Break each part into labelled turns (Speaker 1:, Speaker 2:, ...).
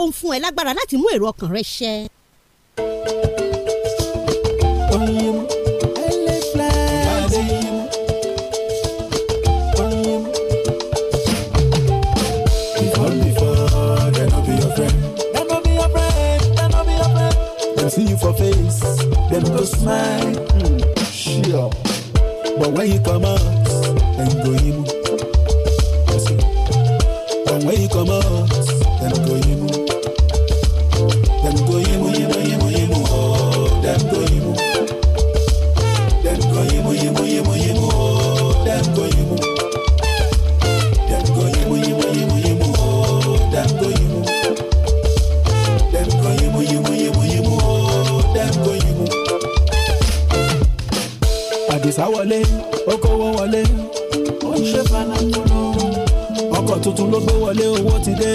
Speaker 1: ó ń fún ẹ lágbára láti mú èrò ọkàn rẹ ṣẹ.
Speaker 2: See you for face, them no smile. Mm. Sure, but when you come out, then go in. But when you come out, then go in. àdìsá wọlé ó kówó wọlé ó ń ṣe fanakolo ọkọ̀ tuntun ló gbé wọlé owó ti dé.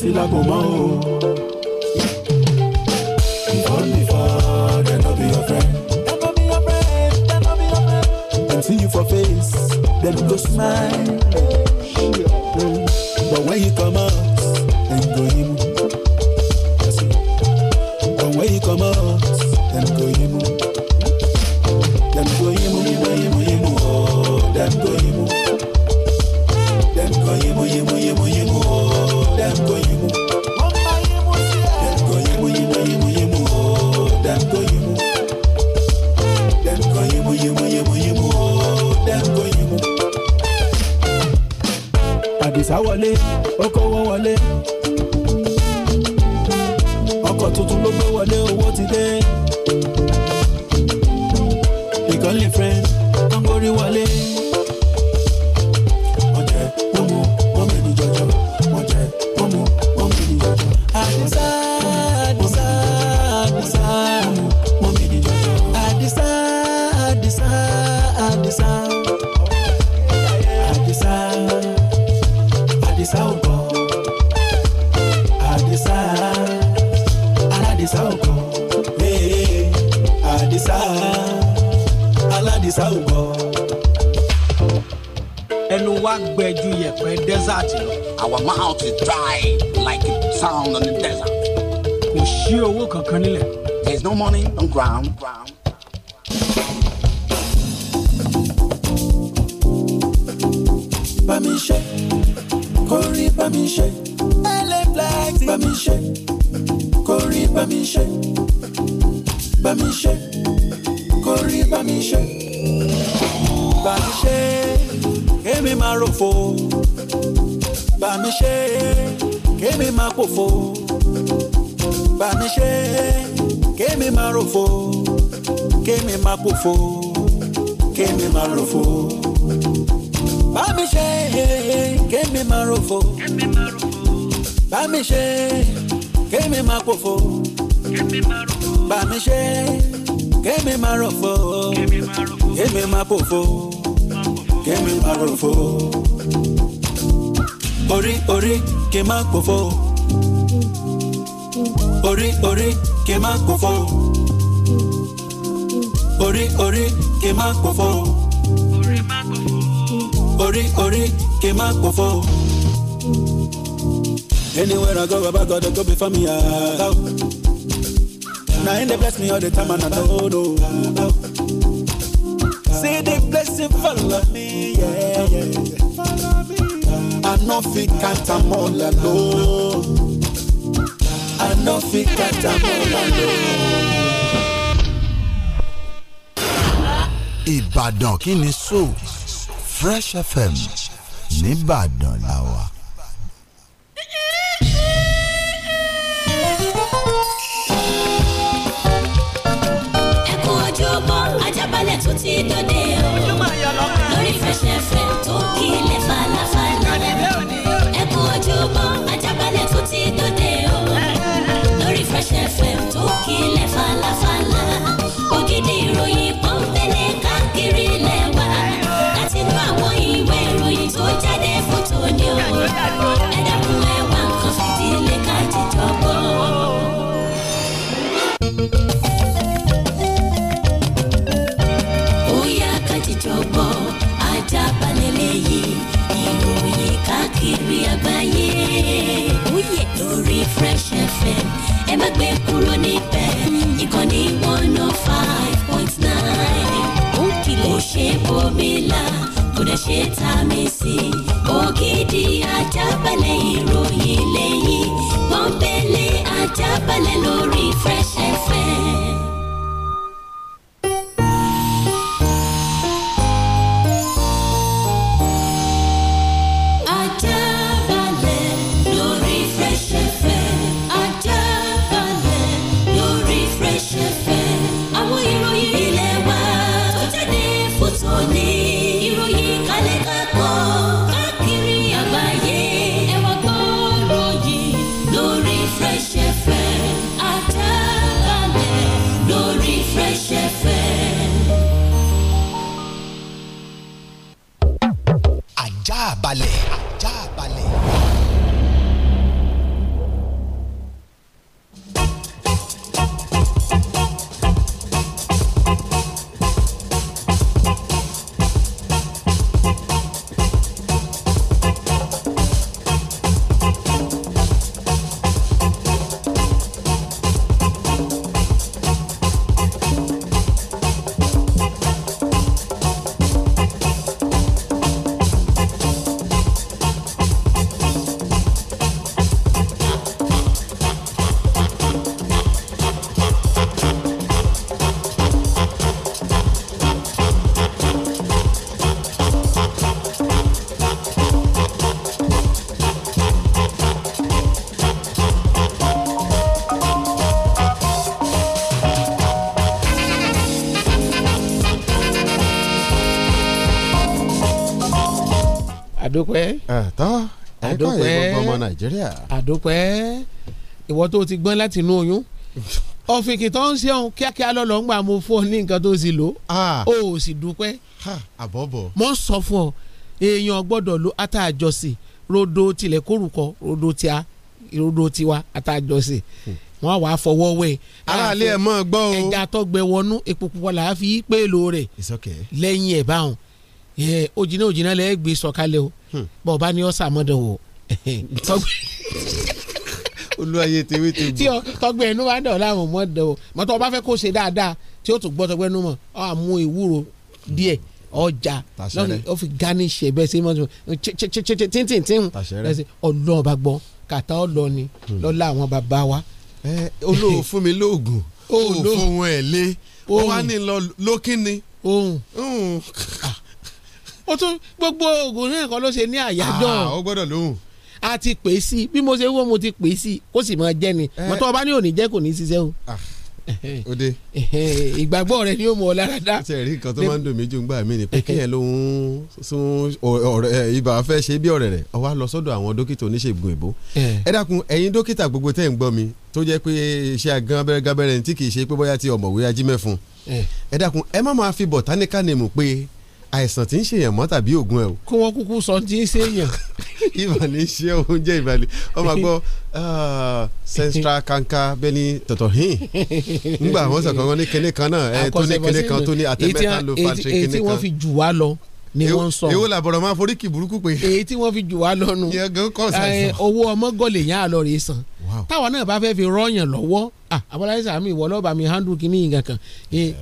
Speaker 2: sí lápò mọ́ o. tó gbé wọlé owó ti dé. má pòfo kémi má ròfo bá mi ṣe kémi má ròfo bá mi ṣe kémi má pòfo bá mi ṣe kémi má ròfo kémi má pòfo kémi má ròfo orí orí kí n má pòfo orí orí kí n má pòfo orí orí kì í má pòfo. orí má orí orí kì í má pòfo. anywhere i go baba god go be for me. Ah, ah. na him dey bless me all the time and i don't know. Ah, say the blessing follow
Speaker 3: me. Yeah, yeah, yeah. i no fit count am all alone. I know if fit can't, I'm all alone.
Speaker 4: Ìbàdàn kí ni sọ Fresh FM nìbàdàn.
Speaker 5: àdópẹ́. ẹ̀tọ́ ẹ̀kọ́ yẹn gbogbo ọmọ nàìjíríà. àdópẹ́ ìwọ tó ti gbọ́n láti inú oyún ọ̀fìnkì tó ń ṣeun kíákíá lọ́lọ́ ń gbà mo fún ọ ní nǹkan tó sì lò ó ò sì dúpẹ́. àbọ̀bọ̀. mo ń sọ fún ọ èèyàn gbọ́dọ̀ lo àtàjọsìn rodo tilẹ̀ kórùkọ rodo tíá rodo tiwa àtàjọsìn hmm. wọn wàá fọwọ́ wẹ̀. aráàlú ẹ̀ mọ́ gbọ́ o. ẹja tó gbẹ wọnú epo pupa làá fi pèlò rẹ̀ lẹ́yìn ẹ̀ báwọn yẹ Ojina, Ojina, lẹ gbé sọ̀kalẹ̀ o bọ ọba ni ọ sàmọdọ o.
Speaker 6: olùwàyè tèwé tèwé. tí
Speaker 5: tọgbẹ ẹnu bá dọ̀ láwọn ọmọdé o mọtò ọba fẹ́ kó ṣe dáadáa tí ó tún gbọ́ tọgbẹ ẹnu mọ̀ ọ àmú ìwúro díẹ̀ ọjà lọ́nà ó fi garnish ẹ̀ bẹ́ẹ̀ sí mọ́tò tíntìntín ọlọ́ọ̀ bá gbọ́ kàtà ọlọ́ọ̀ni hmm. lọ́la àwọn bàbá wa. olóò fún
Speaker 6: mi lóògùn ó fún wọn
Speaker 5: ẹ̀ lé wọn wá ní lókínni ó tún gbogbo oògùn náà kan ló ṣe ní àyájọ́ ah, ó gbọ́dọ̀ lóhùn a ti pè é sí bí mo ṣe wọ́n mo ti pè é sí kó sì máa jẹ́ ni eh. mọ̀tọ́ ọba ní òní jẹ́ kò ní ṣiṣẹ́ o.
Speaker 6: òde ah, ìgbàgbọ́ rẹ ni ó mú ọ lára dá. ṣe rí nǹkan tó máa ń dùn mí jù ń gbà mí ni pé kéèyàn ló ń sún ọ̀rẹ́ ibà fẹ́ ṣe bí ọ̀rẹ́ rẹ̀ ó wá lọ sọ́dọ̀ àwọn dókítà oníṣègùn èbó. Eh. ẹ dákun ẹ̀yin dókítà gbogbo tẹ́ ń gbọ́ mi tó jẹ́ pé iṣẹ́ agánbẹ́rẹ́ gábẹ́rẹ́ tí kì í ṣe pé bóyá ti ọ̀mọ̀wé ajímẹ́fun eh. ẹ dákun ẹ má máa fi botanical name pé àìsàn tí ń ṣèyàn mọ́ tàbí oògùn ẹ̀ o.
Speaker 5: kó wọ́n kúkú sọ tí ń ṣèyàn.
Speaker 6: ìbàlẹ̀ iṣẹ́ oúnjẹ ìbàlẹ̀ ọmọ àgbọ̀ central ah, kanka bẹ́ni tọ̀tọ̀ hìn ńgbà wọ́n sọ̀kan wọn ní kinní kan náà tó ní kinní kan tó ní àtẹ́mẹ́ta ló fa ṣe kinní kan. èyí tí wọ́n fi
Speaker 5: jù wá lọ ni wọ́n ń sọ. èwo làbọ̀rọ̀ máa forí kì burúkú pé. èyí tí wọ́n fi jù wá lọ́nu owó ọmọgọ́lẹ̀ yẹn àlọ́ rèé san táwọn náà bá fẹ́ fi rọ́ọ̀yàn lọ́wọ́ abọ́láyé sàmì ìwọ lọ́ba mi handle kìíní nǹkan kan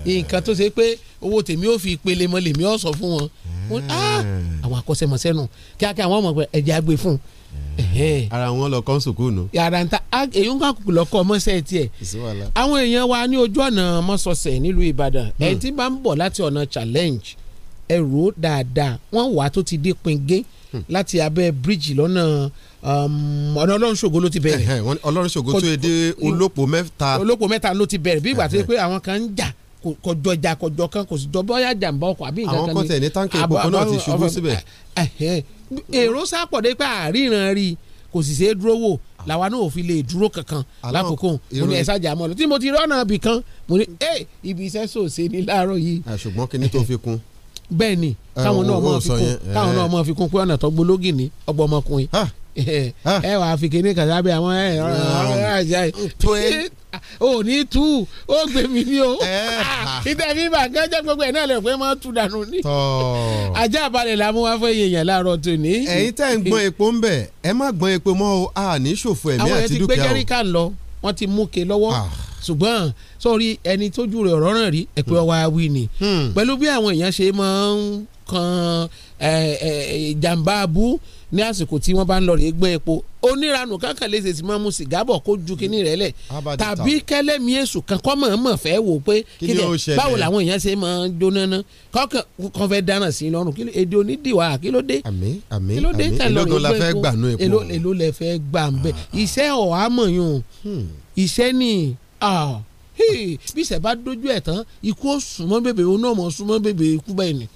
Speaker 5: nǹkan tó ṣe pé owó tèmi ò fi ìpele mọ́ lèmi ò sọ fún wọn hmm. àwọn akọ́ṣẹ́mọṣẹ́ nù kíákíá àwọn ọmọ ẹ̀jẹ̀ àgbè fún hmm. ara wọn lọ kán sùkúù nù. yàrá ń ta èyí ń kàkùkù lọkọ ọmọọṣẹ tiẹ. àwọn èèyàn wa ní ojú ọ̀nà mọ́sọ̀ọ̀sẹ̀ nílùú Ìbàdàn hmm. ẹ̀ tí bá ń bọ̀ láti ọ̀nà challenge ẹ rò ó dáadáa wọ́n wà á tó ti dé pingé hmm. láti abẹ́ bíríìjì lọ́nà um, ọ̀nà ọlọ́run ṣògo ló ti bẹ̀rẹ̀. ọlọ́run ṣògo tó yẹ dé olóòpó mẹ́ta. olóòpó mẹ́ta ló ti bẹ̀rẹ̀ bí ìgbà tó yẹ pé àwọn kan ń jà kọjọ ìjà kọjọ kan kò sí jọbọ ya jàǹbá ọkọ̀ àbí nǹkan kan ni. àwọn kọ́tẹ̀ ní táǹkì epo náà ti ṣubú síbẹ̀. èrò sápọ̀dé pé àríran rí kò sì ṣeé dúró wò làwa náà ò fi lè dúró kankan lákòókò mo ní ẹ mọ́ ọ lọ tí mo ti rọ́nà ibì kan mo ní ibi iṣẹ́ sòṣe ní láàárọ̀ yìí. àṣùgbọ́n kí ni tó fi kún bẹ́ẹ̀ ni káwọn náà mọ̀ fi kún káwọn náà mọ̀ fi kún pé ọ̀nà tó gbológì ní ọgbọ ọmọkùnrin ẹ wàá fi kéde kàtà bẹ àwọn ẹ ọ̀rọ̀ ajá yìí o ní tú o gbé mi ní o ìdá mi bá gánjẹ gbogbo ẹ náà lè pé máa tú dànù ní. ajá balẹ̀ la mú wá fẹ́ yẹ̀yàn láàárọ̀ tó ní. ẹ̀yin tẹ́ ń gbọ́n
Speaker 6: epo ń bẹ̀ ẹ má gbọ́n epo mọ́ o a ní
Speaker 5: ṣòfò ẹ̀mí àti dúkìá o. àwọn ẹ ti gbé jẹ́ríkà lọ wọ́n ti mú ke lọ́wọ́. Ah ṣùgbọ́n sórí ẹni tójú rẹ̀ ọ̀rọ̀ ràn rí ẹ̀pẹ́ ọwọ́ awí ni hmm. pẹ̀lú bí àwọn èèyàn ṣe máa ń kan ìjàmbá abú ní àsìkò tí wọ́n bá ń lọ rèé gbẹ́ epo oníranù kankan lè ṣèṣì máa mu sìgá bọ̀ kó ju kinní rẹ̀ lẹ̀ tàbí kẹlẹ́mi èṣù kan kọ́ mọ̀ mọ̀ fẹ́ wò pé kílẹ̀ báwo làwọn èèyàn ṣe máa ń jóná ná kọ́kàn kan fẹ́ dáná sí i lọ́rùn kí èdè onídìwà kí ló dé
Speaker 6: kí ló dé tẹ̀lé rèé epo
Speaker 5: èló lẹ fẹ́ gbà ń bẹ̀ ah. iṣẹ́ ọ̀hámọ̀yún hmm. iṣẹ́ nìyí Ah, bí ìṣẹ̀ bá dojú ẹ̀ tán ikú ó súnmọ́ bèbè òun náà mọ̀ súnmọ́ bèbè ikú bẹ́ẹ̀ ni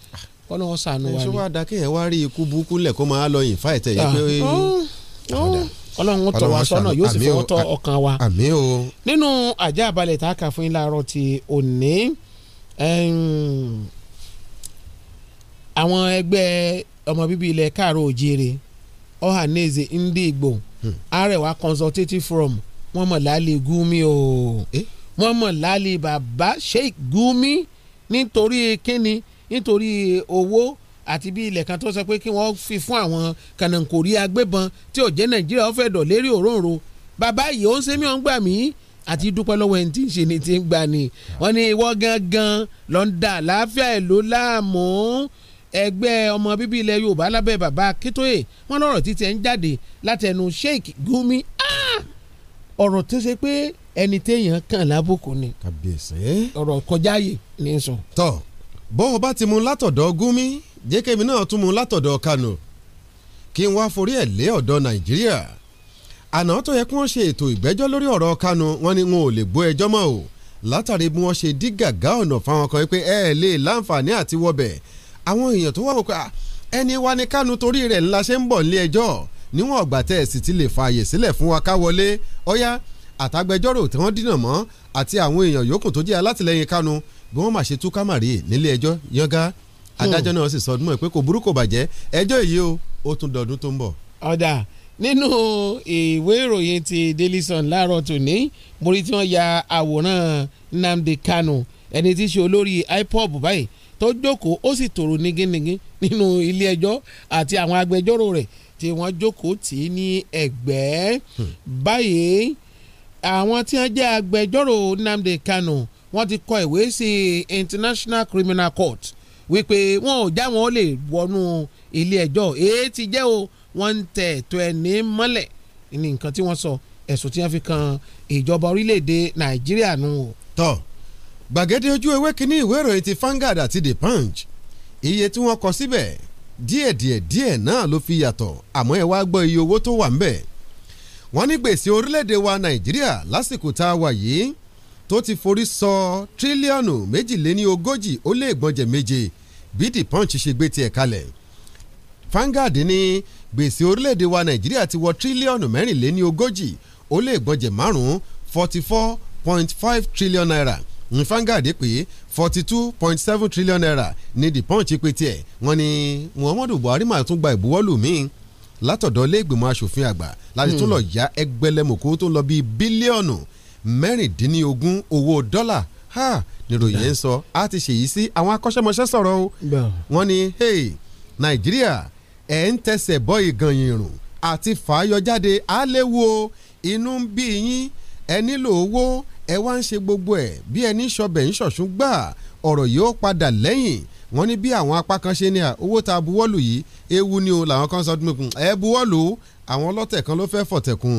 Speaker 5: kọ́nà wọn sànù wa ni. ṣé wàá
Speaker 6: da kéèyàn wá rí ikú burúkú lẹ̀ kó máa lọ yìnfà ẹ̀tẹ̀ yìí pé. Oh,
Speaker 5: oh. ọlọ́run tọ̀ wá sọ́nà yóò sì fọwọ́ tọ́ ọkàn wa. àmín o. nínú àjà àbálẹ̀ tá a kà fún yín láàárọ̀ ti òní àwọn ẹgbẹ́ ọmọ bíbí ilẹ̀ káàró òjèrè Ohanaeze Ndigbo Arewa hmm. Consultative Forum wọ́n mọ̀ láàlì Gumi o wọ́n mọ̀ láàlì bàbá Sheikh Gumi nítorí kíni nítorí owó àti bí ilẹ̀ kan tó sọ pé kí wọ́n fi fún àwọn kànáńkòrí agbébọn tí ò jẹ́ Nàìjíríà ó fẹ́ dọ̀ lérí òróǹro bàbá yìí ó ń ṣe mí ò ń gbà mí àti dúpẹ́ lọ́wọ́ ẹni tí ń ṣe ni ti ń gbà ni wọ́n ní ìwọ gangan ló ń da àlàáfíà ìlú láàmú ẹgbẹ́ ọmọ bíbí ilẹ̀ Yorùbá lábẹ́ bàbá Akíntóyè wọ́n lọ́rọ̀ títí ẹ̀ ń jáde látẹnu Sheikh Gumi á ah! ọ̀rọ̀ tó ṣe pé ẹni téèyàn kàn lábùkù ni
Speaker 6: kàbíyèsí ọ̀rọ̀ kọjá yìí ní sùn. tọ bó o bá ti mu látọ̀dọ̀ gúnmi jẹ́kẹ́mi náà tún mu látọ̀dọ̀ kánò kí n wá forí ẹ̀ lé ọ̀dọ̀ nàìjíríà àná tó yẹ kí wọ́n ṣe ètò ìgbẹ́jọ́ lórí ọ̀rọ̀ kánò wọn ni wọn ò lè gbọ́ ẹjọ́ mọ́ o látàrí bí wọ́n ṣe dí gàgá ọ̀nà fáwọn kan pé ẹ lè láǹfààní àti wọbẹ̀ àwọn èèyàn tó wà wọ́n pé ẹni wa ni kánò torí rẹ̀ ńlá ṣe ń bọ̀ nílé ẹjọ́ níwọ̀n ọ̀gbà tẹ́ ẹ̀ sì ti lè fààyè sílẹ̀ fún wa ká wọlé ọ̀yá àtàgbẹjọ́rò tí wọ́n dínà mọ́ àti àwọn èèyàn yòókù tó jẹ́ alátìlẹyìn kanu bí wọ́n mà ṣe tú kámàrí nílé ẹjọ́ yángá hmm. adájọ́ náà sì sọ ọdún mọ́ pé kò burú
Speaker 5: kò bàjẹ́ ẹjọ́ èyí o ó tún dọ̀dún tó ń bọ̀. ọ̀dà nínú ìwé ìròyìn ti Daily Sun láàárọ̀ tòní mo tí wọ́n ya àwòrán Nnamdi Kanu ẹni tí í ṣe olórí IPOB báyìí tó jókòó ó sì tòrò nígínnígín nínú ilé ẹjọ́ àti àwọn agbẹjọ́rò rẹ̀ tí wọ́n jókòó tì í ní ẹ̀gbẹ́ hmm. báyìí àwọn tí wọ́n jẹ́ agbẹjọ́rò Nnamdi Kanu wọ́n ti kọ ìwé sí International Criminal Court wípé wọn ò já wọn lè wọnú ilé ẹjọ́ èyí ti jẹ́ o wọ́n ń tẹ̀ ẹ̀tọ́ ẹ̀ ní mọ́lẹ̀ ní nǹkan tí wọ́n sọ ẹ̀sùn tí wọ́n fi kan ìjọba orílẹ̀-èdè Nàìjíríà nù. tọ́
Speaker 6: gbàgede ojú ewé kínní ìwé ìròyìn ti Vanguard àti The Punch iye tí wọ́n kọ síbẹ̀ díẹ̀díẹ̀ díẹ̀ náà ló fi yàtọ̀ àmọ́ ẹ wá gbọ́ iye owó tó wà ń bẹ̀. wọ́n ní gbèsè orílẹ̀-èdè wa nàìjíríà lásìkò tá a wà yìí tó ti forí sọ tírílíọ̀nù méjìléní ogójì ó lé ìgbọ̀njẹ̀ méje bí the punch ṣe gbé tiẹ̀ kalẹ̀. Vanguard ní gbèsè orílẹ̀-èdè wa nàìjíríà ti wọ tírílíọ̀nù mẹ́rìnléní ogójì ó lé ìgbọ̀njẹ̀ márùn-ún forty four point five trillion naira ní Vanguard pé forty two point seven trillion naira ní the punch pé tiẹ̀ wọ́n ní muhammadu buhari máa tún gba ìbuwọ́lù míì látọ̀dọ̀ ilé ìgbìmọ̀ asòfin àgbà láti tún lọ hmm. ya ẹgbẹ̀lẹ́mọ̀kó tó ń lọ bíi bílíọ̀nù mẹ́rìndínlógún owó dọ́là níròyìn ń sọ a ti ṣèyí sí àwọn akọ́ṣẹ́mọṣẹ́ sọ̀rọ̀ o wọ́n ní hey nàìjíríà ẹ̀ ń tẹsẹ̀ bọ́ ìgàn ìrùn àti fàáyọ jáde á léwu o inú ń bí yín ẹ nílò owó ẹ wá ń ṣe gbogbo ẹ̀ bí ẹni ṣọbẹ̀ ń ṣọ̀ṣún gbà ọ̀rọ̀ yìí ó padà lẹ́yìn wọ́n ní bí àwọn apá kan ṣe ní owó tá a buwọ́lù yìí ewu ni o làwọn kan sọ ọdún mẹ́kun ẹ buwọ́lù àwọn ọlọ́tẹ̀ kan ló fẹ́ fọ̀tẹ̀kùn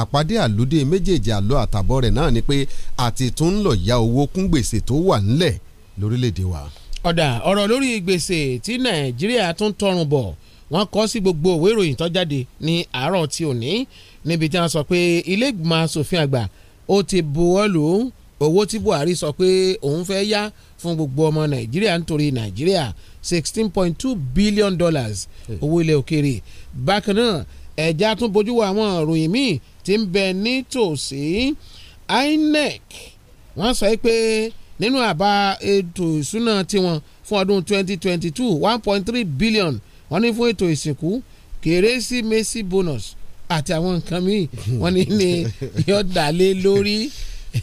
Speaker 6: àpàdé àlùdé méjèèjì àlọ́ àtàbọ̀ rẹ̀ náà ni pé àti lọ ya owó kún gbèsè tó wà ńlẹ̀ lórílẹ̀‐èdè wa.
Speaker 5: ọ̀dà ọ̀rọ̀ lórí gbèsè tí nàìjíríà tún tọrùn bọ̀ wọ́n kọ sí gbogbo òwe ìròyìn tó jáde ní àárọ̀ tí òní níbi tí wọ́n sọ pé ilé ìgbìmọ̀ asòfin àgbà ó ti buwọ́ lù ú owó tí Buhari sọ pé òun fẹ́ yá fún gbogbo ọmọ Nàìjíríà nítorí Nàìjíríà sixteen point two billion dollars owó ilẹ̀ òkèrè bákan náà ẹ̀já tún bójú wo àwọn ìròyìn míì tí ń bẹ nítòsí INEC wọ́n sọ pé nínú àbá ètò ìsúná tiwọn fún ọdún 2022 1.3 billion wọ́n ní fún ètò ìsìnkú kérésìmesì bonus àti àwọn nǹkan míì wọ́n ní ní yóò dá lé lórí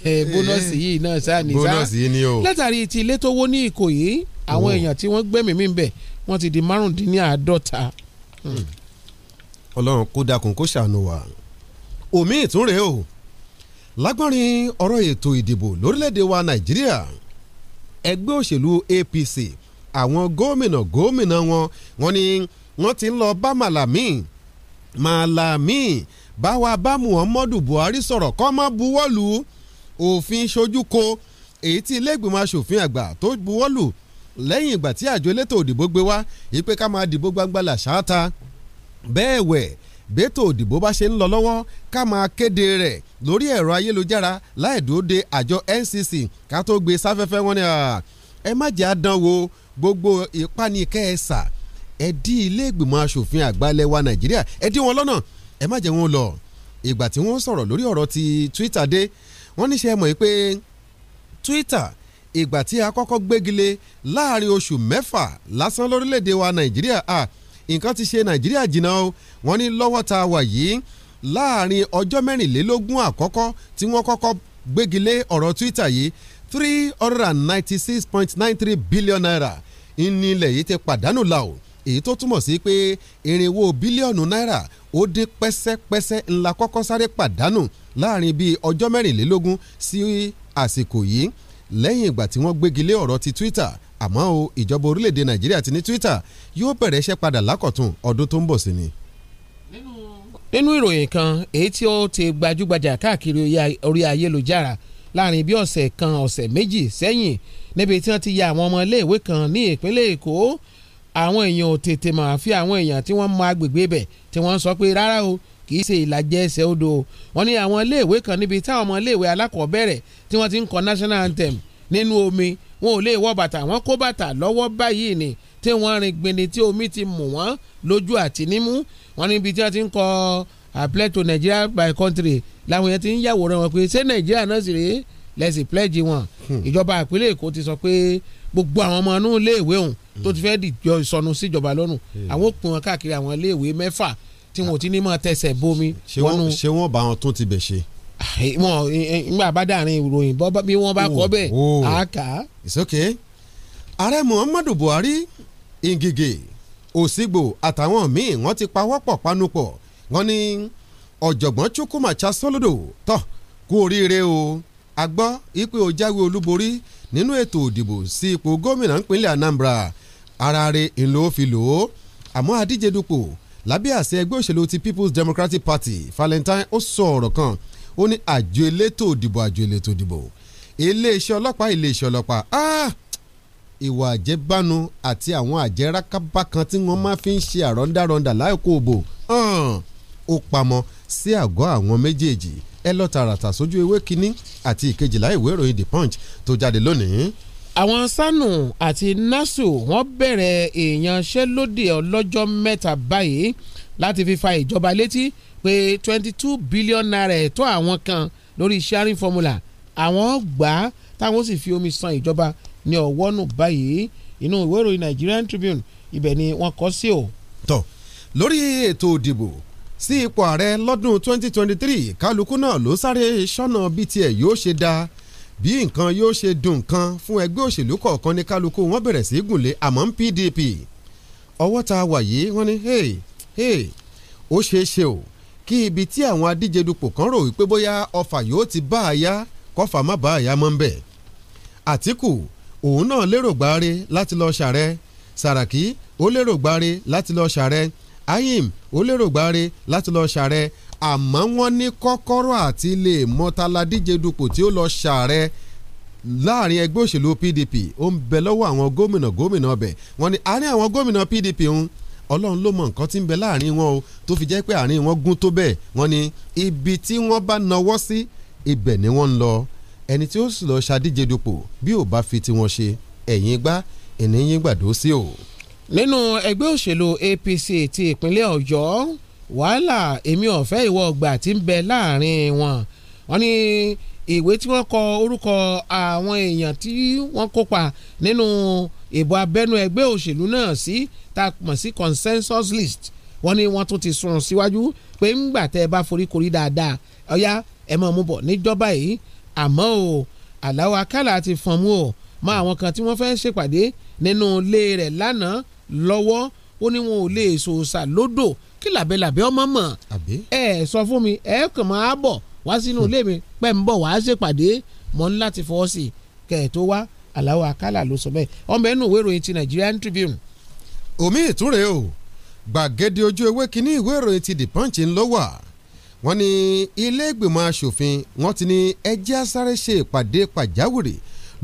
Speaker 5: eh, bónọ́sì yìí náà sáà ní bónọ́sì yìí ni o látàrí ti ilé tó wó ní Ìkòyí àwọn oh. èèyàn tí wọ́n gbẹ̀mí mi bẹ̀ wọ́n ti di márùndínláàádọ́ta. Hmm.
Speaker 6: Ọlọ́run kó dákun kó ṣàánú wa omi ìtúnrè o lágbọ́nrin ọ̀rọ̀ ètò ìdìbò lórílẹ̀‐èdè wa Nàìjíríà ẹgbẹ́ òṣèlú APC àwọn gómìnà gómìnà wọn wọ́n ní wọ́n ti ń lọ bá màlàmíì Malami báwa bá Muhammadu Buhari sọ̀rọ̀ kọ́ mọ́ buwọ́lù òfin ṣojúko èyí tí ilé ìgbìmọ̀ asòfin àgbà tó buwọ́lù lẹ́yìn ìgbà tí àjọ elétò òdìbò gbé wá yìí pé ká máa dìbò gbangba làṣááta bẹ́ẹ̀ wẹ̀ bẹ́tò òdìbò bá ṣe ń lọ lọ́wọ́ ká máa kéde rẹ̀ lórí ẹ̀rọ ayélujára láìdúró de àjọ NCC ká tó gbé sáfẹ́fẹ́ wọn ni ẹ má jẹ́ àdánwò gbogbo ìpánikẹ́ẹ̀sà e ẹ dí ilé ìgbìmọ̀ asòfin àgbà ilẹ̀ wa nàìjíríà ẹ dí wọn lọ́nà ẹ má jẹ́ wọn lọ ìgbà tí wọ́n sọ̀rọ̀ lórí ọ̀rọ̀ ti twitter dé wọ́n ní ṣe mọ̀ pé twitter ìgbà tí a kọ́kọ́ gbégilé láàrin oṣù mẹ́fà lásán lórílẹ̀‐èdè wa nàìjíríà à nǹkan ti ṣe nàìjíríà jìnnà o wọ́n ní lọ́wọ́ tá a wà yìí láàrin ọjọ́ mẹ́rìnlélógún àkọ́kọ́ tí wọ́n kọ́kọ́ gbégilé ọ̀rọ̀ twitter yìí three hundred and ninety six point nine three billion naira ìnílẹ̀ yìí ti pàdánù la o èyí tó túmọ̀ sí pé irinwó bílíọ̀nù náírà ó dín pẹ́sẹ́pẹ́sẹ́ ńlá kọ́kọ́ sáré pàdánù láàrin bíi ọjọ́ mẹ́rìnlélógún sí àsìkò yìí lẹ́yìn ìgbà tí wọ́n gbégi lé ọ̀rọ̀ ti Twitter àmọ́ o ìjọba orílẹ̀-èdè Nàìjíríà ti ní Twitter yóò bẹ̀rẹ̀ iṣẹ́ padà lákọ̀tún ọdún tó ń bọ̀ sí ni.
Speaker 5: nínú ìròyìn kan èyí tí ó ti gbajúgbajà káàkiri orí ayélujára láàrin bí ọ̀sẹ̀ kan ọ̀sẹ̀ méjì sẹ́yìn níbi tí wọ́n ti ya àwọn ọmọ iléèwé kan ní ìpínlẹ̀ Èkó àwọn èèyàn ò tètè mọ̀ àfi àwọn èèyàn tí wọ́n mọ agbègbè bẹ̀ tí wọ́n sọ pé rárá o kì í ṣe ìlàjẹ ẹsẹ̀ odò wọ́n ní àwọn iléèwé kan níbi táwọn ọmọ iléèwé alákọ̀ọ́bẹ̀rẹ̀ tí wọ́n ti ń kọ national anthem nínú omi wọn ò lè wọ bàtà wọn kó bàtà lọ́wọ́ báyìí ni tí wọ́n rin gbìnì tí omi ti mù wọ́n lójú àti nímú wọ́n níbi tí wọ́n ti ń kọ I to Nigeria by country làwọn yẹn ti ń yàwòrán wọn pé ṣé Nàìjíríà náà sì rèé lẹ́sìn pledge wọn hmm. ìjọba ìpínlẹ̀ Èkó ti sọ pé gbogbo àwọn ọmọ inú iléèwé òun tó ti fẹ́ dìjọ ìsọnù síjọba lọ́rùn hmm. àwọn ó pin wọn káàkiri àwọn iléèwé mẹ́fà tí wọn ò ti ní mọ̀ tẹsẹ̀ bomi. ṣé
Speaker 6: wọn bá wọn tún ti bẹ̀ ṣe.
Speaker 5: Ah, eh, wọn eh, eh, ngbà bá ìròyìn bí wọn bá kọ bẹ́ẹ̀
Speaker 6: àáká. it's okay. ààrẹ muhammadu buhari ngige òsígbò àtàwọn míì wọ́n ti pawọ́pọ̀ panupọ̀ wọ́n ní ọ̀jọ̀gbọ́n chukwumacha solodo tọ́ kú oríire o a gbọ́ ipe o jáwé olúborí nínú ètò òdìbò sí ipò gómìnà ńpínlẹ̀ anambra ara rẹ̀ ńlọ fi lò ó àmọ́ adíje dupò lábẹ́ àṣẹ ẹgbẹ́ òṣèlú ti People's Democratic Party Valentine ó sọ ọ̀rọ̀ kan ó ní àjọ elétò òdìbò àjọ elétò òdìbò iléeṣẹ́ ọlọ́pàá iléeṣẹ́ ọlọ́pàá ah! ìwà àjẹbánu àti àwọn àjẹrákábá kan tí wọ́n máa fi ń ṣe àrọ́ndàrọ́ndà láìkó òbò ó pamọ́ sí àgọ́ àwọn méjèèjì ẹ lọ tààràtà sójú ewé kínní àti ìkejìlá ìwé ìròyìn The Punch tó jáde lónìí
Speaker 5: àwọn sanu àti nasu wọ́n bẹ̀rẹ̀ ìyanṣẹ́lódì ọlọ́jọ́ mẹ́ta báyìí láti fi fa ìjọba létí pé twenty two billion naira ẹ̀tọ́ àwọn kan lórí sharing formula àwọn gbà á táwọn sì fi omi san ìjọba ní ọwọ́ nù báyìí inú ìwé ìròyìn Nigerian Tribune ibẹ̀ ni wọ́n kọ sí o. tọ́ lórí ètò òdìbò sí ipò ààrẹ lọ́dún twenty twenty
Speaker 6: three kálukú náà ló sáré sọ́nà bíi tiẹ̀ yóò ṣe dáa bí nǹkan yóò ṣe dùn nǹkan fún ẹgbẹ́ òṣèlú kọ̀ọ̀kan ní kálukú wọn bẹ̀rẹ̀ sí gùnlé àmọ́ ń PDP ọwọ́ tá a wà yìí wọ́n ní hey hey ó ṣeé ṣe o kí ibi tí àwọn adíje dupò kan rò wípé bóyá ọfà yóò ti bá a yá kọfà má bá a yá mọ́ ń bẹ̀ Àtíkù òun náà lérò gbáre láti lọ ṣàrẹ Sàràkí ó lérò gbáre láti lọ ṣàrẹ Ayim ó lérò gbáre láti lọ ṣàrẹ àmọ́ wọ́n ní kọ́kọ́rọ́ àti lè mọ́tàládíje dupò tí ó lọ ṣàárẹ̀ láàrin ẹgbẹ́ òṣèlú PDP ó ń bẹ lọ́wọ́ àwọn gómìnà gómìnà ọbẹ̀ wọ́n ní àárín àwọn gómìnà PDP ń ọlọ́run ló mọ nǹkan tí ń bẹ láàrin wọn o tó fi jẹ́ pé àárín wọn gún tó bẹ́ẹ̀ wọ́n ní ibi tí wọ́n bá nawọ́ sí ibẹ̀ ni wọ́n ń lọ ẹni tí ó sì lọ ṣàdíje dupò
Speaker 5: bí ò bá fi tiwọn ṣe ẹ̀yìn gbá ènìyàn gbàdó sí o. nínú ẹgbẹ́ òṣèlú APC ti ìpínlẹ̀ Ọ̀yọ́ wàhálà èmi ọ̀fẹ́ ìwọ ọgbà tí ń bẹ láàrin wọn wọ́n ní ìwé tí wọ́n kọ orúkọ àwọn èèyàn tí wọ́n kópa nínú ìbò abẹ́nú ẹgbẹ́ òṣèlú náà sí tá a mọ̀ sí consensus list wọ́n ní wọ́n tún ti sùn síwájú pé ńgbà tẹ́ ẹ bá foríkorí dáadáa ọ̀yá ẹ mọ̀ mú bọ̀ níjọba yìí àmọ́ o àláwọ̀ akálà ti fọ́n mú o mọ àwọn kan tí wọ́n fẹ́ ṣèpàdé nínú ilé rẹ̀ lánàá lọ́wọ́ ó ní wọn ò lè sòòsà lódò kí làbẹ́ làbẹ́ ọmọ mọ̀ ẹ sọ fún mi ẹ kàn máa bọ̀ wá sínú ilé mi pẹ́ ń bọ̀ wá ṣèpàdé mọ́ ń láti fọwọ́ sí i kẹ́ ẹ̀ tó wá aláwọ̀ akálà ló sọ bẹ́ẹ̀ ọmọ ẹnu ìwé ìròyìn ti Nigerian Tribune. omi ìtúre
Speaker 6: o gbàgede ojú ewé kínní ìwé ìròyìn ti The Punch ń lọ wà wọ́n ní ilé ìgbìmọ̀ asòfin wọ́n ti ní ẹjẹ́ asáré ṣe ìpàdé pàjáwìrì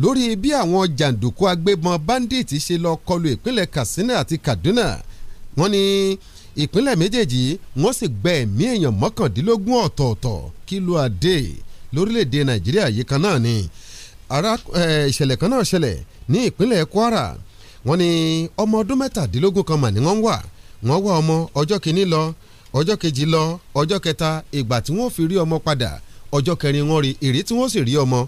Speaker 6: lórí bí àwọn jàǹdùkú agbébọn bandit ṣe lọ kọlu ìpínlẹ̀ Katsina àti Kaduna wọ́n ní. Ni ìpínlẹ̀ méjèèjì wọ́n sì gbẹ ẹ̀mí èèyàn mọ́kàndínlógún ọ̀tọ̀ọ̀tọ̀ kí ló àdé lórílẹ̀‐èdè nàìjíríà yìí kan náà ni ìṣẹ̀lẹ̀ kan náà ṣẹlẹ̀ ní ìpínlẹ̀ kwara wọ́n ní ọmọ ọdún mẹ́tàdínlógún kan mà ní wọ́n wà wọ́n wá ọmọ ọjọ́ kìíní lọ ọjọ́ kejì lọ ọjọ́ kẹta ìgbà tí wọ́n fi rí ọmọ padà ọjọ́ kẹrin wọ́n rí ìrí tí wọ́n sì rí ọmọ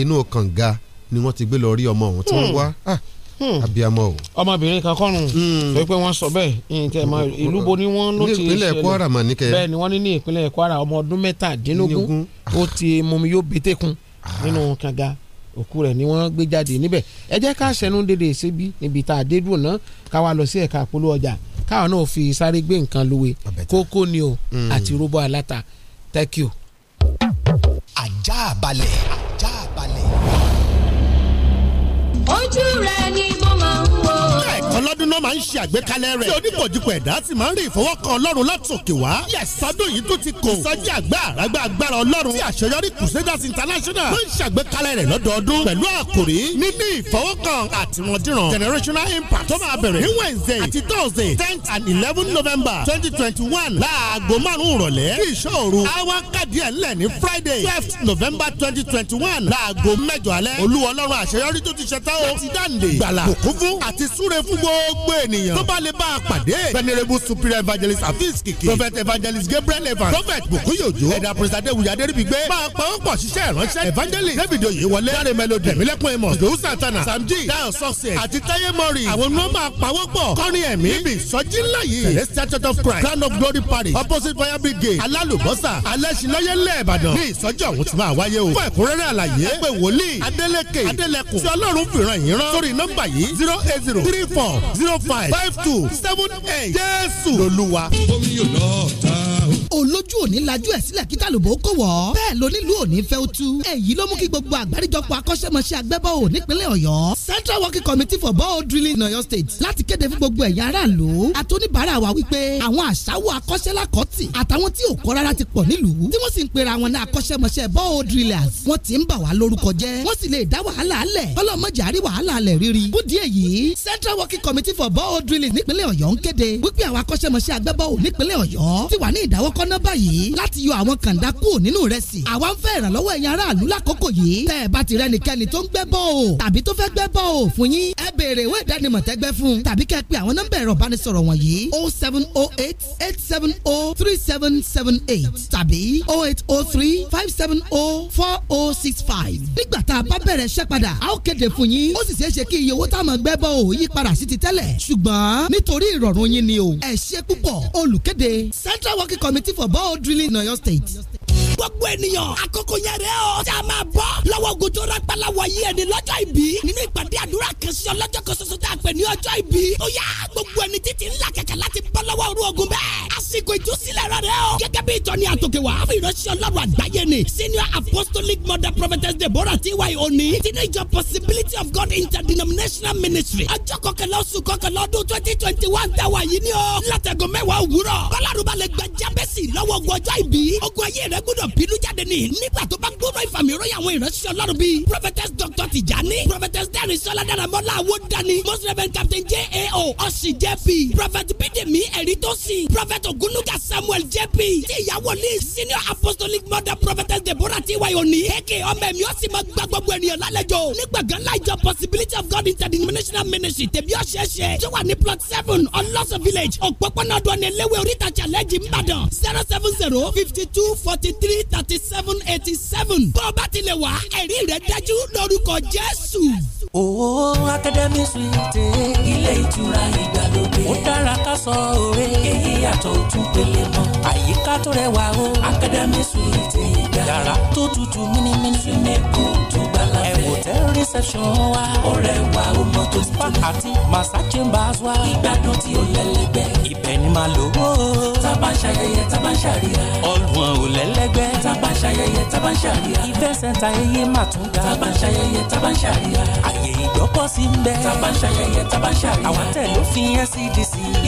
Speaker 6: inú kànga ni wọ́n ti gbé lọ rí ọmọ ọ̀hún tí wọ́n hmm. wá ah, Hmm. abiyamọ o.
Speaker 5: ọmọbìnrin kan kọrùn hmm. sọ pé wọ́n sọ bẹ́ẹ̀ ǹjẹ́ mọ hmm. ìlú bo ni wọ́n ló ti ṣẹlẹ̀ ní ìpínlẹ̀ Kwara mà ní kẹ́. ni wọ́n ní ní ìpínlẹ̀ Kwara ọmọ ọdún mẹ́tàdínlógún ó ti mumi yóò betekun ah. nínú kànga òkú rẹ̀ ni wọ́n gbé jáde níbẹ̀ ẹ ká sẹ́nu dédé síbi níbi tá a dé dùn náà ká wá lọ sí ẹ̀ka àpolówó ọjà káwọn náà fi sáré gbé nǹkan luwe kókó ni o àti róbó aláta thank you. ajá balẹ̀ ajá balẹ̀
Speaker 7: ojú rẹ ni
Speaker 8: mo máa ń wo rẹ̀ ọlọ́dún náà máa ń ṣe àgbékalẹ̀ rẹ̀ oníkòjìkò ẹ̀dá sì máa ń rí ìfọwọ́kàn ọlọ́run látòkè wá yẹ̀sọ́dún yìí tó ti kò ìsọjí àgbà àràgbà agbára ọlọ́run tí àṣeyọrí Crusaders International máa ń ṣàgbékalẹ̀ rẹ̀ lọ́dọọdún pẹ̀lú àkòrí níní ìfọwọ́kàn àtìmọ̀dìràn generational impact tó máa bẹ̀rẹ̀ ní Wednesday àti Thursday tenth and eleven November twenty twenty one láago márùn-ún ìrọ̀lẹ́ ìṣòro àwọn akadìẹ ńlẹ̀ ní Friday twelfth November twenty twenty one láago mẹ́jọ alẹ́ olúwọlọ́run súre fún gbogbo ènìyàn tó bá lè bá a pàdé. venerable superior evangelist afis kìkì prophet evangelist gabriel evans prophet bukuyojo ẹ̀dà pírísàdé wùyàdé ríbi gbé máa pa ó pọ̀ ṣiṣẹ́ ìránṣẹ́ evangelist david oyewọlé dáre melody ẹ̀mílẹ́kùn emos ìdòwú santana samji dayo success àti taye mori àwọn ni wọ́n máa pawọ́ pọ̀ kọrin ẹ̀mí níbi ìsọjí ńlá yìí celestial church of christ crown of glory parish opposite fire brigade alálùbọ́sà alẹ́sìnlọ́yẹ̀lẹ̀ ìbàdàn ní ìsọjí ọ̀hún ti máa wáyé o fún ẹ̀kúnrẹ́rẹ́ àlàyé ẹgbẹ́ wòlíì adélèké adélẹ̀kùn tí ọlọ́run fìràn yìí rán sórí nọ́mbà yìí zero eight zero three three four zero five five two seven eight jésù lolúwa. omi yóò lọ ta
Speaker 9: olójú òní lajú ẹ̀ sílẹ̀ kí tàlùbọ̀ kò wọ̀ bẹ́ẹ̀ lónílù òní fẹ́ o tú èyí ló mú kí gbogbo àgbáríjọpọ̀ akọ́ṣẹ́mọṣẹ́ agbẹ́bọ̀ọ́ nípínlẹ̀ ọ̀yọ́ central working committee for ball drilling in ọ̀yọ́ state láti kéde fún gbogbo ẹ̀yà aráàlú àtúníbàárà wa wípé àwọn àṣàwọ̀ akọ́ṣẹ́lákọ́tì àtàwọn tí ò kọ́ rárá ti pọ̀ nílùú tí wọ́n sì ń pera wọn ní akọ́ṣẹ́mọṣẹ́ ball drillers wọ́n ti ń bà wá lórúkọ jẹ́ wọ́n sì lè dá wàhálà central working committee for ball drilling nípínlẹ̀ ọ̀yọ́ ń kéde wípé àwọn akọ́ṣẹ́mọṣẹ́ agbẹ́bọ̀ọ́ nípínlẹ̀ ọ̀yọ́ kọ́kọ́ báyìí láti yọ àwọn kàńdá kúrò nínú rẹ̀ sí. àwa ń fẹ́ ìrànlọ́wọ́ ẹ̀yin aráàlú lákòókò yìí. tẹ́ ẹ bá ti rẹ nìkẹ́ni tó ń gbẹ́ bọ́ o tàbí tó fẹ́ gbẹ́ bọ́ o fún yín ẹ béèrè ìwé ìdánimọ̀ tẹ́gbẹ́ fún tàbí kẹ́ ẹ pe àwọn nọ́mbà ẹ̀rọ ìbánisọ̀rọ̀ wọ̀nyí o oh seven o oh eight eight seven o oh three seven seven eight tàbí o eight o three five seven o four o six five. nígbà tá a bá bẹ̀rẹ̀ iṣẹ́ padà a ó kéde fún yín ó sì ṣeé ṣe kí iye owó táwọn gbẹ́ bọ́ o yí padà sí ti tẹ́lẹ̀ ṣùgbọ́n nítorí ìrọ̀rùn yín ni o ẹ ṣe púpọ̀ olùkéde Central Working Committee for borehole drilling in Oyo State
Speaker 3: gbogbo ènìyàn akoko yẹn rẹ ọ tí a máa bọ lọ́wọ́ gòjò rápálá wọ̀nyí ẹni lọ́jọ́ ìbí nínú ìpàdé àdúrà kẹsí ọlọ́jọ́ kan ṣoṣo tá a pè ní ọjọ́ ìbí ó yá gbogbo ẹni títí ńlá kẹ̀kẹ́ láti bọ́ lọ́wọ́ orú ogun bẹ́ẹ̀ àsìkò ìtúsílẹ̀ rẹ rẹ ọ gẹ́gẹ́ bí ìtọ́ni àtòkè wá fún ìránṣẹ́ ọlọ́run àgbáyé ni senior apostolic mother prophetess deborah ty oni tinú ìjọ possibility of god interdenominational ministry ọjọ́ kọkànlá oṣù kọkànlá ọdún twenty twenty one tàwa yìí ni ó látẹ̀gùn mẹ́wàá òwúrọ̀ kọ́lá rúbalẹ̀ gbẹ jábẹ́sì lọ́wọ́ ogun ọjọ́ ìbí ogun ayé rẹ ẹ gbọ́dọ̀ bínú jáde ní nígbà tó bá ń gbọ́dọ̀ ìfàmì ìròyìn àwọn ìránṣẹ́ ọlọ́run bíi prophetess doctor tijani prophetess dẹ́rìn sọlá dáramọ́lá awọ́dani most reverend captain jao ọ̀sìn jp prophet bídèmí ẹ̀rí tó sìn prophet ogunuga samuel jp tí ìyàwó lee senior apostolic mother prophetess deborah ti wáyé òní èké ọmọ ẹ̀mí ó sì máa gba gbogbo ènìyàn lálejò nígbà gan láìjọ possibility of god interdenominational ministry tẹ̀bí ọ̀ṣẹ̀ṣẹ̀ tó wà ní plot seven ọlọ́sọ̀ village òpópónà ọdún ẹ̀lẹ́wẹ̀ oríta challenge ìbàdàn zero seven zero fifty two forty twenty three thirty seven eighty seven bó o bá tilẹ̀ wá ẹ̀rí rẹ̀ dájú lórúkọ jésù. Òwò Akademi Suite. Ilé ìtura ìgbàlódé. Ó dára ká
Speaker 10: sọ òwe. Èyí yàtọ̀ ojú pele mọ́. Àyíká tó rẹwà o. Akademi yàrá tó tutù mímímí. Fíníkù tó bá la fẹ́. wa. Ọ̀rẹ́ wa ó mọ tó ti tó. àti Massa Chambers wa. Ìgbádùn tí ó lẹ́lẹ́gbẹ́. Ibẹ̀ ni màá lò ó. Tábà ń ò lẹ́lẹ́gbẹ́. Tábà ń ṣayẹyẹ, sẹ́ńtà eyé mà tún ga. Tábà ń Àyè ìgbọ́kọ̀sí ń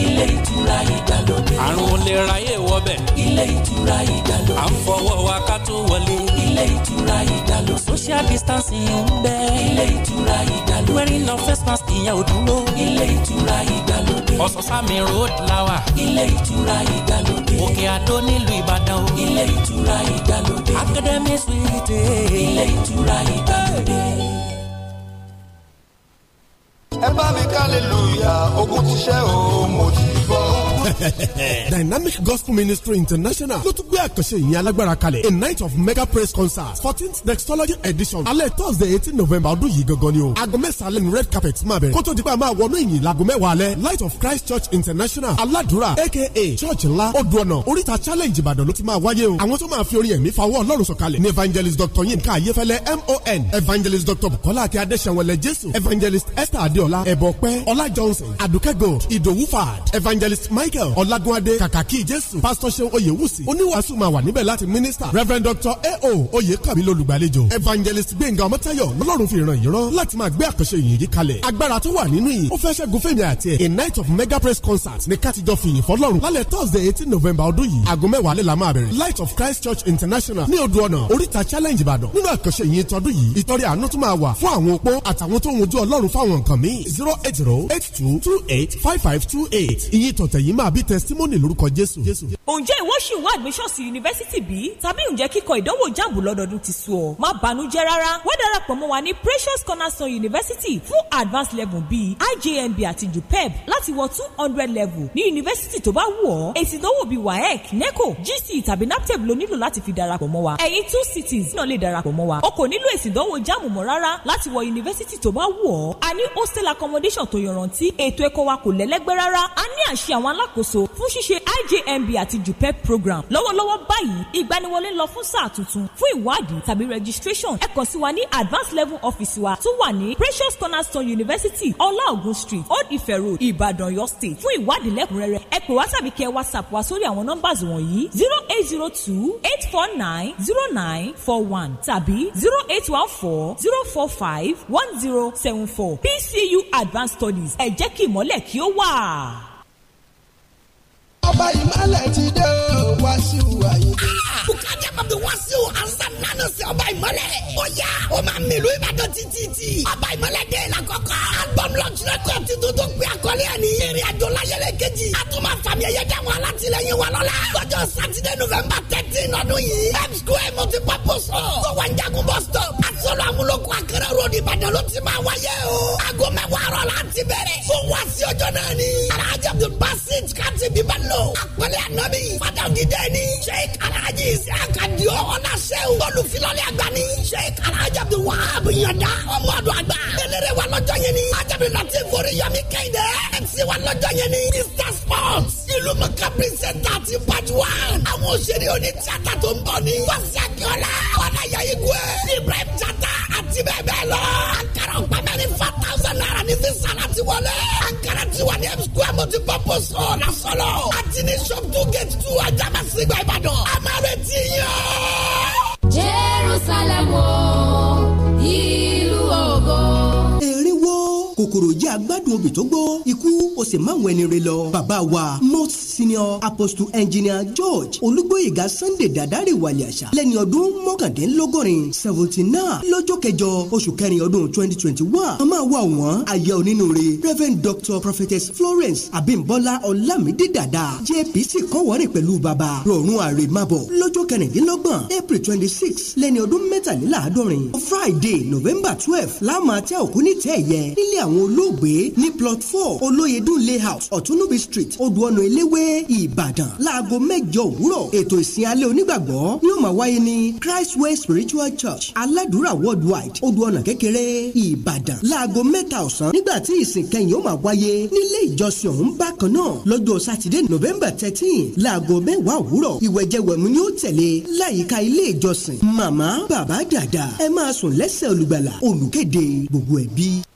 Speaker 10: ilé ìtura ìdàlódé. àrùn olè ráyè wọbẹ̀. ilé ìtura ìdàlódé. à ń fọwọ́ wa ká tó wọlé. ilé ìtura ìdàlódé. social distancing ń bẹ. ilé ìtura ìdàlódé. wearing no face mask ìyẹn ò dúró. ilé ìtura ìdàlódé. ọ̀sán-sámi road lawa. ilé ìtura ìdàlódé. òkè àdó nílùú ìbàdàn o. ilé ìtura ìdàlódé.
Speaker 3: academy suite. ilé ìtura ìdàlódé ẹ bá mi ká lè lùyà ogun ti ṣẹ́ o mo ti bọ́.
Speaker 11: Dynamic Gospel Ministry International ló tún gbé àkànṣe ìyẹn alágbára kalẹ̀ a night of mega praise concert fourteenth Nextology edition alẹ́ Thursday eighteen November ọdún yìí gangan ni o aago mẹ́sàn-án lẹ́nu red carpet máa bẹ̀rẹ̀ kótó dípẹ́ a máa wọnú ìyìn láago mẹ́wàá alẹ́ Light of Christ Church International aládùúrà aka church ńlá odò ọ̀nà oríta challenge Ìbàdàn ló ti máa wáyé o àwọn tó máa fi orin ẹ̀mí fawọ́ Ọlọ́run sọ̀kalẹ̀ ni evangelist Dr. Yinka Ayefẹ́lẹ́ MON evangelist Dr. Bukola Akẹ́ Adéṣẹ́wọlẹ̀ Jésù evangelist Esther Adéọlá ẹ̀bọ̀pẹ́ Ọlá Johnson Adùkẹ́ Gold Ìdòwú Fad evangelist Mike michael ọlágúnadé kàkàkí jésù pásítọ̀ ṣeun oyèwùsì oníwàásù máa wà níbẹ̀ láti mínísítà reverend dr ao oyèkàmí lolùgbàlejò evangelist gbẹ̀ngà ọmọtayọ lọ́lọ́run fi ràn yín rán láti máa gbé àkànṣe yìnyín yìí kalẹ̀ agbára tó wà nínú yìí ó fẹ́ ṣẹ́gun fèmí àti ẹ̀ a night of mega praise concert ní kátijọ́ fìyìn fọlọ́run lálẹ́ thursday eighteen november ọdún yìí aago mẹ́wàá lè light of christ church international ní odò ọ̀nà challenge ìbàdàn nínú àkànṣe yìí tọdún yìí ìtọ́rí àánú tún máa wà fún àwọn opó àtàwọn tó ń wojú ọlọ́run fáwọn nǹkan máa bí testimony lórúkọ Jésù.
Speaker 12: Ǹjẹ́ ìwọ ṣì wá admission sí yunifásítì bí? Tàbí ǹjẹ́ kíkọ ìdánwò jáàbù lọ́dọọdún ti sú ọ? Má bànújẹ́ rárá. Wá darapọ̀ mọ́ wa ní Precious Cornerstone University fún advanced level bíi IJMB àti JUPEB láti wọ two hundred level ní yunifásítì tó bá wù ọ́. Èsì ìdánwò bíi WAEC, NECO, GC e tàbí NAPTEP ló nílò láti fi darapọ̀ mọ́ wa. Ẹ̀yin two cities náà lè darapọ̀ mọ́ wa. O kò nílò èsì ìdánwò jáàmù mọ́ rárá láti wọ yunifásítì tó bá wù ọ́. A ní hostel accommodation tó yọrantí. Ètò ẹ̀kọ́ wa kò lẹ́lẹ́gbẹ́ rárá. A ní àṣẹ àwọn alák ṣàkóso fún ṣíṣe IJMB àti JUPEP program lọ́wọ́lọ́wọ́ báyìí ìgbaniwọlé lọ fún sáà tuntun fún ìwádìí tàbí registration ẹ kàn sí wa ní advanced level office wa tó wà ní Precious Cornerstone University ọláògùn street Old Ife road Ìbàdàn Ọ̀yọ́ state fún ìwádìí lẹ́kùnrẹ́rẹ́ ẹ pè wá tàbí kẹ WhatsApp wa sórí àwọn nọ́mbàs wọ̀nyí zero eight zero two eight four nine zero nine four one tàbí zero eight one four zero four five one zero seven four PCU advanced studies ẹ jẹ́ kí ìmọ̀lẹ̀ kí ó wà
Speaker 3: bàbá ìmọ̀lẹ̀ ti dé o wá sí ìwà bukadi àbàbí wàásù ansa nánà sí ọba ìmọ̀lẹ̀. ó yá ó máa mìlú titi. títí ọba ìmọ̀lẹ̀ dé la kọ́kọ́. album launch record tuntun tó gbé àkọlé ẹni ìrìn àjò láyẹlẹ kejì. a tún máa fàmì ẹ̀yẹ dáhùn alátìlẹyìn wa lọ́la. lọ́jọ́ sátidé november thirteen ọdún yìí. m square multipurpose hall. tó wà ń jagun bus stop. àtúnlọ amúlòkọ akẹrẹ road ìbàdàn ló ti máa wáyé o. aago mẹ́wàá rọ̀ la ti bẹ̀rẹ̀. fún wàásù ọjọ́ náà ni. alhaji abdul basit kati bíbélò. àpẹẹrẹ anabi. fada òdìdẹ ni. sheikh alhaji Evangelist Akadi Ọ̀nà Sẹ́wù. Olùfilọ́lẹ̀ àgbà ni. Ṣé Karaja Abdul Wahab Yanda ọmọdún àgbà. Eléré wa lọ́jọ́ yẹn ni. Ajabi Láti Forí Yomi Kéde. MC wa lọ́jọ́ yẹn ni. Mr Sports. Ìlú Mọ̀ká Pírísẹ́ńtà ti part one. Àwọn òṣèré oní tíátà tó ń bọ̀ ni. Fọ́sí Akíọ́lá. Ọ̀nà Yayigwe. Ibrahim Jata àti bẹ́ẹ̀ bẹ́ẹ̀ lọ. Àkàrà ọ̀pá mẹ́rin fat thousand naira ní visa wọlé. àǹkárá ti wà ní m square multi purpose hall lásọ̀lọ̀. àti ní shop two gate two ajama sígbà ìbàdàn. a máa retí yín o. jerusalem o ìlú ògo.
Speaker 1: èrè wo kòkòrò jẹ́ agbádùn obì tó gbó ikú o sì máa ń wẹni re lọ. bàbá wa most senior apostle engineer george olúgbóyèga sunday dàdárì wàlẹ̀ àṣà lẹ́ni ọdún mọ́kàndínlọ́gọ́rin seventy nine lọ́jọ́ kẹjọ oṣù kẹrin ọdún twenty twenty one a máa wà wọ́n àyà onínúure reverend doctor prophetess florence abimbola olamide dada jpc kọ́wọ́rìn pẹ̀lú bàbá rọ̀rùn àrèmábọ̀ lọ́jọ́ kẹrìndínlọ́gbọ̀n april twenty six lẹ́ni ọdún mẹ́tàléláàádọ́rin friday november twelve láàmú àtẹ òkú nítẹ̀ẹ̀yẹ nílẹ̀ àwọn olóògbé ní plot four olóyedùn layout ọ̀túnúbi street odùọ̀nà eléwé ìbàdàn láago mẹ́jọ òwúrọ̀ ètò ìsìn alẹ́ onígbàgbọ́ yóò máa wáyé ní christ way spiritual church aládùúrà worldwide odùọ̀nà kékeré ìbàdàn láago mẹ́ta ọ̀sán nígbà tí ìsìn kẹyìn yóò máa wáyé nílé ìjọsìn ọ̀hún bákan náà lọ́jọ́ sátidé november thirteen láago mẹ́wàá òwúrọ̀ ìwẹ̀jẹwẹ̀mú ni ó tẹ̀lé láyìíká ilé ìjọsìn màmá bàbá dàda ẹ máa sùn lẹ́sẹ̀ olùgbàlà olùkéde gbogbo ẹbí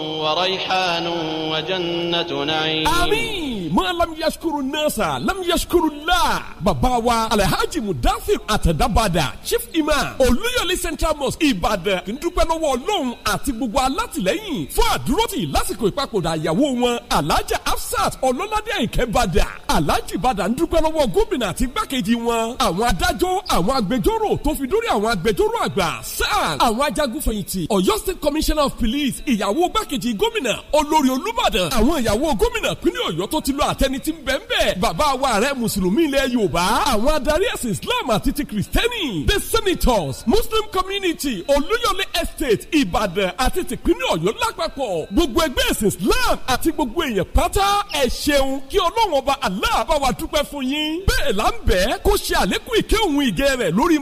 Speaker 13: وريحان وجنة نعيم
Speaker 14: آمين ما لم يشكر الناس لم يشكر الله bàbá wa alhaji mudafir atadabada chief imam olúyọ̀lé central mosque ìbàdàn kì í dúpẹ́ lọ́wọ́ ọlọ́run àti gbogbo alátìlẹ́yìn fún àdúrótì lásìkò ìpapòdà àyàwó wọn alhaja afsat ọlọ́ládé ìkẹ́bàdà alhaji bàdà ń dúpẹ́ lọ́wọ́ gómìnà àti gbákejì wọn àwọn adájọ́ àwọn agbẹjọ́rò tó fi dórí àwọn agbẹjọ́rò àgbà sáà àwọn ajagunfẹ̀yìntì ọ̀yọ́ state commissioner of police ìyàwó gbákejì igbákejì gómìnà olórí olúbàdàn àwọn ìyàwó gómìnà pínlẹ̀ ọ̀yọ́ tó ti lọ àtẹni tí ń bẹ́ẹ̀ bàbá wa ààrẹ mùsùlùmí ilẹ̀ yorùbá àwọn adarí ẹ̀sìn islam àti ti kìrìsìtẹ́nì the senators muslim community olúyọlé estate ìbàdàn àti tìpínlẹ̀ ọ̀yọ́ lápapọ̀ gbogbo ẹgbẹ́ ẹ̀sìn islam àti gbogbo èèyàn pátá ẹ ṣeun kí ọlọ́run ọba allah bá wa dúpẹ́ fún yín bẹ́ẹ̀ là ń bẹ́ẹ̀ kó ṣe àlékún ìkẹ́ òun ìgẹ̀ rẹ̀ lórí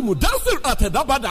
Speaker 14: mudasir àtẹ̀dábàdà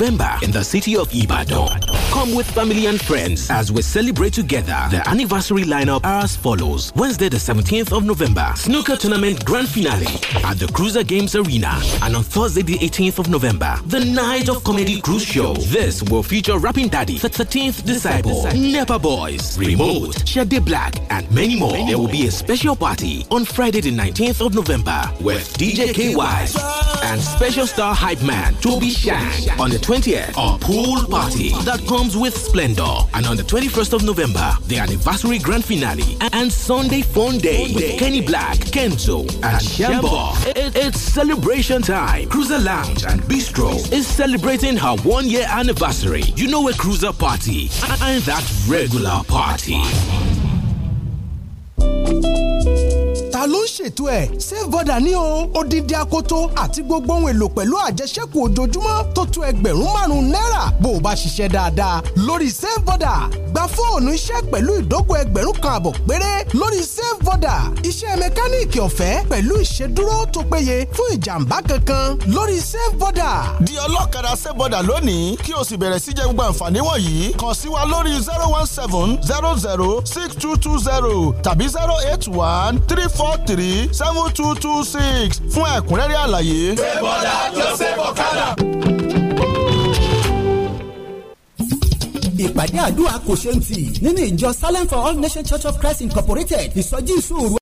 Speaker 15: November in the city of Ibadan. Come with family and friends as we celebrate together. The anniversary lineup are as follows. Wednesday the 17th of November, Snooker Tournament Grand Finale at the Cruiser Games Arena. And on Thursday the 18th of November, the Night of Comedy Cruise Show. This will feature Rapping Daddy, The 13th Disciple, Nepa Boys, Remote, Shade Black, and many more. There will be a special party on Friday the 19th of November with DJ KY and special star hype man Toby Shang on the 20th 20th a pool party that comes with splendor. And on the 21st of November, the anniversary grand finale and Sunday fun day with Kenny Black, Kenzo, and Shambo. It's celebration time. Cruiser Lounge and Bistro is celebrating her one year anniversary. You know a cruiser party and that regular party.
Speaker 2: ta ló ń ṣètò ẹ̀ Safe Border ní o odidi akoto àti gbogbo ohun èlò pẹ̀lú àjẹsẹ́kù ojoojúmọ́ tó tó ẹgbẹ̀rún márùn-ún náírà bó o bá ṣiṣẹ́ dáadáa lórí Safe Border gba fóònù iṣẹ́ pẹ̀lú ìdógò ẹgbẹ̀rún kan àbọ̀ péré lórí Safe Border iṣẹ́ mẹkáníìkì ọ̀fẹ́ pẹ̀lú ìṣedúró tó péye fún ìjàmbá kankan lórí Safe Border. di ọlọ́kadà save Border lónìí kí o sì bẹ̀rẹ̀ sí jẹ gbogbo àǹfààní wọ̀nyí kàn sí wa lórí zero one seven zero zero six two two zero tàbí zero eight one three four three seven two two six fún ẹ̀kúnrẹ́rẹ́ àlàyé. ṣé bọ́dà lọ sí bọ̀kádà.
Speaker 9: ìpàdé àdúrà kò ṣe ń tì nínú ìjọ silent for all nations church of christ incorporated ìsọjí ìṣòro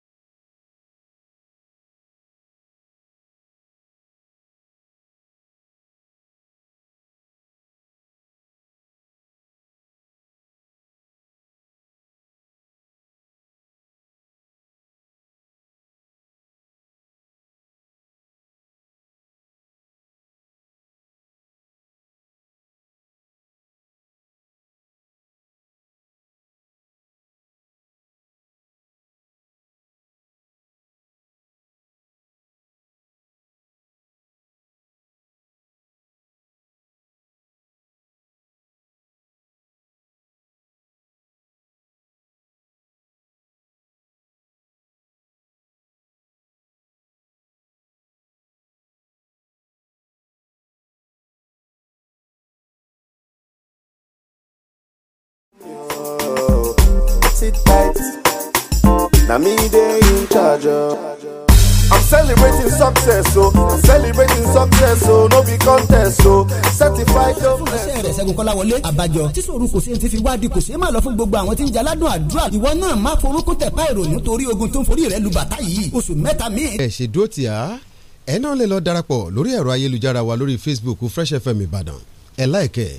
Speaker 8: Now me they in charge of. Oh. I'm celebrating
Speaker 2: success, so oh. I'm celebrating success, so oh. no be contest, so certified government. Fúnṣẹ́ rẹ̀ Ṣẹ́gun Kọ́láwọlé Àbájọ kò sí ti fi wádìí kò sí máa lọ fún gbogbo àwọn tí ń jaládùn àdúrà. Ìwọ
Speaker 6: náà má forúkú tẹ̀pá ìrònú torí ogun tó ń forí rẹ̀ lu bàtà yìí. Oṣù mẹ́ta míì. Ẹ ṣe dúró tì á. Ẹ náà lè lọ darapọ̀ lórí ẹ̀rọ ayélujára wa lórí Facebook Fresh Ìbàdàn. Ẹ láìkẹ́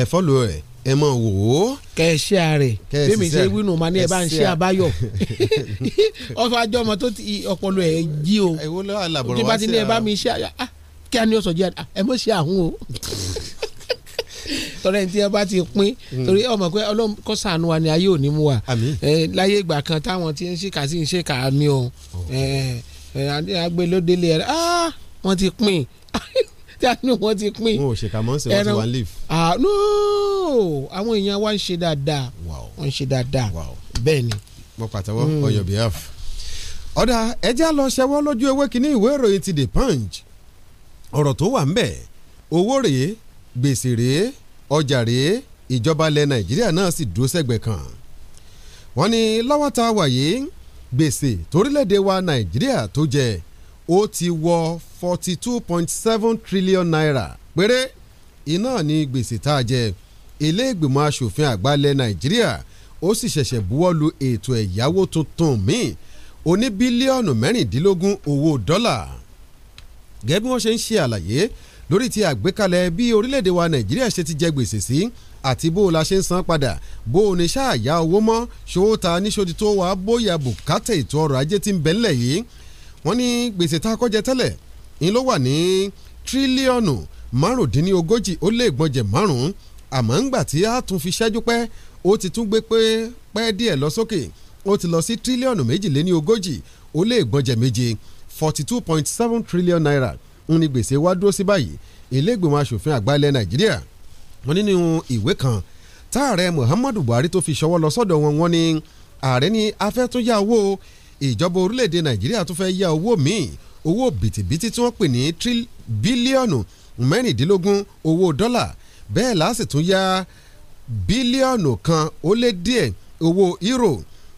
Speaker 6: ẹ fọ́lọ́ ẹ̀ ẹ mọ̀ wò ó. kẹ ẹ ṣe àárẹ̀ bẹ́ẹ̀ ṣe wínú ma ní ẹ bá ń ṣe àbáyọ
Speaker 5: ọfọ àjọ ọmọ tó ti ọpọlọ ẹ jí o ojú bá ti ní ẹ bá mi ṣe àyà kí a ní ọsọ jí ẹ mọ̀ ṣe àhún o tọ́lẹ̀ tí ẹ bá ti pín mm. torí ọmọ pé ọlọ́run kó ṣàánú wa ni ayé ò ní mú wa láyé ìgbà kan táwọn ti ń ṣèkà sí ń ṣèkà mi o àgbélódélé oh. ẹ wọ́n ti pín tani wọ́n ti pín. wọn ò ṣèkà mọ́ ṣe wọ́n ti wá leave. ah no àwọn èèyàn wa ń ṣe dáadáa wọ́n ń ṣe dáadáa bẹ́ẹ̀ ni.
Speaker 6: mo pàtẹ́wọ́ hmm. on your behalf.
Speaker 5: ọ̀dà ẹja lọ ṣẹwọ́ lójú ewé kínní ìwé
Speaker 6: ìròyìn ti The Punch ọ̀rọ̀ tó wà ń bẹ̀ owó rèé gbèsè rèé ọjà rèé ìjọba ilẹ̀ Nàìjíríà náà sì dúró sẹ́gbẹ̀ẹ́ kan wọ́n ní lọ́wọ́ tá a gbèsè torílẹ̀-èdè wa Nàìjíríà tó jẹ́ ó ti wọ forty two point seven trillion naira péré iná ní gbèsè tá a jẹ ilé ìgbìmọ̀ asòfin àgbà ilẹ̀ nàìjíríà ó sì ṣẹ̀ṣẹ̀ buwọ́ lu ètò ẹ̀yáwó tuntun míì oní bílíọ̀nù mẹ́rìndínlógún owó dọ́là gẹ́gẹ́ bí wọ́n ṣe ń ṣe àlàyé lórí ti àgbékalẹ̀ bí orílẹ̀-èdè wa nàìjíríà ṣe ti jẹ gbèsè sí àti bó o la ṣe ń san padà bó o ní ṣáàyà owó mọ́ ṣòwò ta níṣòdì tó wàá bóyá bùkátà ètò ọrọ̀ ajé ti ń bẹ́ńlẹ̀ yìí wọ́n ní gbèsè tá a kọ́jẹ tẹ́lẹ̀ ń ló wà ní tírílíọ̀nù márùndínlógójì ó lé ìgbọ̀njẹ̀ márùn-ún àmọ́ ńgbà tí a tún fi ṣẹ́jú pẹ́ ó ti tún gbé pé pẹ́ díẹ̀ lọ sókè ó ti lọ sí tírílíọ̀nù méjìléní ogójì ó lé ìgbọ̀njẹ̀ méje forty two point seven trillion naira ń ní gbèsè wá dúró sí báyìí ilé ìgbìmọ̀ asòfin àgbà ilẹ̀ nàìjíríà wọ́n nínú ìwé kan táàrẹ muhammadu buhari tó fi ṣọwọ́ lọ sọ́dọ̀ wọn wọ́n ní ààrẹ ní afẹ́túnyàwó ìjọba orílẹ̀-èdè nàìjíríà tún fẹ́ yá owó míì owó bìtìbìtì tí wọ́n pè ní bílíọ̀nù mẹ́rìndínlógún owó dọ́là bẹ́ẹ̀ láti tún yá bílíọ̀nù kan ó lé díẹ̀ owó euro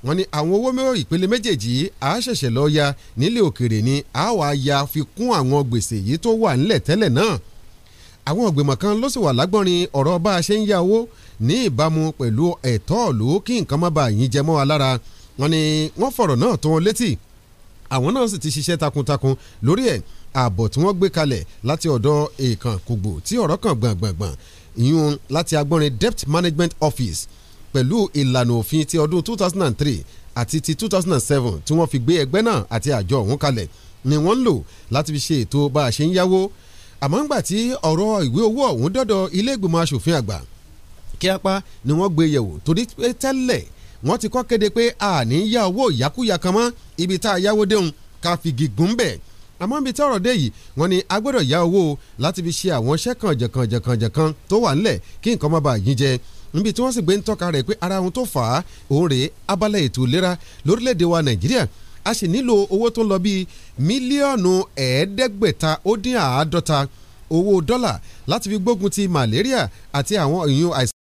Speaker 6: wọ́n ní àwọn owó mẹ́wàá ìpele méjèèjì á ṣẹ̀ṣẹ̀ lọ ya nílé òkèrè ni á wà á ya fi kún àwọn gbèsè yìí tó wà nílẹ̀ tẹ́lẹ̀ náà àwọn ìgbìmọ̀ kan ló sì wà lágbọ́nrin ọ̀rọ̀ bá a ṣe ń ya owó ní ìbámu pẹ̀lú ẹ̀tọ́ ìlú kí nǹkan má bàa yín jẹ mọ́ wa lára wọ́n ní wọ́n fọ̀rọ̀ náà tó wọn létí àwọn náà sì ti ṣiṣẹ́ takuntakun lórí ẹ̀ ààbọ̀ tí wọ́n gbé kalẹ̀ láti ọ̀dọ̀ èèkàn kògbò tí ọ̀rọ̀ kan gbọ̀ngbọ̀ngbọ̀n ìyún láti agbọ́nrin debt management office pẹ̀lú ìlànà òfin ti ọdún 2003 àti ti 2007 tí wọ́n fi gbé ẹgbẹ́ náà àti àjọ ọ̀hún kalẹ̀ ni wọ́n ń lò láti fi ṣe ètò bá a ṣe ń yáwó àmọ́ ńgbà tí ọ̀rọ̀ ìwé owó ọ̀hún dọ́dọ̀ ilé ìgbìmọ̀ asòfin àgbà kíápá ni wọ́n gbé yẹ̀wò torí pé tẹ́lẹ̀ wọ́n ti kọ́ kéde pé àní yá owó ìyákúyà kan mọ́ ibi tá a yáwó déhùn ká fi gígùn bẹ̀ àmọ́ ibi tí ọ̀rọ̀ dé yìí wọ́n ní a gbọ́dọ̀ yá owó láti fi ṣe àwọn iṣẹ́ kan jẹ̀kanjẹ̀kanjẹ̀kan tó wà ńlẹ̀ kí nǹkan má bàa yín jẹ níbi tí wọ́n sì gbé ń tọ́ka rẹ̀ pé ara ohun tó fà á òun rèé abala ètò ìlera lórílẹ̀‐èdè wa nàìjíríà a sì nílò owó tó ń lọ bíi mílíọ̀nù ẹ̀ẹ́dẹ́gbẹ̀ta ó dín àádọ́ta owó dọ́là láti fi gbógun ti malaria àti àwọn ìyún àìsàn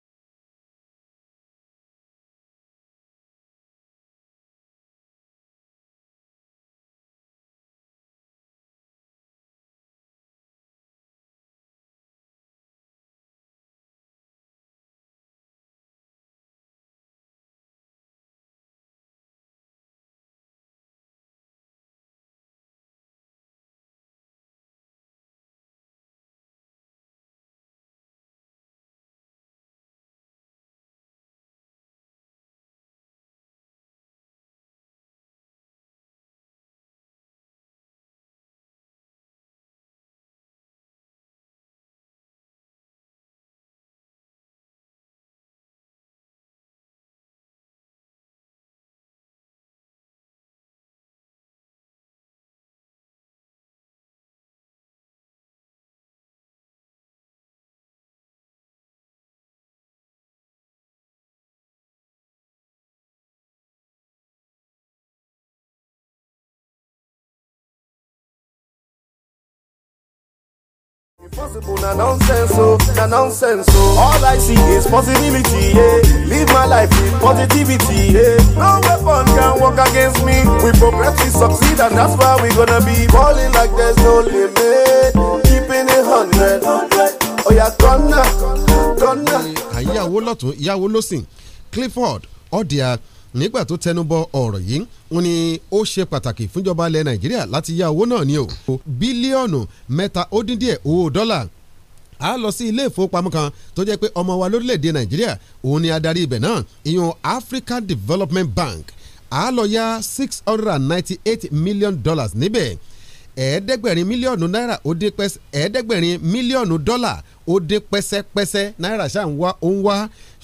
Speaker 13: Impossible, na nonsense, oh, na nonsense,
Speaker 8: oh.
Speaker 2: All I see is possibility, yeah. Live my life with positivity, yeah. No weapon can work against me. We progress, we succeed, and that's why we gonna be balling like there's no limit. Keeping it hundred, oh yeah, gonna,
Speaker 6: gonna. Àyàwó lọ́tún, ìyàwó lọ́sìn, Clifford, oh, dear. nígbà tó tẹnubọ ọ̀rọ̀ yìí wọ́n ní ó ṣe pàtàkì fúnjọba ilẹ̀ nàìjíríà láti yá owó náà ní o bílíọ̀nù mẹ́ta ó dín díẹ̀ owó dọ́là a lọ sí ilé ìfowópamọ́ kan tó jẹ́ pé ọmọ wa lórílẹ̀‐èdè nàìjíríà òun ni adarí ibẹ̀ náà ìyẹn African Development Bank a lọ yá six hundred and ninety-eight million dollars níbẹ̀ ẹ̀ẹ́dẹ́gbẹ̀rin mílíọ̀nù náírà ó dín pẹ́sẹ́ ẹ̀ẹ́dẹ́gbẹ̀rin mílíọ̀nù dọ́là ó dín pẹ́sẹ́pẹ́sẹ́ náírà ṣáà ń wá ó ń wá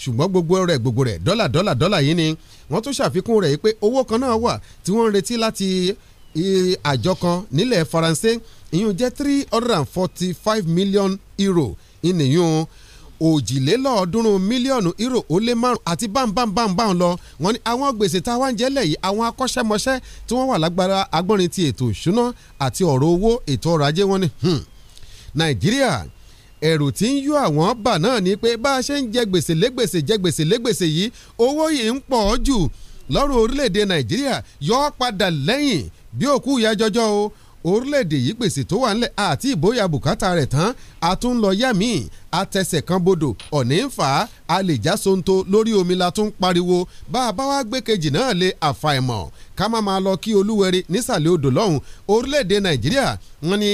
Speaker 6: ṣùgbọ́n gbogbo rẹ̀ gbogbo rẹ̀ dọ́là dọ́là dọ́là yìí ni wọ́n tún ṣàfikún rẹ̀ pé owó kan náà wà tí wọ́n ń retí láti àjọ kan nílẹ̀ Faransé ìyún jẹ́ three hundred and forty five million euro ìnìyún òjìlélọ́ọ̀ọ́dúnrún mílíọ̀nù euro ó lé márùn àti báńbáńbáńbáń lọ wọn ni àwọn gbèsè tá a wá ń jẹ́lẹ̀ yìí àwọn akọ́ṣẹ́mọṣẹ́ tí wọ́n wà lágbára agbọ́nrin ti ètò ìṣúná àti ọ̀rọ̀ owó ètò ọrọ̀ ajé wọn ni hmm. Nàìjíríà hmm ẹ̀rù tí ń yọ àwọn bà náà ni pé bá a ṣe ń jẹ gbèsè légbèsè jẹ gbèsè légbèsè yìí owó yìí ń pọ̀ jù lọ́rùn orílẹ̀-èdè nàìjíríà yọ ọ́ padà lẹ́yìn bí òkú ìyá jọjọ́ o orílẹ̀-èdè yìí pèsè tó wà ńlẹ̀ àti ìbóyá bùkátà rẹ̀ tán àtúnlọ́yà míì àtẹsẹ̀ kan bodò ọ̀ní ń fà á a lè já sonto lórí omi la tún pariwo bá a bá wá gbé kejì náà lé àfàìmọ̀ ká má máa lọ kí olúwẹ̀rẹ̀ nísàlẹ̀ odò lọ́hùn orílẹ̀-èdè nàìjíríà wọn ni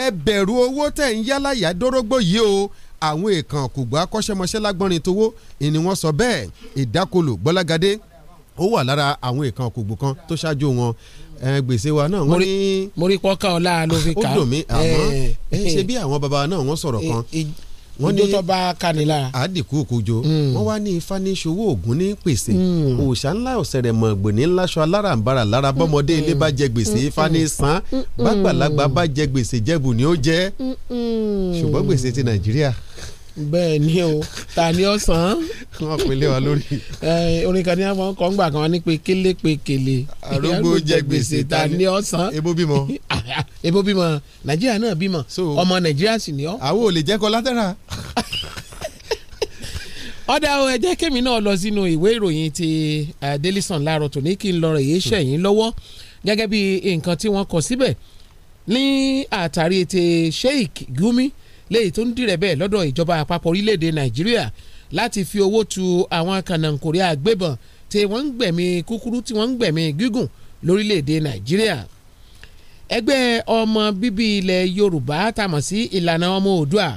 Speaker 6: ẹ bẹ̀rù owó tẹ̀ ń yálà yá dórógbó yìí o àwọn èèkàn kùgbà akọ́ṣẹ́mọṣẹ́ lágbọ́nrin tówó ìní wọn sọ bẹ́ẹ̀ ìdákọlù gbọ́lágadé ó wà lára àwọn èèkàn kùgbù kan tó ṣáájú wọn gbèsè wa náà wọ́n ní. mo rí pọ́ká ọ̀la ló fi kà á. ó dùn mí àmọ́ ṣe bí àwọn baba náà wọ́n sọ̀rọ̀ kan. wọ́n ní ìjọ bá kani lára. àdìkú òkojo hmm. wọ́n wá ní ifá ní ṣòwò ògùn ní pèsè hmm. òòṣà ńlá ọ̀sẹ̀rẹ̀ mọ̀gbìn ní láṣọ alárànbarà lára bọ́mọdé hmm. ilé bá jẹ gbèsè ifá ní san bàgbàlagbà bá jẹ gbèsè jẹ́bù ni ó jẹ́
Speaker 5: ṣùgbọ́n gbèsè ti Nàìjíríà bẹ́ẹ̀ ni o ta ni ọ sàn án. wọn pè lé wa lórí. orin kan ní àwọn kan gbà kan ní pé kélé pé kélé. arúgbó jẹ gbèsè ta ni ọ sàn. ebo bímọ. ebo bímọ nàìjíríà náà bímọ ọmọ nàìjíríà sì ni ọ. àwọn ò lè jẹ́ collateral. ọ̀dà o ẹ jẹ́ kémi náà lọ sínú ìwé ìròyìn ti Daily Sun láàárọ̀ tòní kí n lọ rẹ̀ yéé ṣẹ̀yìn lọ́wọ́ gẹ́gẹ́ bí nǹkan tí wọ́n kọ síbẹ̀ ní àtàrí ti Sheikh Gumi léyìí tó ń dìrẹ̀ bẹ́ẹ̀ lọ́dọ̀ ìjọba àpapọ̀ orílẹ̀-èdè nàìjíríà láti fi owó tu àwọn kànáńkòrí àgbébọn tí wọ́n ń gbẹ̀mí kúkúrú tí wọ́n ń gbẹ̀mí gígùn lórílẹ̀-èdè nàìjíríà ẹgbẹ́ ọmọ bíbí ilẹ̀ yorùbá tàmọ̀ sí ìlànà ọmọ oòdùà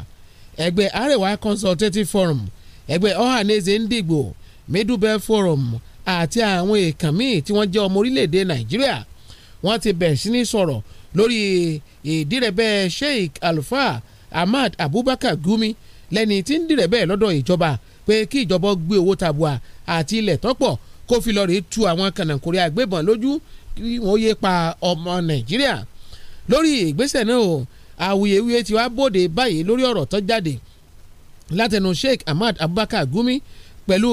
Speaker 5: ẹgbẹ́ arewa consultative forum ẹgbẹ́ ohanaeze ndigbo middle belt forum àti àwọn èèkàn míì tí wọ́n jẹ́ ọmọ orílẹ̀-èdè nàìjíríà wọ́n ti bẹ̀rẹ̀ sí ní sọ̀rọ̀ lórí ìdírẹ́bẹ̀ sheikh alfa Ahmad Abubakar Gumi lẹ́ni tí ń dìrẹ̀ bẹ́ẹ̀ lọ́dọ̀ ìjọba pé kí ìjọba gbé owó tabua àti ilẹ̀ tọ́pọ̀ kó fi lọ́ọ́ rèé tu àwọn kànáńkórí agbébọn lójú kí wọ́n yé pa ọmọ Nàìjíríà lórí ìgbésẹ̀ náà o awuyewuye ti wá bòde báyìí lórí ọ̀rọ̀ tó jáde látẹnu Sheikh Ahmad Abubakar Gumi pẹ̀lú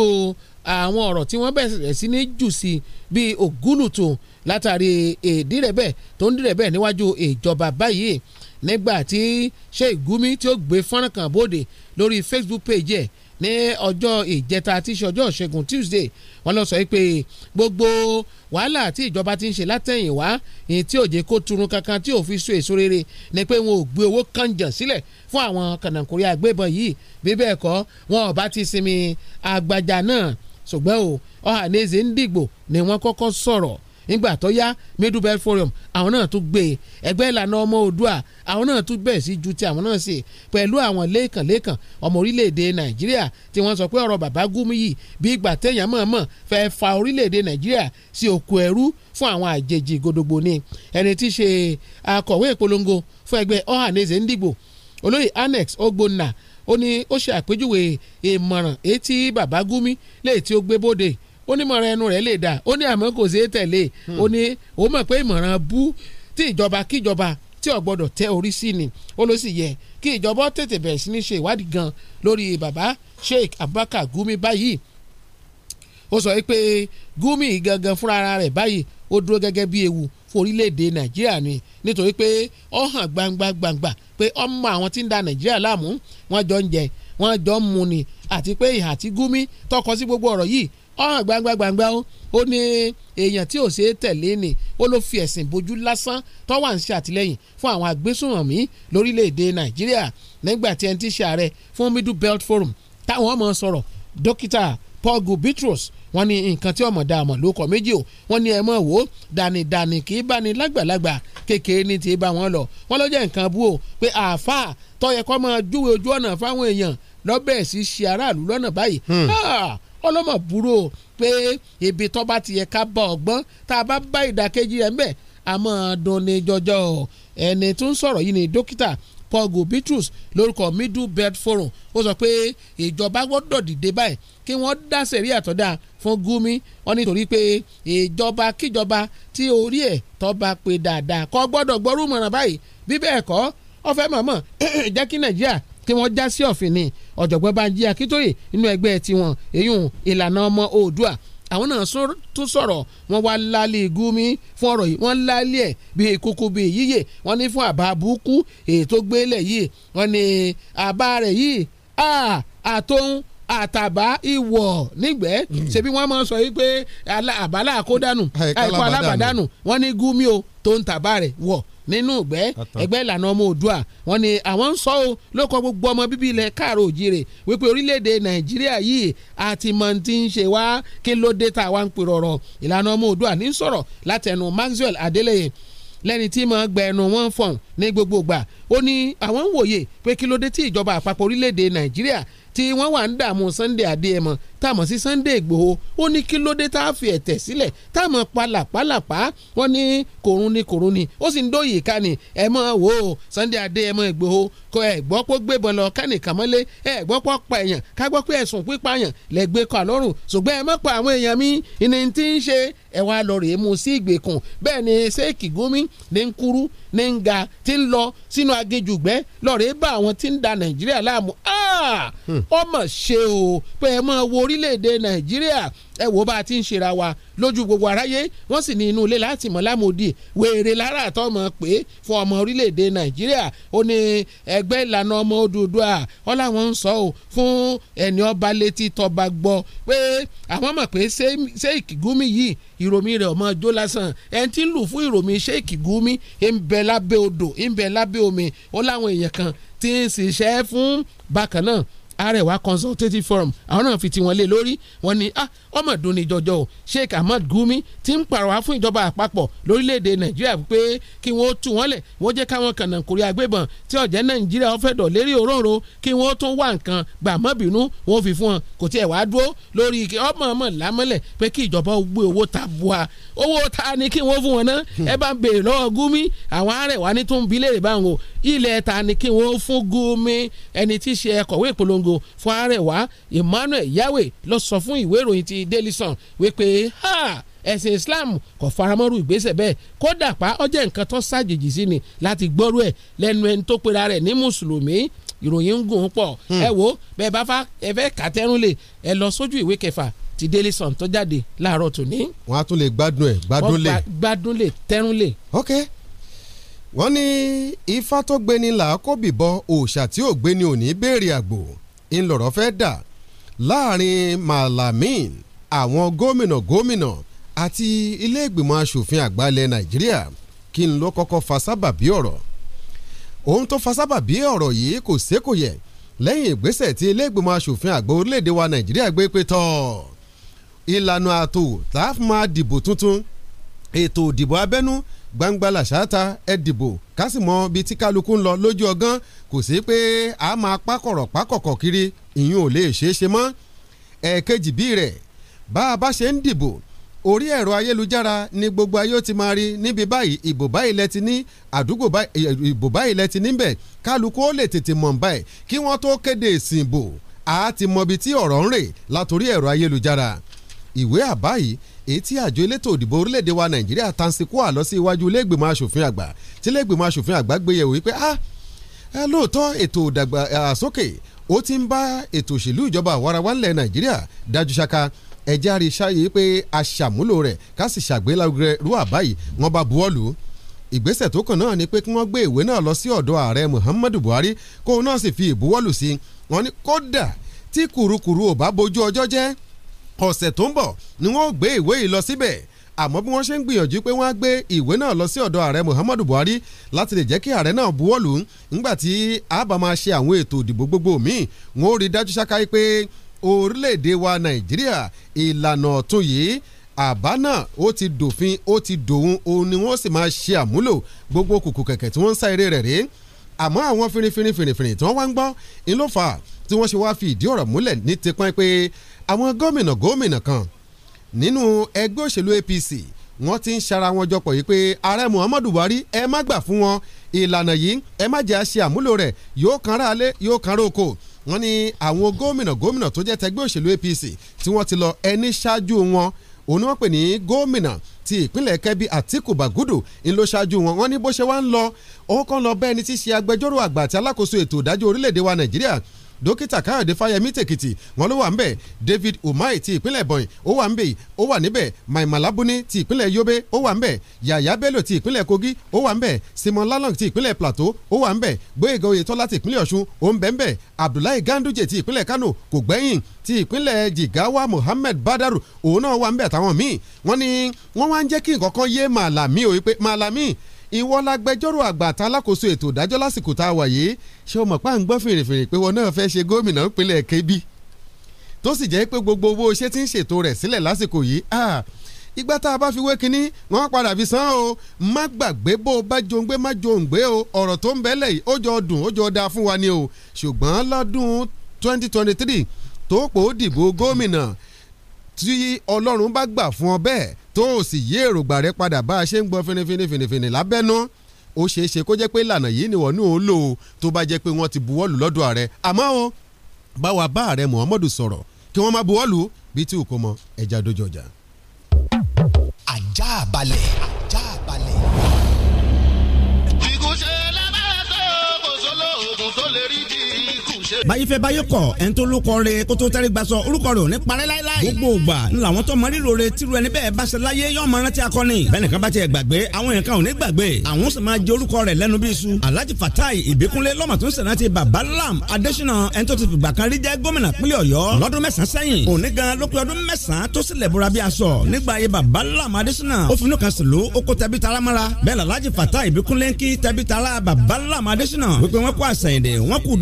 Speaker 5: àwọn ọ̀rọ̀ tí wọ́n bẹ̀rẹ̀ sí ní jù sí bíi ògúlùtù látàrí ìdírẹ̀bẹ̀ tó ń dírẹ̀bẹ̀ níwájú ìjọba báyìí nígbà tí Sheikh Gumi tí ó gbé fọ́nrán kan bóde lórí Facebook page ẹ̀ ní ọjọ́ ìjẹta tí í ọjọ́ ìṣẹ́gun Tuesday wọ́n lọ sọ pé gbogbo wàhálà tí ìjọba ti ń ṣe látẹ̀yìn wá ní tí òjé kó turun kankan tí ò fi so èso rere ni pé wọn ò gbé owó kànjàn sílẹ̀ fún àwọn kànáńkùrí agbébọn yìí bí bẹ́ẹ̀ kọ́ wọn ò ti sinmi àgbàjà náà ṣùgbọ́n o ọ̀hánẹ́sẹ̀ ń dìgbò ni wọ́n kọ́kọ́ sọ̀rọ̀ nígbà tó yá middle belt forum àwọn náà tún gbé e. ẹgbẹ́ ìlànà ọmọ oòdùà àwọn náà tún bẹ̀ sí ju ti àwọn náà sí pẹ̀lú àwọn lẹ́ẹ̀kànlẹ́ẹ̀kàn ọmọ orílẹ̀-èdè nàìjíríà tí wọ́n sọ pé ọ̀rọ̀ bàbá gúnmi yìí bí ìgbà téèyàn mọ̀ọ́mọ̀ fẹ́ fa orílẹ̀-èdè nàìjíríà sí òkú ẹrú fún àwọn àjèjì gòdògbò ni ẹni tí í ṣe akọ̀wé ìpolongo fún ẹgbẹ́ Ohanaeze Ndigbo olóyè Annex Ogbonna ó ní ó ṣe àpèjúwe ìmọ̀ràn etí bàbá gúnmi léè ó gbé bóde ó ní mọ̀ràn ẹnu rẹ̀ lè dà ó ní àmọ́ kò ṣeé tẹ̀lé hmm. ó ní ó mọ̀ pé ìmọ̀ràn bú tí ìjọba kíjọba tí ò gbọ́dọ̀ tẹ orí sí ni ó ló sì yẹ kí ìjọba tètè bẹ̀rẹ̀ sí ní ṣe ìwádìí gan lórí bàbá Sheikh Abubakar Gumi báyìí ó sọ pé Gumi gangan fúnra rẹ̀ báyìí ó dúró gẹ́gẹ́ bí ewu fún èdè nàìjíríà ni nítorí pé ó hàn gbangba gbangba pé ọmọ àwọn tí ń da nàìjíríà láàmú wọ́n jọ ń jẹ wọ́n jọ ń mu ni àti pé ìhà tí Gumi tọkọ sí gbogbo ọ̀rọ̀ yìí ọ̀hàn gbangba-gbangba ó ó ní èèyàn tí ò ṣeé tẹ̀lé ni ó ló fi ẹ̀sìn bojú lásán tó wà ń ṣe àtìlẹ́yìn fún àwọn agbésùnmọ̀mí lórílẹ̀‐èdè nàìjíríà nígbà tí ẹni tí ṣe ààrẹ fún middle belt forum táwọn ọmọ sọ̀rọ̀ dókítà Paul Gubitros wọ́n ní nǹkan tí ọmọ dààmú ló kọ méjì o wọ́n ní ẹ mọ̀ wò dànìdànì kì í bá ní lágbàlagbà kékeré ní ti bá wọn lọ wọ́n lọ jẹ́ nǹkan bú o pé àáfàá tó yẹ kó máa júwe ojú ọ̀nà fáwọn èèyàn lọ́bẹ̀ẹ́ ṣe aráàlú lọ́nà báyìí hmm. ah! ọlọ́mọ̀ búrò pé ibi tó bá ti yẹ ká bá ọgbọ́n tá a bá bá ìdàkejì ẹ̀ mbẹ́ àmọ́ dunni jọjọ ẹni tó ń sọ̀rọ̀ yìí ni dókítà Pogu Bitrus lórúkọ Middle Belt Forum ó sọ pé ìjọba gbọ́dọ̀ dìde báyìí kí wọ́n dá sẹ̀rí àtọ́dá fún Gumi wọn nítorí pé ìjọba kíjọba tí orí ẹ̀ tó bá pé dáadáa kò gbọ́dọ̀ gbọ́rú mọ̀ràn báyìí bí bẹ́ẹ̀ kọ́ ọ fẹ́ mọ̀ọ́mọ̀ jẹ́ kí Nàìjíríà tí wọ́n já sí ọ̀fìn ni ọ̀jọ̀gbọ́n Bánjí Akíntóyè inú ẹgbẹ́ tiwọn èyún ìlànà ọmọ Oòduà àwọn náà tún sọ̀rọ̀ wọ́n wá lálé gúmi fún ọ̀rọ̀ yìí wọ́n lálé ẹ̀ bíi ìkókó bíi yíyẹ wọ́n ní fún àbá burúkú èyí tó gbélé yìí wọ́n ní àbá rẹ̀ yìí àtòun àtàbá ìwọ̀ nígbẹ́ hmm. ṣebí wọ́n máa ń sọ yìí pé àbálà àkódànù àìkú alábàdànù wọ́n ní gúmi o tó ń tàbá rẹ̀ wọ̀ nínú ìgbẹ́ ẹgbẹ́ ìlànà ọmọ Oòduà wọ́n ní àwọn ń sọ ọ́ lóko gbogbo ọmọ bíbí ilẹ̀ káàró òjìrè wípé orílẹ̀-èdè Nàìjíríà yìí àti mọ̀ntì ń ṣe wá kí ló dé tá a wá ń pè rọ̀rọ̀ ìlànà ọmọ Oòduà ní sọ̀rọ̀ látẹnu Maxwell Adeleye lẹ́ni tí mo gbẹ ẹnu wọn fọ̀n ní gbogbo gbà ó ní àwọn ń wòye pé kí ló dé tí ìjọba àpapọ̀ orílẹ̀-èdè Nàìjíríà tí wọ́n wà ń dààmú Sunday Adéyẹmọ tá a mọ̀ sí Sunday Ìgbòho ó ní kí ló dé tá a fi ẹ̀tẹ̀ sílẹ̀ tá a mọ̀ palàpalàpá wọ́n ní kòrún ni kòrún ni ó sì ń dóyè ká ni ẹ mọ̀ wò ó Sunday Adé ẹ mọ̀ Ìgbòho kọ ẹ gbọ́ pé gbébọn lọ kánìkan mọ́lé ẹ gbọ́ pé pa èèyàn ká gbọ́ pé ẹ̀sùn pípa èèyàn lẹ gbé kọ àlọ́rùn ṣùgbọ́n ẹ mọ̀ pa àwọn èèyàn mi ìní tí ń ṣe ẹ wá lọ rèé mu sí ìgbèkùn bẹ́ẹ̀ ni sẹ́ẹ̀kì gómi ní ń kúrú ní ń ga tí ń lọ sínú agéjùgbẹ́ lọ́ọ̀rẹ́ bá àwọn tí ń da Nàìjíríà láàmú ọmọ hmm. ṣe o pé ẹ máa wo orílẹ̀-èdè nàìjíríà ẹ wò bá a ti ń ṣera wa lójú gbogbo aráyé wọ́n sì ní inú ilé láti mọ̀ lámòdì wèrè lára àtọ́mọ̀ pé fún ọmọ orílẹ̀-èdè nàìjíríà ó ní ẹgbẹ́ ìlànà ọmọ Odùduwà ọ láwọn ń sọ ọ́ fún ẹni ọba létí tọba gbọ́ pé àwọn mọ̀ pé Sheikh Gumi yìí ìròmí rẹ̀ ọmọ ọjọ́ lásán ẹni tí ń lù fún ìròmí Sheikh Gumi ń bẹ lábẹ́ odò ń lábẹ́ omi ó láwọn èèyàn kan ti ń ṣiṣẹ́ fún bákan náà Arewa Consultative Forum àwọn náà fi tiwọn lé lórí wọn ah, ni ọmọdún ní jọjọ o Sheikh Ahmad Gumi ti ń pàrọwà fún ìjọba àpapọ̀ lórílẹ̀‐èdè Nàìjíríà pé kí wọ́n tú wọn lẹ̀ wọ́n jẹ́ káwọn kànáà kórè agbébọn tí ọ̀jẹ̀ Nàìjíríà ọ̀fẹ́ dọ̀ lérí òróǹro kí wọ́n tún wá nǹkan gbà mọ́ bínú wọ́n fi fún wọn kò tiẹ̀ wá dúró lórí ọmọ ọmọ lámọ́lẹ̀ pé kí ìjọba gbé owó ta bua owó ta ni kí wọ́n fún wọn náà ẹ bá ń béèrè lọ́wọ́ Gumi àwọn Arewa ní tún bilẹ̀ rẹ̀ báwọn ilẹ̀ ta ni kí wọ́n fún Gumi ẹni tí í ṣe ẹkọ̀wé ìpolongo ògo fún Arẹwà Emmanuel Yahweh ló sọ fún ìwé ìròyìn ti Daily Sun wípé ha Islam kò faramọ́rú ìgbésẹ̀ bẹ́ẹ̀ kódà pa ọjẹ́ nǹkan tó ṣàjèjì sí ni láti gbọ́rú ẹ̀ lẹ́nu ẹni tó pera rẹ̀ ní mùsùlùmí ìròyìn ń gùn pọ̀ hmm. ẹ wo bẹ́ẹ̀ bá fà ẹ fẹ́ kàtẹ́rùn lè ẹ lọ sójú ìwé kẹfà ti Daily Sun tó jáde láàárọ̀ tòní.
Speaker 6: wọn á tún lè gbádùn ẹ gbádùn lè.
Speaker 5: gbádùn lè tẹ́rùn lè. ok wọ́n ní
Speaker 6: ifá tó gbéni là á kó bìbọ òòṣà tí ò gbéni ò ní béèrè àgbò ńlọrọ̀ fẹ́ dà láàrin Malamin àwọn gómìnà gómìnà àti ilé ìgbìmọ̀ asòfin àgbà ilẹ̀ Nàìjíríà kí n ló kọ́kọ́ fa sábàbí ọ̀rọ̀ ohun tó fa sábàbí ọ̀rọ̀ yìí kò sékòyẹ̀ lẹ́yìn ìgbésẹ̀ tí ilé asòfin àgbà orílẹ̀-èdè wa Nàìjíríà gbé pé tọ́ ìlànà àtò tá a máa dìbò tuntun ètò ìdìbò abẹ́nú gbangba làṣáta ẹ dìbò kásìmọ bíi tí kálukú ń lọ lójú ọgán kò sí pé a máa pákọ̀rọ̀ pákọ̀kọ̀ kiri ìyún ò lè ṣeé ṣe mọ́ ẹ̀ẹ̀kejì bíi rẹ̀ bá a bá ṣe ń dìbò orí ẹ̀rọ ayélujára ni gbogbo ayé ó ti máa rí níbi báyìí ìbò báyìí lẹ ti ní àdúgbò ìbò báyìí lẹ ti níbẹ̀ kálukú ó lè tètè mọ̀ báyìí kí wọ́n tó kéde ìsìn a ti mọbi tí ọ̀rọ̀ ń rè látòrí ẹ̀rọ ayélujára ìwé àbá èyí tí àjọ elétò òdìbò orílẹ̀-èdè wa nàìjíríà tansikua lọ sí iwájú iléègbèmọ̀ asòfin àgbà tí iléègbèmọ̀ asòfin àgbà gbé yẹ̀wò wípé ah lóòótọ́ ètò ìdàgbàsókè ó ti ń bá ètò òṣèlú ìjọba àwarawa ńlẹ̀ nàìjíríà dájú ṣáká ẹ̀jẹ̀ àríṣáyé pé aṣàmúlò rẹ̀ ká sì ṣàgbélárugẹ rú àbá yìí wọ́n bá buwọ́lù ìgbésẹ̀ tó kàn náà ni pé kí wọ́n gbé ìwé náà lọ sí ọ̀dọ̀ ààrẹ Muhammadu Buhari kóun náà sì fi ìbuwọ́lù sí i wọ́n ní kódà tí kùrukùru ò bá bojú ọjọ́ jẹ́ ọ̀sẹ̀ tó ń bọ̀ ni wọ́n gbé ìwé yìí lọ síbẹ̀ àmọ́ bí wọ́n ṣe ń gbìyànjú pé wọ́n á gbé ìwé náà lọ sí ọ̀dọ̀ ààrẹ Muhammadu Buhari láti lè jẹ́ kí ààrẹ náà buwọ́lù ńgbà tí a bá máa ṣe àwọn ètò ìdìbò gbogbo míì wọ́n ó rí dájú ṣáká pé orílẹ̀-èdè wa Nàìjíríà ìlànà ọ̀tun yìí àbá náà ó ti dòfin ó ti dòun òun ni wọ́n sì máa ṣe àmúlò gbogbo kùkù kẹ̀kẹ́ tí wọ́n ń sá eré rẹ̀ rèé àmọ́ àwọn fìrìfìrìfìrìfìrì tí wọ́n wá ń gbọ́ ń fà tí wọ́n ṣe wá fi ìdí ọ̀rọ̀ múlẹ̀ ní tipẹ́ pé àwọn gómìnà gómìnà kan nínú ẹgbẹ́ òṣèlú APC wọ́n ti ń ṣara wọn jọpọ̀ yìí pé ààrẹ Muhammadu Buhari ẹ má gbà fún wọn ìlànà yìí ẹ má jẹ́ àṣẹ àmúlò rẹ̀ yóò kan ra alẹ́ yóò kan roko wọ́n ní àwọn gómìnà gómìnà tó jẹ́ tẹgbẹ́ òṣèlú APC tí wọ́n ti lọ ẹni ṣáájú wọn òun ni wọ́n pè ní gómìnà ti ìpínlẹ̀ Kẹ́bí Àtíkù Bàgúdù ń lọ ṣáájú wọn wọ́n ní bó ṣe wá ń lọ òun kan lọ bẹ́ẹ̀ ni ti ṣe agbẹjọ́rò àgbà àti alákòóso ètò ìdájọ́ orílẹ̀-èdè wa Nàìjíríà dókítà káyọ̀dé fáyemí tèkìtì wọn ló wà ńbẹ̀ david umai ti ìpínlẹ̀ bọ̀yìn ó wà ńbẹ̀ ó wà níbẹ̀ maimalabuni ti ìpínlẹ̀ yobe ó wà ńbẹ̀ yaya bello ti ìpínlẹ̀ kogi ó wà ńbẹ̀ simon lalong ti ìpínlẹ̀ plateau ó wà ńbẹ̀ gbóyèga oyetola ti ìpínlẹ̀ ọ̀ṣun ó ń bẹ ńbẹ̀ abdullahi ganduje ti ìpínlẹ̀ kano kò gbẹ́yìn ti ìpínlẹ̀ jigawa mohammed badaru òun náà wà ńbẹ̀ àtàwọn míì wọ́n ní wọ́n wá ń jẹ́ kí nǹkan kan yé màlàmí ò wípé màlàmí ìwọ lágbẹjọ́rò àgbà tá alákòóso ètò ìdájọ́ lásìkò tá a wà yìí ṣé o mọ̀ pá ń gbọ́ fèrèfèrè pé wọn náà fẹ́ ṣe gómìnà ìpínlẹ̀ Kebbi tó sì jẹ́ pé gbogbo owó ṣé ti ń ṣètò rẹ̀ sílẹ̀ lásìkò yìí ìgbà tá a bá fi wé kínní wọ́n padà fi san o má gbàgbé bó o bá jòǹgbé má jòǹgbé o ọ̀rọ̀ tó ń bẹ́lẹ̀ yìí ó jọ dùn ó jọ da fún wa ni o ṣùgbọ́n lọ́dún 2023 tó pò ó dìbò gómìnà tí ọlọ́run bá gbà fún ọ bẹ́ẹ̀ tó o sì yí èròǹgbà rẹ padà bá a ṣe ń gbọ́ fínífínífínífíní lábẹ́nú ó ṣeé ṣe kó jẹ́ pé ìlànà yìí ni wọ́n ní òun lò ó tó bá jẹ́ pé wọ́n ti buwọ́lù lọ́dọ̀ ààrẹ àmọ́ o báwa bá ààrẹ Muhammadu sọ̀rọ̀ kí wọ́n má buwọ́lù bí tí òkò mọ ẹja dojú ọjà.
Speaker 4: ajá balẹ̀ ajá tó kò sólóògùn tó lè rí di
Speaker 2: báyìí fẹ́ báyìí kọ̀ ẹni tó lóko re kó tó tẹ́rí gba sọ orúkọ rẹ̀ ò ní parẹ́ láíláí. gbogbo ògbà ń làwọn tó mọ rírò re tírú ẹni bẹ́ẹ̀ bá ṣe láyé yóò máa rántí akọni. bẹ́ẹ̀ni kan bá tiẹ̀ gbàgbé àwọn yẹn kan ò ní gbàgbé àwọn sì máa jẹ orúkọ rẹ̀ lẹ́nu bí iṣu. Alhaji Fatai Ìbíkúnlé lọ́mọ̀tún sẹ̀rántì bàbá Lam Adésínà ẹni tó ti fìgbà kan rí jẹ́ gómìnà pínlẹ̀ Ọ̀yọ́ lọ́dún mẹ́sàn-án sẹ́yìn òní gan ló pé ọdún mẹ́sàn-án tó sílẹ̀ bora bí aṣọ nígbà ayé bàbá Lam Adésínà Fatai Ìbíkúnlé ń kí tẹbi tara bàbá Lam Adésínà wípé wọ́n kó àṣàyìndè wọ́n kú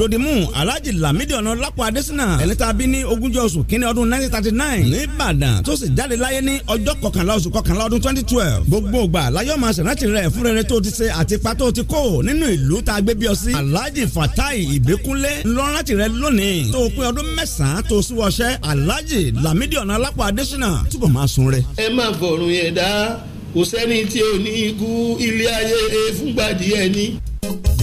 Speaker 2: alhaji lamidi ọ̀nà lápò adésínà ẹni tá a bí ní ogúnjọ́ oṣù kínní ọdún nineteen thirty nine ní ìbàdàn tó sì jáde láyé ní ọjọ́ kọkànlá oṣù kọkànlá ọdún twenty gbogbo ògbà láyọ̀ máa ṣèrántí rẹ̀ fún rere tó ti ṣe àti ipa tó ti kó nínú ìlú tá a gbé bí ọ sí alhaji fatai ìbíkúnlé ńlọrántí rẹ̀ lónìí tó pé ọdún mẹ́sàn-án tó sú ọṣẹ́ alhaji lamidi ọ̀nà lápò adésínà túbọ̀ máa sun rẹ̀. ẹ má fọ̀rùn yẹn dá kò sẹ́ni tí ò ní ikú ilé ayé fúngbà díẹ̀ ni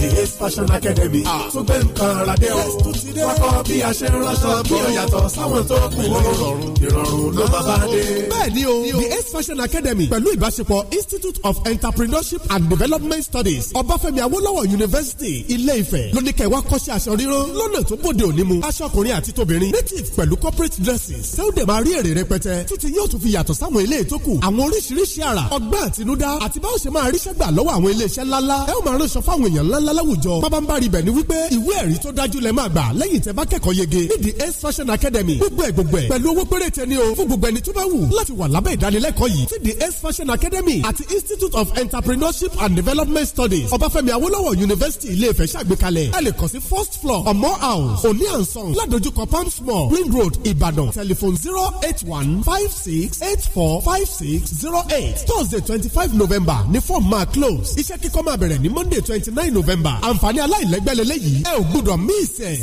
Speaker 8: the
Speaker 11: Ace Fashion Academy ah. tún gbé nǹkan ara dé o
Speaker 2: wọ́n kọ́ bí a ṣe ń ránṣọ bí ó
Speaker 11: yàtọ̀ sáwọn tó kù ó ìrọ̀rùn ló máa bá dé. bẹ́ẹ̀ni o the Ace Fashion Academy pẹ̀lú ìbáṣepọ̀ Institute of Entrepreneurship and Development Studies Ọbáfẹ́mi Awolowo University Ilé-Ifẹ̀ lóníkẹ́ wa kọ́ṣẹ́ aṣọ rírán lọ́nà tó bòde òní mu aṣọ ọkùnrin àti tóbìnrin native pẹ̀lú corporate dresses sẹ́wọ́dẹ̀ máa rí èrè rẹpẹtẹ títí yóò tún fi yàtọ̀ sáwọn ilé ètò kù àwọn oríṣiríṣi àrà ọgbẹ́ àtinúdá àti báwo ṣe máa ríṣẹ́ gbà lọ́wọ́ àwọn ilé iṣẹ́ ńláńlá ẹ ó máa ránṣọ fáwọn èèyàn ńláńlá ńlá láwùjọ pábánbárì bẹ̀ ni wípé ìwé ẹ̀rí tó dájú lẹ máa gbà lẹ́yìn tẹ́ bá kẹ́kọ̀ọ́ yege ní the ace fashion academy gbogbo ẹ̀ gbogbo ẹ̀ pẹ̀lú owó péréte ni o fún gbogbo ẹni tó bá wù láti wà lábẹ́ ìdánilẹ́kọ̀ọ́ yìí ti the ace fashion academy àti institute of entrepreneurship and development studies ọbáfẹ́mi awólọ́wọ̀ university ilé-ifẹ̀ ṣàgbékalẹ̀ ẹ lè kàn sí first floor ọmọ house òní ànsán ládojúkọ palms mall ring road ìbàdàn telephone zero eight one five six eight four five six zero eight thursday twenty five november ní form máa close iṣẹ́ kíkọ́ máa bẹ̀rẹ̀ ní monday twenty nine november december àǹfààní aláìlẹ́gbẹ́lẹ́lẹ́ yìí ẹ ò gbúdọ̀ miss ẹ̀.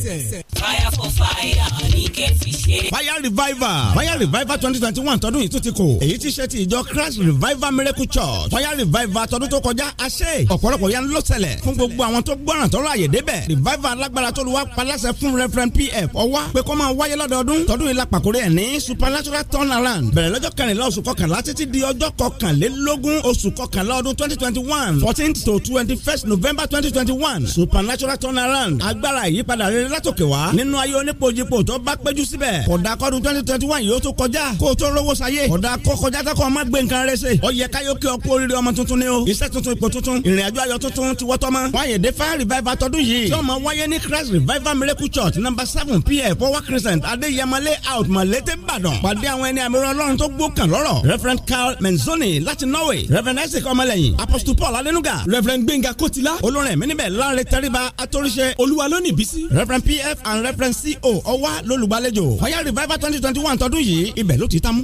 Speaker 7: fire for fire ní kẹ́fì ṣe. fire
Speaker 2: reviver, fire reviver twenty twenty one tọdún yìí tún ti kò èyí ti ṣe ti ìjọ christ revival miracle church fire reviver. tọdún tó kọjá a ṣe ọ̀pọ̀lọpọ̀ yẹn ló ṣẹlẹ̀ fún gbogbo àwọn tó gbọ́ràn tọ́lọ́ àyè débẹ̀ revival alágbára tó lu wá paláṣẹ fún referent pf ọwá pé kó máa wáyé lọ́dọọdún tọdún yìí la pàkórè ẹ̀ ní supernatural turnaround bẹ̀rẹ̀ lọ́jọ́ kẹrìnlá oṣù kọkànlá títí di ọjọ́ kọkànlélógún oṣù kọkànlá ọdún twenty twenty one fourteen to twenty first november twenty twenty twenty one supernatural turnaround agbára ìyípadà rere látòkè wá nínú ayé onípojípo tó bá péjú síbẹ̀ kódà kọ́dún twenty twenty one yóò tó kọjá kó o tó rówó sayé kódà kó kọjá tó kọ́ ọ má gbé nǹkan rẹ ṣe ó yẹ káyọ̀ kí ọkú oríire ọmọ tuntun ni o iṣẹ́ tuntun ipò tuntun ìrìn àjò ayọ̀ tuntun ti wọ́tọ́ mọ́ wáyé defa revival tọdún yìí tí ó wáyé ní Christ revival miracle church number seven pm power crescent adéyẹmọlé out malete Ìbàdàn pàdé àwọn ẹni àmì Ọlọ́run tó gbó kàn lọ́rọ̀ reverend Carl Menzoni láti Norway reverend Isaac ọmọlẹ́yìn apostle Paul alenuga reverend Gbénga Kotila olórin ẹ̀mí níbẹ̀ láre tẹríba atóríṣẹ́ olúwa lónìí bísí. referent pf and referent co ọwá lólùgbàlejò fire revival twenty twenty one tọdún yìí ibẹ̀ ló ti tán mú.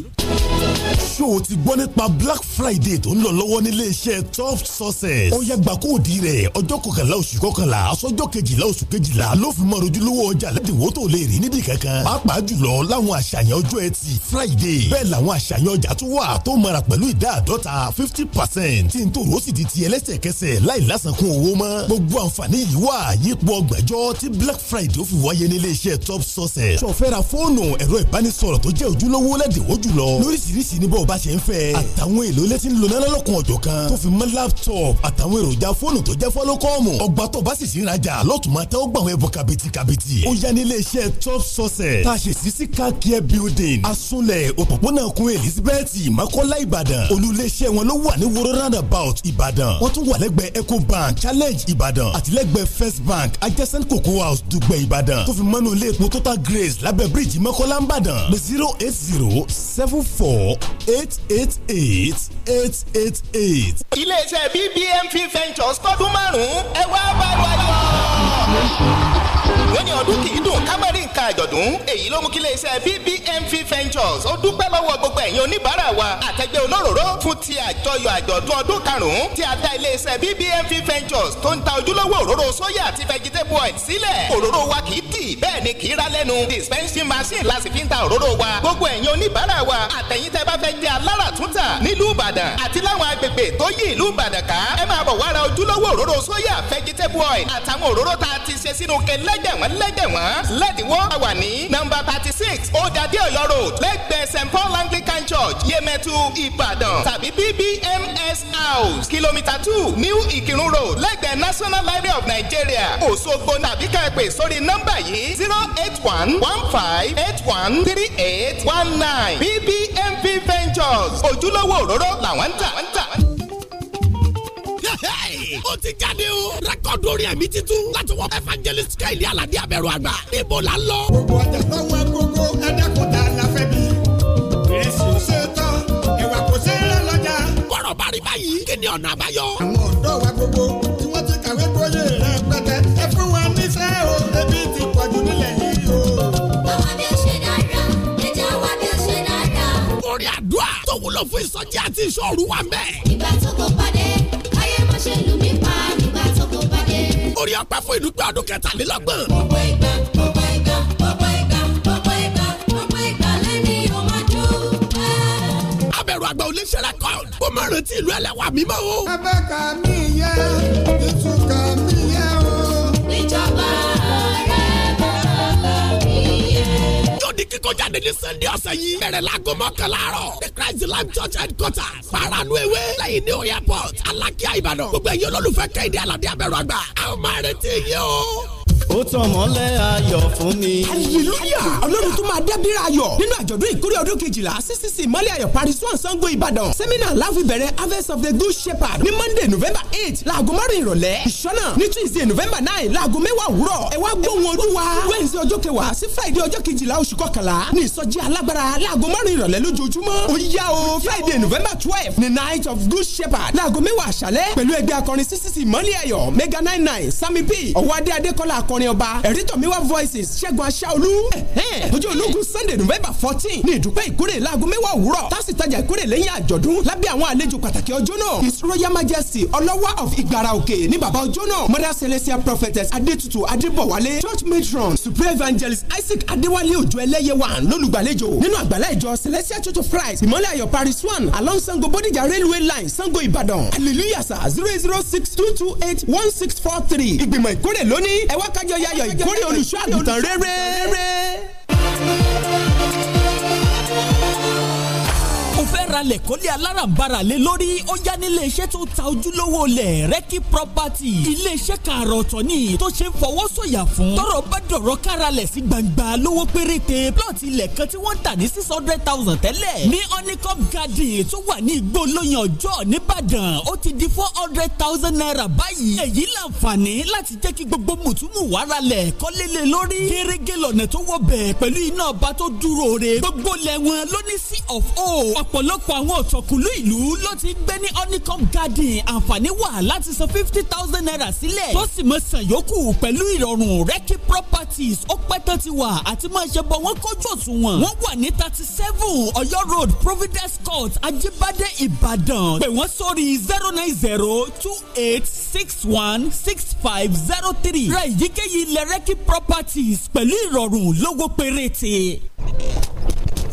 Speaker 2: ṣó o ti gbọ́ nípa black
Speaker 16: friday tó ń lọ lọ́wọ́ nílé iṣẹ́ top sources. ó yẹ gbà kó di rẹ̀ ọjọ́ kọkànlá oṣù kọkànlá aṣọ́jọ́ kejìlá oṣù kejìlá ló fi mọ ojúlówó ọjà lẹ́dínwó tó lè rí nídìí kankan. pàápàá jùlọ láwọn àṣàyàn ọjọ́ ẹtì friday bẹ́ẹ̀ làwọn àṣàyàn ọjà tó wà tó mara pẹ̀lú ìdá àdọ́ta fifty percent tí n tòrò sì di ti ẹlẹ́sẹ̀kẹsẹ̀ láì lásàkún owó mọ́ gbogbo àǹfààní yìí wà yípo ọgbẹ̀jọ tí black friday ó fi wáyé ní iléeṣẹ́ top sources. sọfẹ́ra fóònù ẹ̀rọ ìbánisọ̀rọ̀ tó jẹ́ ojúlówó lẹ́dẹ̀wó jùlọ lóríṣiríṣi ní bọ́ọ̀ bá ṣe ń fẹ́ àtàwọn èlò ilé tí ń lo náírà lọ́kùn ọ̀jọ̀ kan tó fi mọ́ laptop àtàwọn èròjà fóònù tó jẹ́ fọ́lọ́kọ́ọ̀mù ọgbà tó bá sì sí ìrajà lọ́tùmọ̀ tẹ́ ó gbàwọn ẹ̀bùn kàbìtì top sources tá a ṣe building asunlẹ̀ òpópónà kun elizabeth makola ìbàdàn olú iléeṣẹ́ wọn ló wà ní woro roundabout ìbàdàn wọ́n tún wà lẹ́gbẹ̀ẹ́ ecobank challenge ìbàdàn ìbàdàn àtìlẹ́gbẹ̀ẹ́ first bank adjacent cocoa house dùgbẹ̀ ìbàdàn tó fi mọ́nú ilé epo total grace lábẹ́ bíríìjì mọ́kọ́lá ìbàdàn pé zero eight zero seven four eight eight eight eight eight eight.
Speaker 4: iléeṣẹ́ bbmp ventures tọdún márùn-ún ẹ wá bá wa yọ ọdún kì í dùn ká má àjọ̀dún èyí ló mú kí iléeṣẹ́ BBMV Ventures ó dúpẹ́ lọ́wọ́ gbogbo ẹ̀yin oníbàárà wa àtẹgbẹ́ olóróró fún ti àjọyọ̀ àjọ̀dún ọdún karùn-ún tí a iléeṣẹ́ BBMV Ventures tó ń ta ojúlówó òróró sóyà àti vegetable oil sílẹ̀. òróró wa kì í tì bẹ́ẹ̀ ni kì í ra lẹ́nu. dispensing machine la sì fi ń ta òróró wa. gbogbo ẹ̀yin oníbàárà wa àtẹ̀yin tẹ́ bá fẹ́ jẹ́ alára túntà nílùú Ìbàdàn àti láwọn agbègbè tó yí ìlú Ìbàdàn ká. ẹ máa bọ̀ wá ra ojúlówó òróró sóyà vegetable oil àtàwọn òróró tá a ti ṣe sínú kẹ lẹ́jẹ̀wọ́n lẹ́jẹ̀wọ́n lẹ́dínwó a wà ní nọ́mbà thirty six Odadi Ọ̀yọ́ road lẹ́gbẹ̀ẹ́ St Paul Anglican Church Yemẹtu Ìbàdàn tàbí BBMS house kìlómítà two New Ìkírun road lẹ́gbẹ̀ẹ́ nasa national library of nigeria òṣogbo nàbí ká ẹ pè sórí nọ́mbà yìí zero eight one one five eight one three eight one nine bbmv ventures ojúlówó òróró làwọn ń tà.
Speaker 3: ó ti jáde o. rẹ́kọ̀dù orin ẹ̀mí titun láti wọ evangelist káìlì aládé abẹ́rù àgbà níbo la ń lọ. gbogbo ọjà táwọn gbogbo ẹ̀dẹ́kùtà la fẹ́ bí èsì ṣe tán ẹ̀wà kò ṣe é lọ́jà.
Speaker 2: kọ̀rọ̀ bá rí báyìí kí ni ọ̀nà àbáyọ. àwọn ọ̀dọ́ wa
Speaker 7: tó wúlò fún ìsọjí àti ìṣòru wa bẹ́ẹ̀. ìgbà tó kò pàdé ayé mo ṣe lù mí pa ìgbà tó kò pàdé. orí ọpẹ́ fún ìdúpẹ́ ọdún kẹtàlélọ́gbọ̀n. gbogbo ìgbà gbogbo ìgbà gbogbo ìgbà gbogbo ìgbà
Speaker 16: gbogbo ìgbà lẹ́ni o máa dúpẹ́. abẹ̀rù àgbà oníṣẹ́ rẹ̀ kọ́ ọ mọ̀ rántí ìlú ẹlẹ́wà mímọ́ o. ẹ
Speaker 7: bẹ́ ka mi yẹ ètùkà mi
Speaker 3: tó jáde ní sunday ọ̀sẹ̀ yìí bẹ̀rẹ̀ láago mọ́kànlá àárọ̀ the christ life church headquarters paranu ewé lẹ́yìn ní oyapoort alákíá ìbàdàn gbogbo ẹ̀yin olólùfẹ́ kẹ́hìndé aládé abẹ́rọ̀ àgbà àwọn máa retí yìí o ó tàn mọ́lẹ̀ ayọ̀ fún mi. hallelujah ọlọ́run tún máa dábìrì
Speaker 2: ayọ̀ nínú àjọ̀dún ìkórè ọdún kejìlá ccc mọ́lẹ̀ ayọ̀ paris one sango ìbàdàn sẹ́mínà láfi bẹ̀rẹ̀ harvest of the good shepherd ní monday november eight laago márùn ìrọ̀lẹ́ ìṣọ́nà ní tuesday november nine laago mẹ́wàá òwúrọ̀ ẹ wá gbóhùn olúwa wednesday ọjọ́ kẹwàá sí friday ọjọ́ kejìlá oṣù kọkànlá ní ìsọjí alágbára laago márùn ìrọ̀lẹ́ lójoojúmọ́ ó yá o friday november twelve ní night of good shepherd laago mẹ́wàá àṣálẹ́ pẹ̀lú ẹgbẹ́ akọrin ccc mọ́lẹ̀ ayọ̀ mega nine nine sami p ọ̀wádé adékọ́lá yàrá akọrin ọba ẹ̀rítọ̀míwá voices ṣẹ́gun aṣáolú ọjọ́ ológun sunday november fourteen ní ìdúpẹ́ ìkórè láago mẹ́wàá òwúrọ̀ tásìtajà ìkórè lẹ́yìn àjọ̀dún lábẹ́ àwọn àlejò pàtàkì ọjọ́ náà his royal majesty ọlọ́wà of ìgbàrà òkè ní bàbá ọjọ́ náà mother celestial prophetess adétutù adébọ̀wálé church matron supreme evangelist isaac adéwálé òjò ẹlẹ́yẹ wà lólùgbàlejò nínú àgbàlá ìjọ celestial church of christ ìmọ̀lẹ̀ ayọ̀ paris one along sango bodijà railway line sango ìbàdàn hallelujah sir zero zero six two two eight one six four three ìgbìmọ̀ ìkórè lónìí ẹ̀wá wákàjọ yayọ̀ ìkórè olùṣọ́ rere o fẹ́ ra lẹ̀ kọ́lé alárànbarà lé lórí ó yá nílé iṣẹ́ tó ta ojúlówó lẹ̀ rẹ́kí property ilé iṣẹ́ kààrọ̀ ọ̀tọ̀ ni tó ṣe ń fọwọ́ sọ̀yà fún tọ́rọ̀ bá dọ̀rọ̀ kára lẹ̀ sí gbangba lówó péréte plot ilẹ̀ kan tí wọ́n tà ní six hundred thousand tẹ́lẹ̀ ní honeycomb garden tó wà ní igbó lóyìn ọjọ́ nìbàdàn ó ti di four hundred thousand naira báyìí èyí láǹfààní láti jẹ́ kí gbogbo mùtúmù wàrà lẹ̀ kọ́lélẹ̀ lórí gẹ́gẹ́ lọ́nà tó wọ bẹ̀ pẹ̀lú iná ọba tó dúró of o ọ̀pọ̀lọpọ̀ àwọn òtọ̀kùlú ìlú ló ti ń gbé ní honeycomb garden àǹfààní wà láti san fifty thousand naira sílẹ̀ tó sì mọ san yòókù pẹ̀lú ìrọ̀rùn rẹ́kì properties ó pẹ́ tán ti wà àti máa ṣe bọ̀ wọ́n kójú òṣùwọ̀n wọ́n wà ní thirty seven ọ̀yọ́ road providence court ajibade ìbàdàn pè wọ́n sórí zero nine zero two eight six one six five zero three ra èyíkéyìí ilẹ̀ rẹ́kì properties pẹ̀lú ìrọ̀rùn lówó péréte.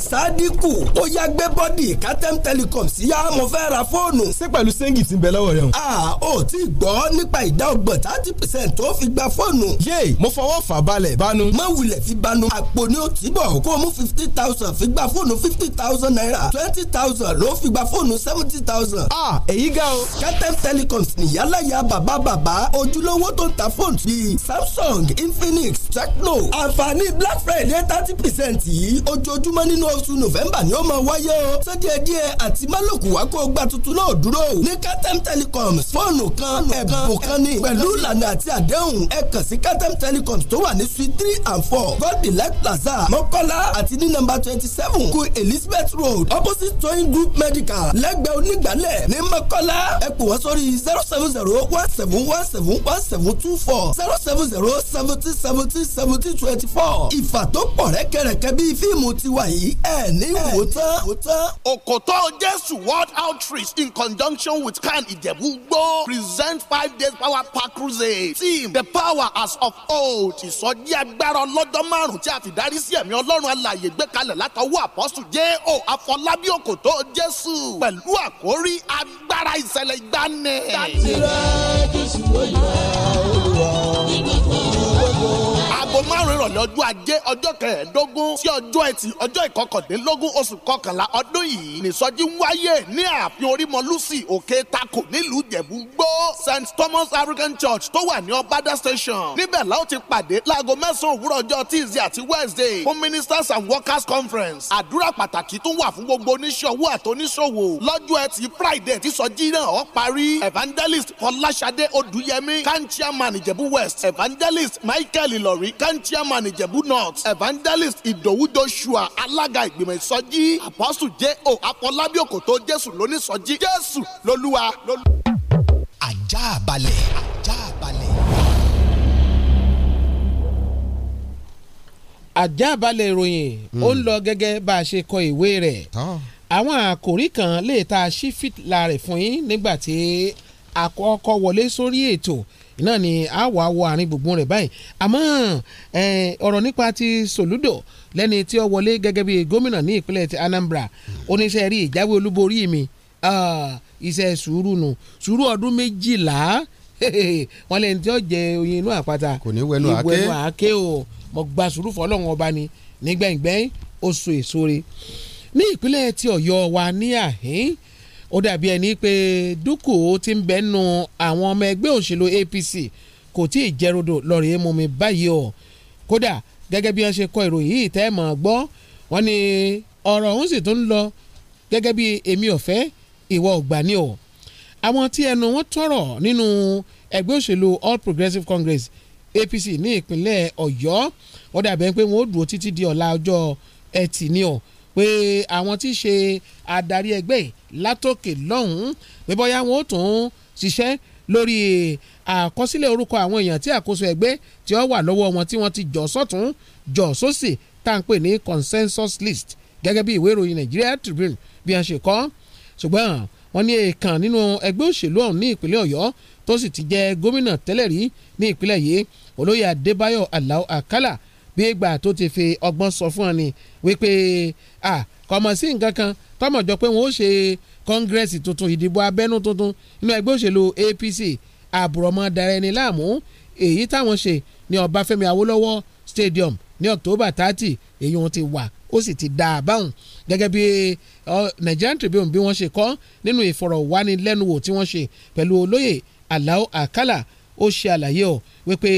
Speaker 2: Sadiku ó yá gbé bọ́dì katem telecom sí yá mo fẹ́ ra fóònù. ṣé pẹ̀lú sẹ́ńgì ti ń bẹ lọ́wọ́ rẹ̀ o. a ò tí ì gbọ́ nípa ìdá ọgbọ̀n thirty percent tó fi gba fóònù. yéè mo fọwọ́ fà balẹ̀ bánu. má wulẹ̀ fi bánu àpò ni ó ti bọ̀ kó mú fifty thousand fi gba fóònù fifty thousand naira twenty thousand ló fi gba fóònù seventy thousand. a èyí ga o. katem telecoms nìyálàyà bàbá bàbá ojúlówó tó ń ta fóònù bíi
Speaker 1: samsung infinix tecno àǹfààní black friday thirty percent yìí ojoojúmọ́ nínú oṣù november ni ó máa wáyé o sọdíẹdíẹ àti málòkù wá kó gba tuntun náà dúró ní katem telecoms fóònù kan ẹ̀bùn kan ní pẹ̀lú ìlànà àti àdéhùn ẹ
Speaker 2: kàn sí katem telecoms tó wà ní suite three and four goldenlight plaza mọ́kọ́lá àti ní nọ́mbà twenty seven ku elizabeth road opposite toyin group medical lẹ́gbẹ̀ẹ́ onígbàlẹ̀ ní mọ́kọ́lá ẹ pè wá sórí zero seven zero one seven one seven one seven two four zero seven zero seventy seventy seventy twenty four ìfà tó pọ̀ rẹ́kẹrẹ́kẹ́ bíi fíìmù tiwa yìí ẹ ní wò tán. Òkòtó Jésù World Outreach in
Speaker 17: conjunction with Kan Ìjẹ̀bú-Gbó present five days power pack crusade team the power as of old ìsọjí agbára ọlọ́jọ́ márùn-ún tí a fi darí sí ẹ̀mí Ọlọ́run alàyè gbé kalẹ̀ látọwọ́ àpọ́sù J.O. Afọlábí Òkòtó Jésù pẹ̀lú àkórí agbára ìṣẹ̀lẹ̀ ìgbàanì. Dátìrẹ́ Jésù ló yẹ Olúwa aago márùn-ún ìrọ̀lẹ́ ọjọ́ ajé ọjọ́ kẹẹ̀ẹ́dógún sí ọjọ́ ẹtì ọjọ́ ìkọkàndínlógún oṣù kọkànlá ọdún yìí nìsọjí wáyé ní ààfin orímọlúsì òkè tako nílùú jẹ̀bú gbó st thomas african church tó wà ní ọbádà station níbẹ̀ la ó ti pàdé láago mẹ́sàn-án òwúrọ̀ ọjọ́ tuesday àti wednesday fún ministers and workers conference àdúrà pàtàkì tún wà fún gbogbo oníṣẹ́ owó àtòníṣòwò lọ́jọ́ ẹtì friday tí sọjí náà ó parí evangelist fọláṣadé odúyẹmí kan chairman ìjẹ̀bú west evangelist michael ìlọ̀rí kan grand chairman ìjẹ̀bú north evangelist ìdòwú joshua alága ìgbìmọ̀ ìsọjí apostle j o afọlábí òkòtó jésù lónìsọjí jésù
Speaker 5: lolúwa. ajá balẹ̀ ajá balẹ̀. ajá ìròyìn ó ń hmm. lọ gẹ́gẹ́ bá a ṣe kọ ìwé rẹ̀ àwọn àkòrí kan lè ta sífìlà rẹ̀ fún yín nígbà tí àkọ́kọ́ wọlé sórí ètò náà ni a wà wọ àárín gbùngbùn rẹ̀ báyìí àmọ́ ọ̀rọ̀ nípa ti Soludo lẹ́ni tí ó wọlé gẹ́gẹ́ bí gómìnà ní ìpínlẹ̀ ti Anambra oníṣẹ́ rí ìjáwé olúborí mi iṣẹ́ sùúrù nù sùúrù ọdún méjìlá wọn lẹ́ni tí ó jẹ oyin inú àpáta kò ní wẹnu àáké o mo gba sùúrù fọlọ́run ọba ni nígbẹ̀ngbẹ́yìn oṣù èso re ní ìpínlẹ̀ ti Ọ̀yọ́ wa ní àhín ó dàbí ẹni pé dúkù ti ń bẹ́nu àwọn ọmọ ẹgbẹ́ òṣèlú APC kò tí ì jẹ́rodò lọ́ọ̀rì mú mi báyìí o kódà gẹ́gẹ́ bí wọ́n ṣe kọ ìròyìn yìí tẹ́ mọ̀ gbọ́ wọ́n ní ọ̀rọ̀ ọ̀hún sì tún lọ gẹ́gẹ́ bí èmi ọ̀fẹ́ ìwọ ọ̀gbà ni o àwọn tí ẹnu wọn tọrọ nínú ẹgbẹ́ òṣèlú All Progressives Congress APC ní ìpínlẹ̀ Ọ̀yọ́ ó dàbẹ̀ pé wọ́n ó dúró títí di ọ̀la ọjọ́ ẹtì ni o pé àwọn tí í ṣe adarí ẹgbẹ́ yìí látòkè lọ́hùn-ún pé bóyá wọn ó tún ṣiṣẹ́ lórí àkọsílẹ̀ orúkọ àwọn èèyàn tí àkóso ẹgbẹ́ tí ó wà lọ́wọ́ wọn tí wọ́n ti jọ sọ́tún jọ sósì tá à ń pè ní consensus list gẹ́gẹ́ bí ìwé ìròyìn Nigeria Tribune bí wọ́n ṣe kọ ṣùgbọ́n wọ́n ní èèkàn nínú ẹgbẹ́ òṣèlú ọ̀hún ní ìpínlẹ̀ Ọ̀yọ́ tó sì ti jẹ́ gómìnà tẹ́lẹ̀ rí ní ìpínlẹ̀ yìí olóyè Adébáyọ̀ Alao Akala bí ìgbà tó ti fi ọgbọ́n sọ fún ọ ni wípé ah kọ̀mọ̀ sí nǹkan kan tọ́mọ̀ jọ pé wọ́n ó ṣe kọ́ngírẹ́sì tuntun ìdìbò abẹ́nú tuntun inú ẹgbẹ́ òṣèlú APC àbùrọ̀mọ́ dara ẹni láàmú èyí táwọn ṣe ní Ọbáfẹ́mi Awólọ́wọ̀ Stadium ní October thirty èyí wọn ti wà ó sì ti dà báwọn gẹ́gẹ́ bí Nigerian Tribune bí wọ́n ṣe kọ nínú ìfọ̀rọ̀wánilẹ́nuwò tí wọ́n ṣe pẹ̀lú olóyè Alao Akala ó ṣe àlàyé o wípé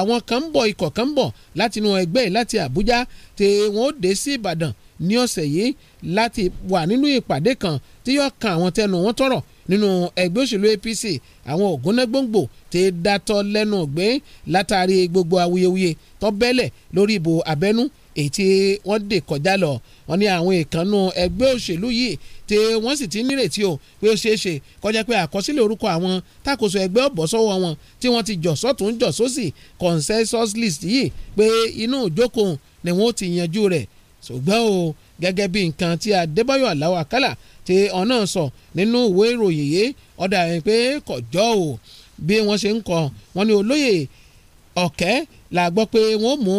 Speaker 5: àwọn kan ń bọ̀ ikọ̀ kan ń bọ̀ látinú ẹgbẹ́ láti Àbújá tí wọ́n ó dé sí Ìbàdàn ní ọ̀sẹ̀ yìí láti wà nínú ìpàdé kan tí yóò kan àwọn tẹnu wọn tọrọ nínú ẹgbẹ́ òṣèlú APC àwọn ògúnnágbòǹgbò ti dátọ́ lẹ́nu gbé látàrí gbogbo awuyewuye tó bẹ́lẹ̀ lórí ìbò abẹ́nú èyí tí wọ́n dè kọjá lọ wọ́n ní àwọn ìkànnù ẹgbẹ́ òṣèlú yìí tí wọ́n sì ti nírètí o pé ó ṣeé ṣe kọjá pé àkọsílẹ̀ orúkọ àwọn takòso ẹgbẹ́ ọ̀bọ̀sọ́wọ́ wọn tí wọ́n ti jọ̀ sọ́tún jọ̀ sósì consensus list yìí pé inú ìjókòó ni wọ́n ti yanjú rẹ̀ ṣùgbọ́n o gẹ́gẹ́ bí nǹkan tí Adébáyọ̀ Aláwọ̀ Àkàlà tí ọ̀nà sọ nínú ìwé ìròyìn yìí ọ̀dà yẹn pé kọjọ́ o bí wọ́n ṣe ń kọ wọ́n ní olóyè ọ̀kẹ́ la gbọ́ pé wọ́n mú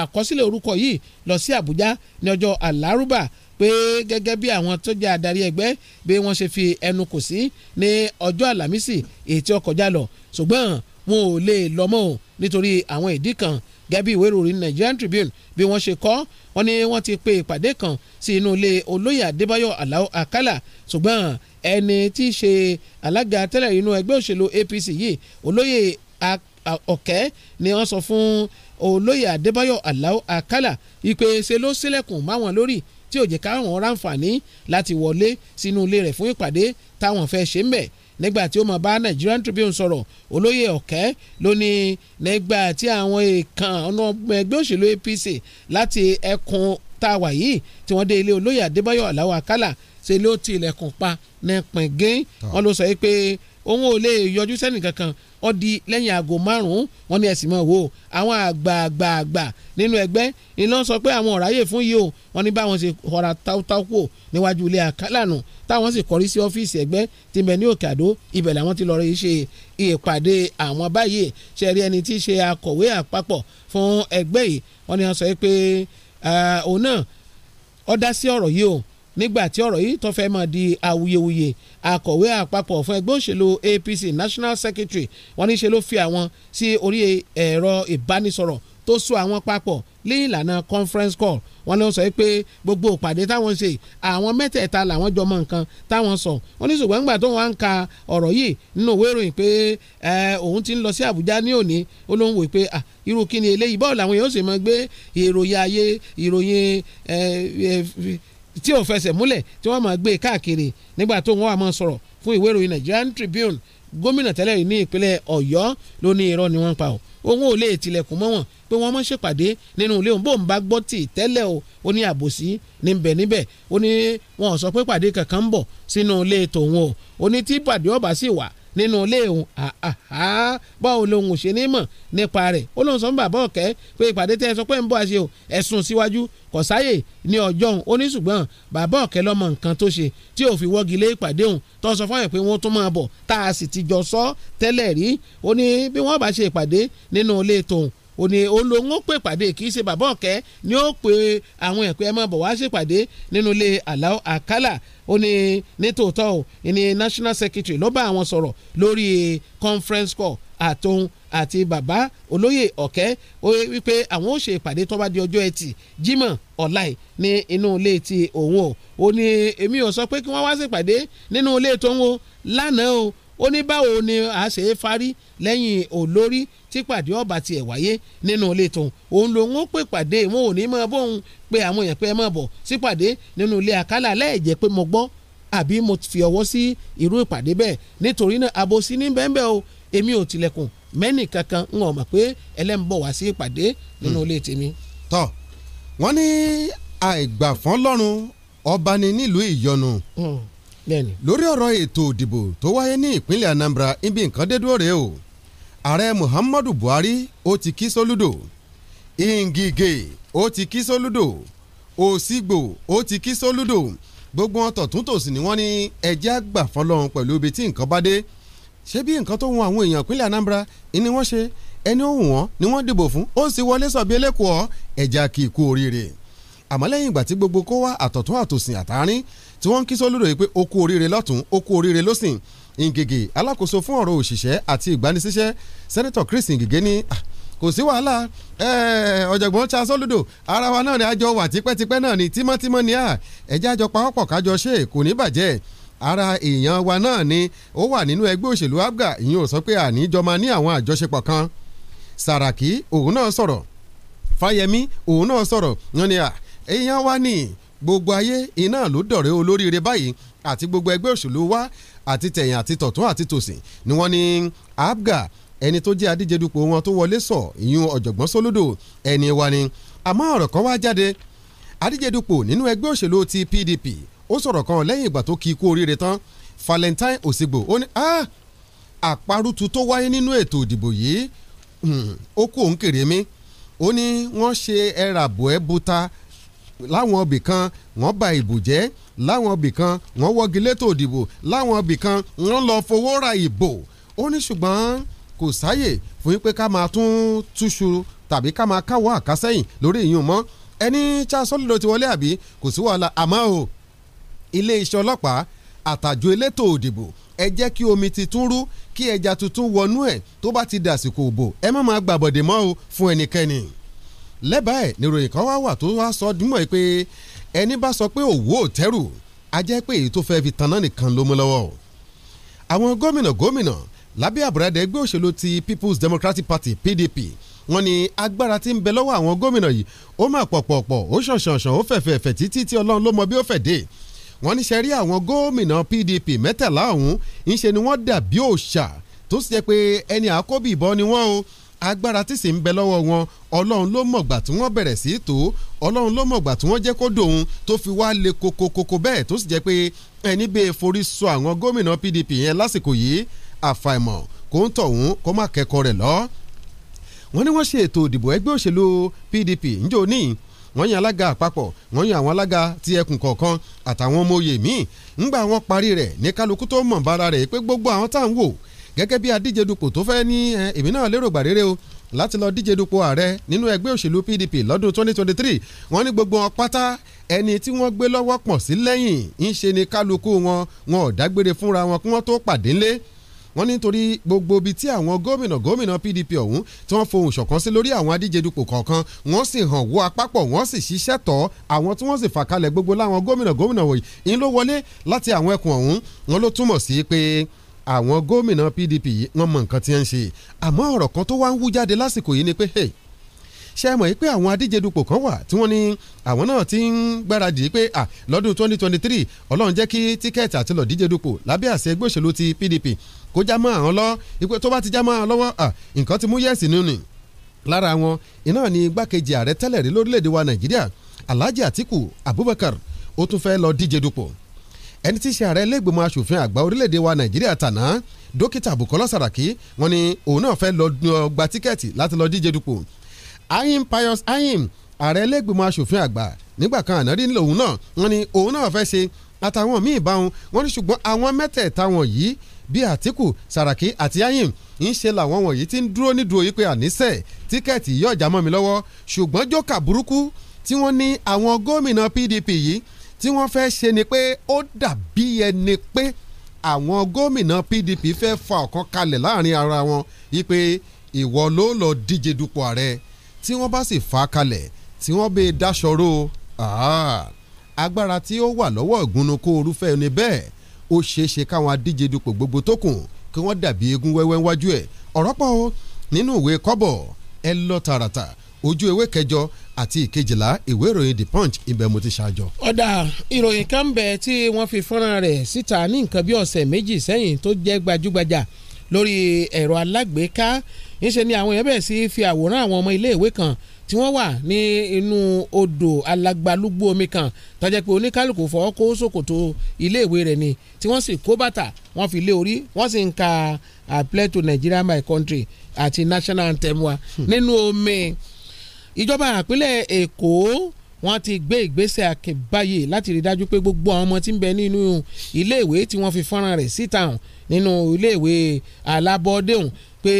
Speaker 5: àkọsílẹ̀ orúkọ yìí lọ sí Àbújá ní ọjọ́ Àlárúbà pé gẹ́gẹ́ bí àwọn tó jẹ́ adarí ẹgbẹ́ bí wọ́n ṣe fi ẹnu kò sí ní ọjọ́ Àlàmísì èyí tí ó kọjá lọ ṣùgbọ́n wọn ò lè lọ mọ́ o nítorí àwọn ìdí kan gẹ́bí ìwé ìròyìn Nigerian Tribune bí wọ́n ṣe kọ́ wọ́n ní wọ́n ti pe ìpàdé kan sí inú ilé olóyè Adébáyọ̀ Alao Akala ṣùgbọ́n ẹni tí í ṣe alága tẹ́lẹ̀ inú ẹgbẹ́ òṣèlú APC yìí olóyè Ọ̀kẹ́ ni wọ́n sọ fún olóyè Adébáyọ̀ Alao Akala ìpè ṣe ló sílẹ̀kùn máwọn lórí tí ò jẹ́ káwọn ráǹfààní láti wọlé sínú ilé rẹ̀ fún ìpàdé táwọn fẹ́ ṣe ń bẹ̀ nígbà tí ó mọ̀ bá Nigerian Tribune sọ̀rọ̀ olóyè ọ̀kẹ́ ló ní nígbà tí àwọn èèkàn ọ̀nà ẹgbẹ́ òṣèlú APC láti ẹkùn táwa yìí tí wọ́n dé ilé olóyè Adébáyọ̀ Aláwọ̀ Àkàlà ṣe ló ti ilẹ̀kùn pa ní pẹ̀ngẹ́ wọn ló sọ pé òun ò lè yọjú sẹ́nì kankan ó di lẹ́yìn aago márùn-ún wọ́n ní ẹ̀sìn mọ́ wò àwọn àgbààgbààgbà nínú ẹgbẹ́ iná sọ pé àwọn ọ̀ráyè fún yìí o wọ́n ní báwọn ṣe họra táwótáwó kò níwájú ilé àkálànù táwọn sì kọrí sí ọ́fíìsì ẹgbẹ́ tí ń bẹ ní òkè àdó ibẹ̀ làwọn ti lọ rí ṣe ìpàdé àwọn báyìí ṣe rí ẹni tí í ṣe akọ̀wé àpapọ̀ fún ẹgbẹ́ yìí wọ́n ní wọ́n sọ pé òun náà ó nígbà tí ọ̀rọ̀ yìí tó fẹ́ máa di awuyewuye akọ̀wé àpapọ̀ fún ẹgbẹ́ òṣèlú APC National Secretary wọ́n ní ṣe ló fi àwọn sí orí ẹ̀rọ ìbánisọ̀rọ̀ tó so àwọn papọ̀ ní ìlànà conference call wọ́n ló sọ pé gbogbo ìpàdé táwọn ṣe àwọn mẹ́tẹ̀ẹ̀ta làwọn jọ mọ nǹkan táwọn sọ wọ́n ní ṣùgbọ́n nígbà tó wọ́n ń ka ọ̀rọ̀ yìí nínú òwe ìròyìn pé òun ti ń lọ sí Àbújá ní òní ó ló ń wò pé irú kí ni eléyìí bọ́ọ̀lù àwọn èèyàn ó sì mọ gbé ìròyìn ayé ìròyìn tí ò fẹsẹ̀ múlẹ̀ tí wọ́n máa gbé e káàkiri nígbà tó wọ́n wà máa sọ̀rọ̀ fún ìwé ìròyìn Nigerian Tribune gómìnà tẹ́lẹ̀ rí ní ìpínlẹ̀ Ọ̀yọ́ ló ní irọ́ ni wọ́n pa ọ́ òun ò lè tilẹ̀kùn mọ́ wọn pé wọ́n mọ̀ ṣèpàdé nínú ilé òun bó ń bá gbọ́ tì tẹ́lẹ̀ o ó ní àbòsí níbẹ̀ níbẹ̀ ó ní wọn ò sọ pé pàdé kankan ń bọ̀ sínú ilé tòun o ó ní tí pàdé ọ̀bà sì wà nínú ilé òun ah, ah, ah. báwo lòun ò ṣe ní mọ̀ nípa rẹ̀ ó lóun sọ fún bàbá ọ̀kẹ́ pé ìpàdé tẹ́ ẹ sọ pé ń bọ̀ àṣẹ o ẹ̀sùn síwájú kò sáyè ní ọjọ́ òun ó ní ṣùgbọ́n bàbá ọ̀kẹ́ lọ́mọ nǹkan tó ṣe tí ò fi wọ́gi lé ìpàdé òun tó sọ fún ẹ̀ pé wọ́n tún máa bọ̀ tá a sì ti jọ sọ tẹ́lẹ̀ rí ó ní bí wọ́n bá ṣe ìpàdé nínú ilé tòun ó ní olóhùn ó pè pàdé kì í ṣe bàbá ọ̀kẹ́ ni ó pe àwọn ẹ̀pẹ́ ẹ̀mọ́ bọ̀ wá ṣèpàdé nínú ilé Alao Akala ó ní nítòótọ́ ó ní national secretary ló bá àwọn sọ̀rọ̀ lórí conference call àtòun àti bàbá olóyè ọ̀kẹ́ ó wípé àwọn ó ṣe ìpàdé tó bá di ọjọ́ ẹtì Jímọ̀ ọ̀láì ní inú ilé ti òun o ó ní èmi ò sọ pé kí wọ́n wá ṣèpàdé nínú ilé tòun o lánàá o ó ní báwo ni a tí pàdé ọba tiẹ̀ wáyé nínú ilé tòun òun lòun ó pè pàdé wọn ò ní mọ bóun pé àwọn èèyàn pé ẹ mọ̀ bọ̀ sí pàdé nínú ilé àkàlà lẹ́ẹ̀jẹ̀ pé mo gbọ́ àbí mo fi ọwọ́ sí irú ìpàdé bẹ́ẹ̀ nítorí náà àbòsí ní bẹ́ẹ̀ o èmi ò tilẹ̀kùn mẹ́nì kankan ń hàn mọ̀ pé ẹlẹ́mìbọ̀ wá sí ìpàdé nínú hmm. ilé tèmi. tọ wọn ní
Speaker 6: àìgbàfọ́n lọ́rùn ọba ni nílùú ìyọnu hmm. lórí ọ̀rọ̀ ètò òdìbò tó wáyé ní ìpínlẹ̀ Anambra ibi nǹkan dé dúró rèé o ààrẹ muhammadu buhari ó ti kí sólúdò ìngìgè ó ti kí sólúdò òsígbò ó ti kí sólúdò gbogbo wọn tọ̀tún ni wọ́n ní ẹjẹ́ àgbà fọlọ́run pẹ̀lú ibi tí nǹkan bá dé ṣé bí nǹkan tó hun àwọn èèyàn ìpínlẹ̀ anambra ni wọ́n ṣe ẹni ó wù ni wọ́n dìbò fún ó sì wọlé sọ̀bí ẹlẹ́kọ̀ọ́ ẹ̀já kì í kú oríire àmọ́ lẹ́yìn ìgbà tí gbogbo kó wá àtọ̀tún àtòsìn àtàárín tí wọ́n ń kí sólúdò yìí pé ó kú oríire lọ́tún ó kú oríire lọ́sìn Ngige alákòóso fún ọ̀rọ̀ òṣìṣẹ́ àti ìgbanisíṣẹ́ sẹ́nitọ̀ Chris Ngige ní ah, kò sí wàhálà ọ̀jọ̀gbọ́n Charles Oludo ara wa náà ni àjọ wà tipẹ́tipẹ́ náà ni tímọ́tímọ́ ni à ah, ẹ̀jẹ̀ àjọ pawọ́pọ̀ kájọ ṣe kò ní bàjẹ́ ara èèyàn wa náà ni ó wà nínú ẹgbẹ́ òṣèlú APGA ìyẹn ò sọ pé àníjọ máa ní àwọn àjọṣepọ̀ kan Sàràkí òun náà sọ̀rọ̀ Fáyẹmí òun náà sọ̀rọ̀ yan ni à èèyàn wa ni gbogbo ayé iná ló dọ̀rẹ́ olóríire báyìí àti gbogbo ẹgbẹ́ òṣèlú wa àti tẹ̀yìn àti tọ̀tún àti tòsìn ni wọ́n ní abga ẹni tó jẹ́ adíje dupò wọn tó wọlé sọ ìyún ọ̀jọ̀gbọ́n sólódò ẹni wa ni àmọ́ ọ̀rọ̀ kan wá jáde adíje dupò nínú ẹgbẹ́ òṣèlú ti PDP ó sọ̀rọ̀ kan lẹ́yìn ìgbà tó kí ikú oríire tán Valentine Osigbo ó ní ah, àparùtù tó wáyé nínú ètò ìdìbò yìí hmm, ó kú òun kèrè mi ó ní wọ́n ṣe ẹ̀ràbọ̀ ẹ̀ buta láwọn ibì kan wọ́n ba ìbò jẹ́ láwọn ibì kan wọ́n wọ́gi létò ìdìbò láwọn ibì kan wọ́n lọ fowó ra ìbò ó ní ṣùgbọ́n kò sáyè fún yín pé ká máa tún túṣu tàbí ká máa káwọ́ àkásẹ́yìn lórí ìyún mọ́ ẹni chasọ́lì ló ti wọlé àbí kò sí wàhálà àmọ́ o iléeṣẹ́ ọlọ́pàá àtàjọ elétò òdìbò ẹ jẹ́ kí omi ti tún rú kí ẹja tuntun wọnú ẹ̀ tó bá ti dàsìkò òbò ẹ má máa gbàbọ̀dè mọ́ o fún ẹnikẹ́ni lẹ́bàá ẹ̀ níròyìn kan wá wà tó wá sọ dímọ̀ pé ẹni bá sọ pé òwò tẹ́rù a jẹ́ pé èyí tó fẹ́ fi tanná nìkan ló mú lọ́wọ́ àwọn gómìnà gómìnà lábẹ́ àbúradà ẹgbẹ́ òṣèlú ti People's Democratic Party PDP wọ́n ní agbára tí ń bẹ lọ́wọ́ àwọn gómìnà yìí ó máa pọ̀pọ̀pọ̀ ó ṣànṣànṣàn ó fẹ̀fẹ̀fẹ̀ títí tí ọlọ́run ló mọ bí ó fẹ̀ dé wọ́n ní sẹ́rí àwọn gómìnà PDP mẹ́tàlá ọ̀hún ńṣe ni wọ́n dà bí òòṣà tó sì jẹ́ pé ẹni àkóbì ìbọn ni wọ́n o agbára tí sì ń bẹ lọ́wọ́ wọn ọlọ́run ló mọ̀gbà tí wọ́n bẹ̀rẹ̀ sí í tó ọlọ́run ló mọ̀gbà tí wọ́n jẹ́ kó dòun tó fi wá le kokokoko bẹ́ẹ̀ tó sì jẹ́ pé ẹni bẹ́ẹ̀ forí sọ àwọn gómìnà PDP yẹn lásìkò yìí àfàìmọ̀ kó ń tọ̀hún kó má kẹ́kọ̀ọ́ rẹ̀ lọ. wọ́n ní wọ́n ṣe ètò ìdìbò ẹgbẹ́ òṣèlú PDP ńjọ́ ní wọ́n yan alága àpapọ̀ wọ́n yan àwọn alága ti ẹkùn kọ̀ọ̀kan àtàwọn ọmọ oyè míì ńgbà wọ́n parí rẹ̀ ní kálukú tó mọ̀ bára rẹ̀ pé gbogbo àwọn táwọn wò gẹ́gẹ́ bí adíje dupò tó fẹ́ ní èmi náà lérò gbàrere o láti lọ díje dupò ààrẹ nínú ẹgbẹ́ òṣèlú PDP lọ́dún 2023 wọ́n ní gbogbo wọn pátá ẹni tí wọ́n gbé lọ́wọ́ pọ̀ sí lẹ́yìn ń ṣe ni kálukú wọn wọn ò dágbére fúnra wọn kí wọ́n tó pàdé ńlé wọ́n nítorí gbogbo ibi tí àwọn gómìnà gómìnà PDP ọ̀hún tí wọ́n fohùn ṣọ̀kan sí lórí àwọn adíjedupò kọ̀ọ̀kan wọ́n sì hàn wọ́ apápọ̀ wọ́n sì ṣiṣẹ́ tọ́ àwọn tí wọ́n sì fà kalẹ̀ gbogbo láwọn gómìnà gómìnà wọ̀nyí ń ló wọlé láti àwọn ẹkùn ọ̀hún wọ́n ló túmọ̀ sí pé àwọn gómìnà PDP yìí wọ́n mọ nǹkan tí ń ṣe àmọ́ ọ̀rọ̀ kan tó wá ń wú jáde lásìkò yìí ni pé ṣé ẹ mọ̀ yìí pé àwọn adíjedupò kan wà tí wọ́n ní àwọn náà ti ń gbáradì pé lọ́dún 2023 ọlọ́run jẹ́ kí tíkẹ́ẹ̀tì àti lọ́ọ́ díjedupò lábẹ́ àṣẹ ẹgbẹ́ òṣèlú ti PDP kó já mọ́ àwọn lọ ipò tó bá ti já mọ́ àwọn lọ́wọ́ nǹkan ti mú yẹ̀sì nínú ni lára wọn iná ni igbákejì ààrẹ tẹ́lẹ̀ rí lórílẹ̀‐èdè wa Nàìjíríà Alhaji Atiku Abubakar ó tún fẹ́ lọ díjedupò ẹni tí í ṣe ààrẹ ẹlẹ́gbẹ̀mọ asòfin àgbà orílẹ̀-èdè wa nàìjíríà tàná dókítà Bukola Saraki wọn ni òun náà fẹ́ lọ gba tíkẹ́ẹ̀tì láti lọ díje dupò ayim Pius ayim ààrẹ ẹlẹ́gbẹ̀mọ asòfin àgbà nígbà kan ànárí lòun náà wọn ni òun náà fẹ́ ṣe àtàwọn míì bá wọn wọn ni ṣùgbọ́n àwọn mẹ́tẹ̀ẹ̀ta wọn yìí bíi Àtíkù Sàràkí àti Ayim ń ṣe làwọn wọ̀nyí tí ń dúró nídùú yìí pé àníṣe tíkẹ́ẹ̀tì yóò já mọ́ tí wọ́n fẹ́ ṣe ni pé ó dàbí ẹni pé àwọn gómìnà PDP fẹ́ fa ọ̀kan kalẹ̀ láàrin ara wọn wípé ìwọ ló lọ díje dupò ààrẹ tí wọ́n bá sì fa kalẹ̀ tí wọ́n bẹ dáṣọrò agbára tí ó wà lọ́wọ́ ìgúnnukú orúfẹ́ ni bẹ́ẹ̀ ó ṣeéṣe káwọn adíje dupò gbogbo tó kù kí wọ́n dàbí eégún wẹ́wẹ́ wájú ẹ̀ ọ̀rọ̀ pọ̀ nínú ìwé kọ́bọ̀ ẹ lọ tààràtà ojú ewé kẹjọ àti ìkejìlá ìwé ìròyìn the punch ibẹ̀ mo
Speaker 11: ti ṣàjọ.
Speaker 5: ọ̀dà ìròyìn kan bẹ̀ tí wọ́n fi fọ́nrán rẹ̀ síta ní nǹkan bí ọ̀sẹ̀ méjì sẹ́yìn tó jẹ́ gbajúgbajà lórí ẹ̀rọ alágbèéká ńṣe ni àwọn èèyàn bẹ̀rẹ̀ sí fi àwòrán àwọn ọmọ iléèwé kan tí wọ́n wà ní inú odò alagbalúgbó omi kan tó pé oníkálukú fọwọ́ kó ṣòkòtò iléèwé rẹ̀ ni tí wọ́n sì kó bàtà wọ́n fi lé orí wọ́n sì ń ka I pledge to Nigeria my country àti national anthem wa hmm. nínú omi. Hmm ìjọba àpilẹ̀ Èkó wọ́n ti gbé ìgbésẹ̀ àkèbáyé láti rí dájú pé gbogbo àwọn ọmọ tí ń bẹ nínú iléèwé tí wọ́n fi fọ́nrán rẹ̀ síta hàn nínú iléèwé alábọ́ọ́dẹ́hùn pé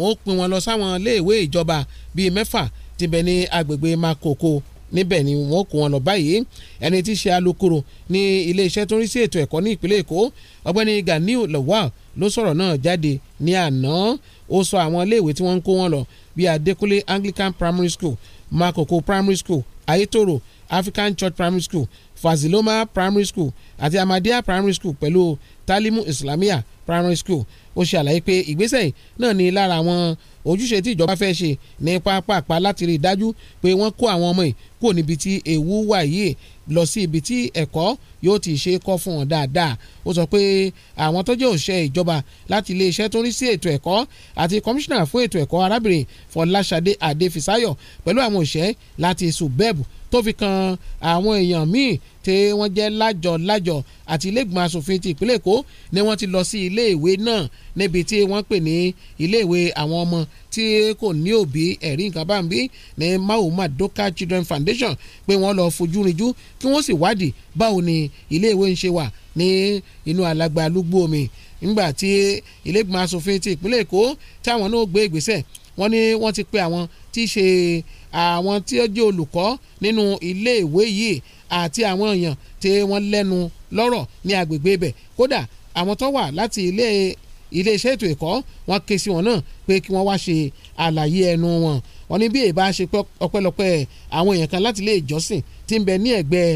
Speaker 5: wọ́n pín wọn lọ sáwọn iléèwé ìjọba bíi mẹ́fà tí bẹ ní agbègbè Makoko níbẹ̀ ni wọ́n kó wọn lọ báyìí ẹni tí í ṣe alukoro ní iléeṣẹ́ tó ń rí sí ètò ẹ̀kọ́ ní ìpínlẹ̀ Èkó ọgbẹ́ni Ganiu Lawal ló sọ̀rọ̀ náà jáde ní àná ó sọ àwọn iléèwé tí wọ́n ń kó wọn lọ bíi Adékúnlé Anglican Primary School Makoko Primary School Ayétòrò African Church Primary School Faziloma Primary School àti Ahmadiyya Primary School pẹ̀lú Talimu Islamia Primary School ó ṣe àlàyé pé ìgbésẹ̀ náà ní lára àwọn ojúṣe tí ìjọba fẹ́ ṣe ní pápápá láti rí i dájú pé wọ́n kó àwọn ọmọ yìí kúrò níbi tí ewu wà yìí lọ sí ibi tí ẹ̀kọ́ yóò ti ṣe kọ́ fún wọn dáadáa ó sọ pé àwọn tó jẹ́ òṣìṣẹ́ ìjọba láti iléeṣẹ́ tó ń rí sí ètò ẹ̀kọ́ àti kọmíṣánná fún ètò ẹ̀kọ́ arábìnrin Fọláṣadé Adéfisáyọ̀ pẹ̀lú àwọn òṣìṣẹ́ láti subeb tó fi kan àwọn èèyàn míì tí wọ́n jẹ́ lájọ lájọ àti iléègbìmọ̀ asòfin ti ìpínlẹ̀ èkó ni wọ́n ti lọ sí iléèwé náà níbi tí wọ́n pè ní iléèwé àwọn ọmọ tí kò ní òbí ẹ̀rí nǹkan bá ń bí ní mahoma doka children foundation pé wọ́n lọ fojú rinjú kí wọ́n sì wádìí báwo ni iléèwé ń ṣe wà ní inú alàgbà lúgbú omi nígbà tí iléègbìmọ̀ asòfin ti ìpínlẹ̀ èkó táwọn náà gbé ìgbésẹ̀ wọ́n ní wọ́n ti pe àwọn tí ṣe àwọn tí ó jẹ́ olùkọ́ nínú iléèwé yìí àti àwọn èèyàn tí wọ́n lẹ́nu lọ́rọ̀ ní agbègbè ibẹ̀ kódà àwọn tó wà láti ilé iléeṣẹ́ ètò ẹ̀kọ́ wọn ké sí wọn náà pé kí wọ́n wá ṣe àlàyé ẹnu wọn wọn ní bí èèbá ṣe pé ọpẹ́lọpẹ́ àwọn èèyàn kan láti ilé ìjọsìn tí ń bẹ ní ẹ̀gbẹ́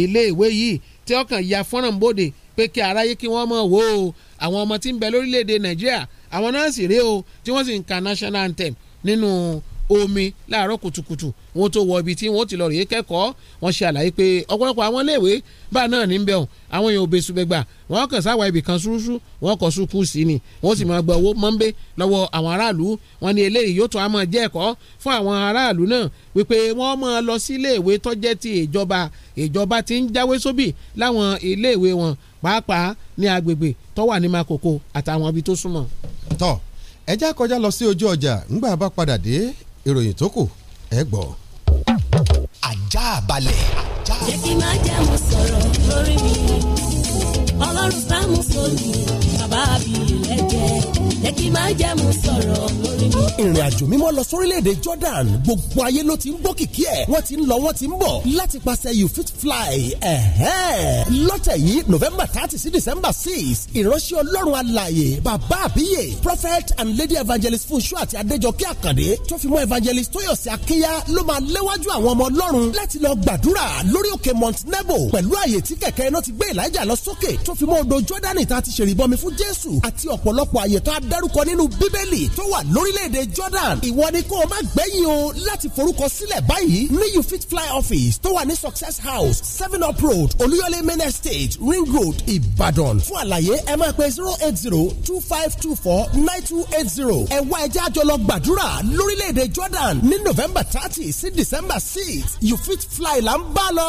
Speaker 5: iléèwé yìí tí ọkàn ya fọ́nrán bòde pé kí aráyé kí wọ́n mọ̀ wò ó àwọn ọmọ tí ń bẹ lórílẹ̀‐èdè nàìjíríà àwọn náà sì rèé o tí wọ́n sì ń ka national anthem nínú omi láàárọ̀ kùtùkùtù wọn tó wọ ibi tí wọn ti lọ rèé kẹ́kọ̀ọ́ wọn ṣe àlàyé pé ọ̀pọ̀lọpọ̀ àwọn iléèwé bá náà ní bẹ̀rùn àwọn èèyàn òbèsùbẹ̀gbà wọn kàn sáwà ibì kan ṣúrúṣú wọn kọ sùkú sí ni wọn sì máa gba owó mọ́ńbé lọ́wọ́ àwọn aráàlú wọn ni eléyìí yóò tún á máa jẹ́ ẹ̀kọ́ fún àwọn aráàlú náà wípé wọ́n máa lọ sí iléèwé tó jẹ́ ti ìjọba ìjọba ti ń jáwé sóbì láwọn iléèwé wọn pàápàá ní agbègbè tó wà ní Makoko àtàwọn ibi tó súnmọ́. tọ́ ẹjá kọjá lọ sí ojú ọjà ńgbà bá
Speaker 6: padà dé ìròyìn tó kù ẹ gbọ́.
Speaker 3: ajá balẹ̀. jẹ́ kí n má jẹ́ mo sọ̀rọ̀ lórí mi ọlọ́run sáà mú sómi
Speaker 12: ìrìn
Speaker 11: àjò mímọ́
Speaker 2: lọ sórílẹ̀-èdè Jordan gbogbo ayé ló ti ń gbọ́ kìkì ẹ̀ wọ́n ti ń lọ wọ́n ti ń bọ̀ láti pàṣẹ you fit fly lọ́tẹ̀ yìí November thirty sí December six ìránṣẹ́ ọlọ́run alààyè bàbá àbíyè prophet and lady evangelist Fúnṣọ́ àti Adéjọkẹ́ Àkàndé
Speaker 11: tó fi mọ́ evangelist Tóyọ̀sí Akínyá ló máa léwájú àwọn ọmọ ọlọ́run láti lọ gbàdúrà lórí òkè Mount Nebo pẹ̀lú àyè tí kẹ̀kẹ́ iná ti gbé Èlíjà lọ sókè tó fi mọ́ odò Jọ́dánì tá a ti
Speaker 2: jésù àti ọ̀pọ̀lọpọ̀ àyè tó a dárúkọ nínú bíbélì tó wà lórílẹ̀‐èdè jordan ìwọ ni kó o má gbẹ̀yìn o láti forúkọ sílẹ̀ báyìí ní you fit fly office tó wà ní success house seven up road olúyọlé main estate ring road ìbàdàn fún àlàyé ẹ máa pe zero eight zero two five two four nine two eight zero ẹ wá ẹjẹ́ àjọlọ gbàdúrà lórílẹ̀‐èdè jordan ní november thirty sí december six you fit fly là ń bá lọ.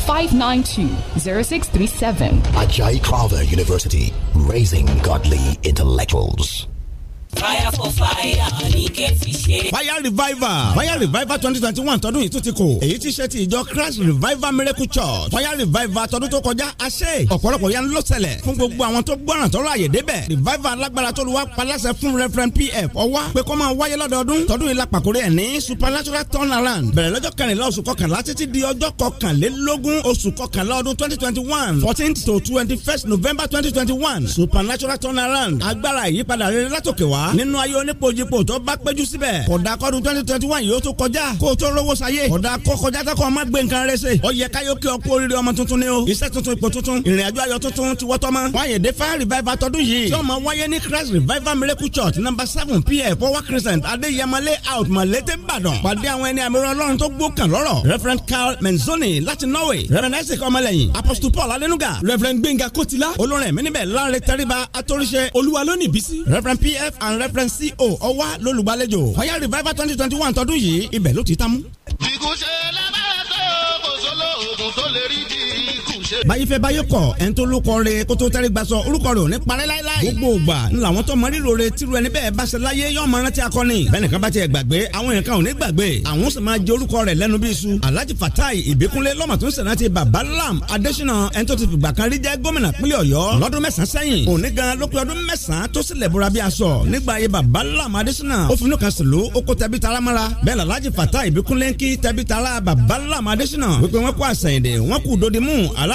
Speaker 12: 592-0637.
Speaker 9: Ajay Carver University,
Speaker 3: raising godly intellectuals.
Speaker 12: fire for fire ní kẹ́ẹ̀tì ṣe. fire
Speaker 2: revival fire revival twenty twenty one tọdún yìí tún ti kò èyí ti ṣe ti ìjọ christ revival miracle church fire revival tọdún tó kọjá a ṣe ọ̀pọ̀lọpọ̀ yẹn ló ṣẹlẹ̀ fún gbogbo àwọn tó gbọ́ràn tọ́lọ́ àyè débẹ̀ revival alágbára tó lu wá paláṣẹ fún referent pf ọwá pé kó máa wáyé lọ́dọọdún tọdún yìí la pàkórí ẹ̀ ní supernatural turnaround bẹ̀rẹ̀ lọ́jọ́ kẹrìnlá oṣù kọkànlá títí di ọjọ́ kọkànlélógún oṣù kọkànlá ọdún twenty twenty one fourteen to twenty first november twenty twenty one supernatural turnaround agbára ìyípadà rere látòkè wá mọ́. nínú ayé onípojípo tó bá péjú síbẹ̀ kódà kọ́dún twenty twenty one yóò tó kọjá kó o tó rówó sayé kódà kó kọjá tó kọ́ ọ gbé nǹkan rẹ ṣe. ó yẹ káyọ̀ kí ọkú oríire ọmọ tuntun ni o iṣẹ́ tuntun ipò tuntun ìrìn àjò ayọ̀ tuntun ti wọ́tọ́ mọ́. wáyé dé revival tọdún yìí tí ó máa wáyé ní Christ revival miracle church number seven pf power crescent adéyẹmọ layout malete Ìbàdàn pàdé àwọn ẹni àmì ọlọ́run tó gbókàn lọ́rọ̀ reverend Carl Menzoni láti Norway reverend Isaac ọmọlẹ́yìn apostle Paul alenuga reverend Gbénga Kotila olórin ẹ̀mí níbẹ̀ láre tẹ́ríba atóríṣe olúwa lónìí bísí reverend pf and and reference co ọwá lólùgbàlejò ọ̀yá revival twenty twenty one tọdún yìí ibẹ̀ ló ti tán mú.
Speaker 17: lábẹ́ tó kò sólóògùn tó lè rí di
Speaker 2: báyìí fẹ́ báyìí kọ̀ ẹni tó lókọ re kó tó tẹ́rí gbàsọ orúkọ rẹ ò ní parẹ́ láíláí. gbogbo ògbà ńlá àwọn tó mọrí rore tírú ẹni bẹ́ẹ̀ bá ṣe láyé yóò máa rántí akọni. bẹ́ẹ̀ni kan bá tiẹ̀ gbàgbé àwọn yẹn kan ò ní gbàgbé àwọn sì máa jẹ orúkọ rẹ lẹ́nu bí iṣu. alhaji fatai ìbíkúnlé lọ́mọ tó ń sẹ̀nà ti bàbá lam ẹni tó ti fìgbà kan rí jẹ́ gómìnà pínlẹ̀ ọ̀yọ́ lọ́dún mẹ́sàn-án sẹ́yìn òní gan ló pé ọdún mẹ́sàn-án tó sì lẹ̀bùra bí aṣọ nígbà ayé bàbá lam adésínà ó fatai ìbíkúnlé ń kí tẹbi tara bàbá lam adésínà wípé wọ́n kó àṣàyìndè wọ́n kú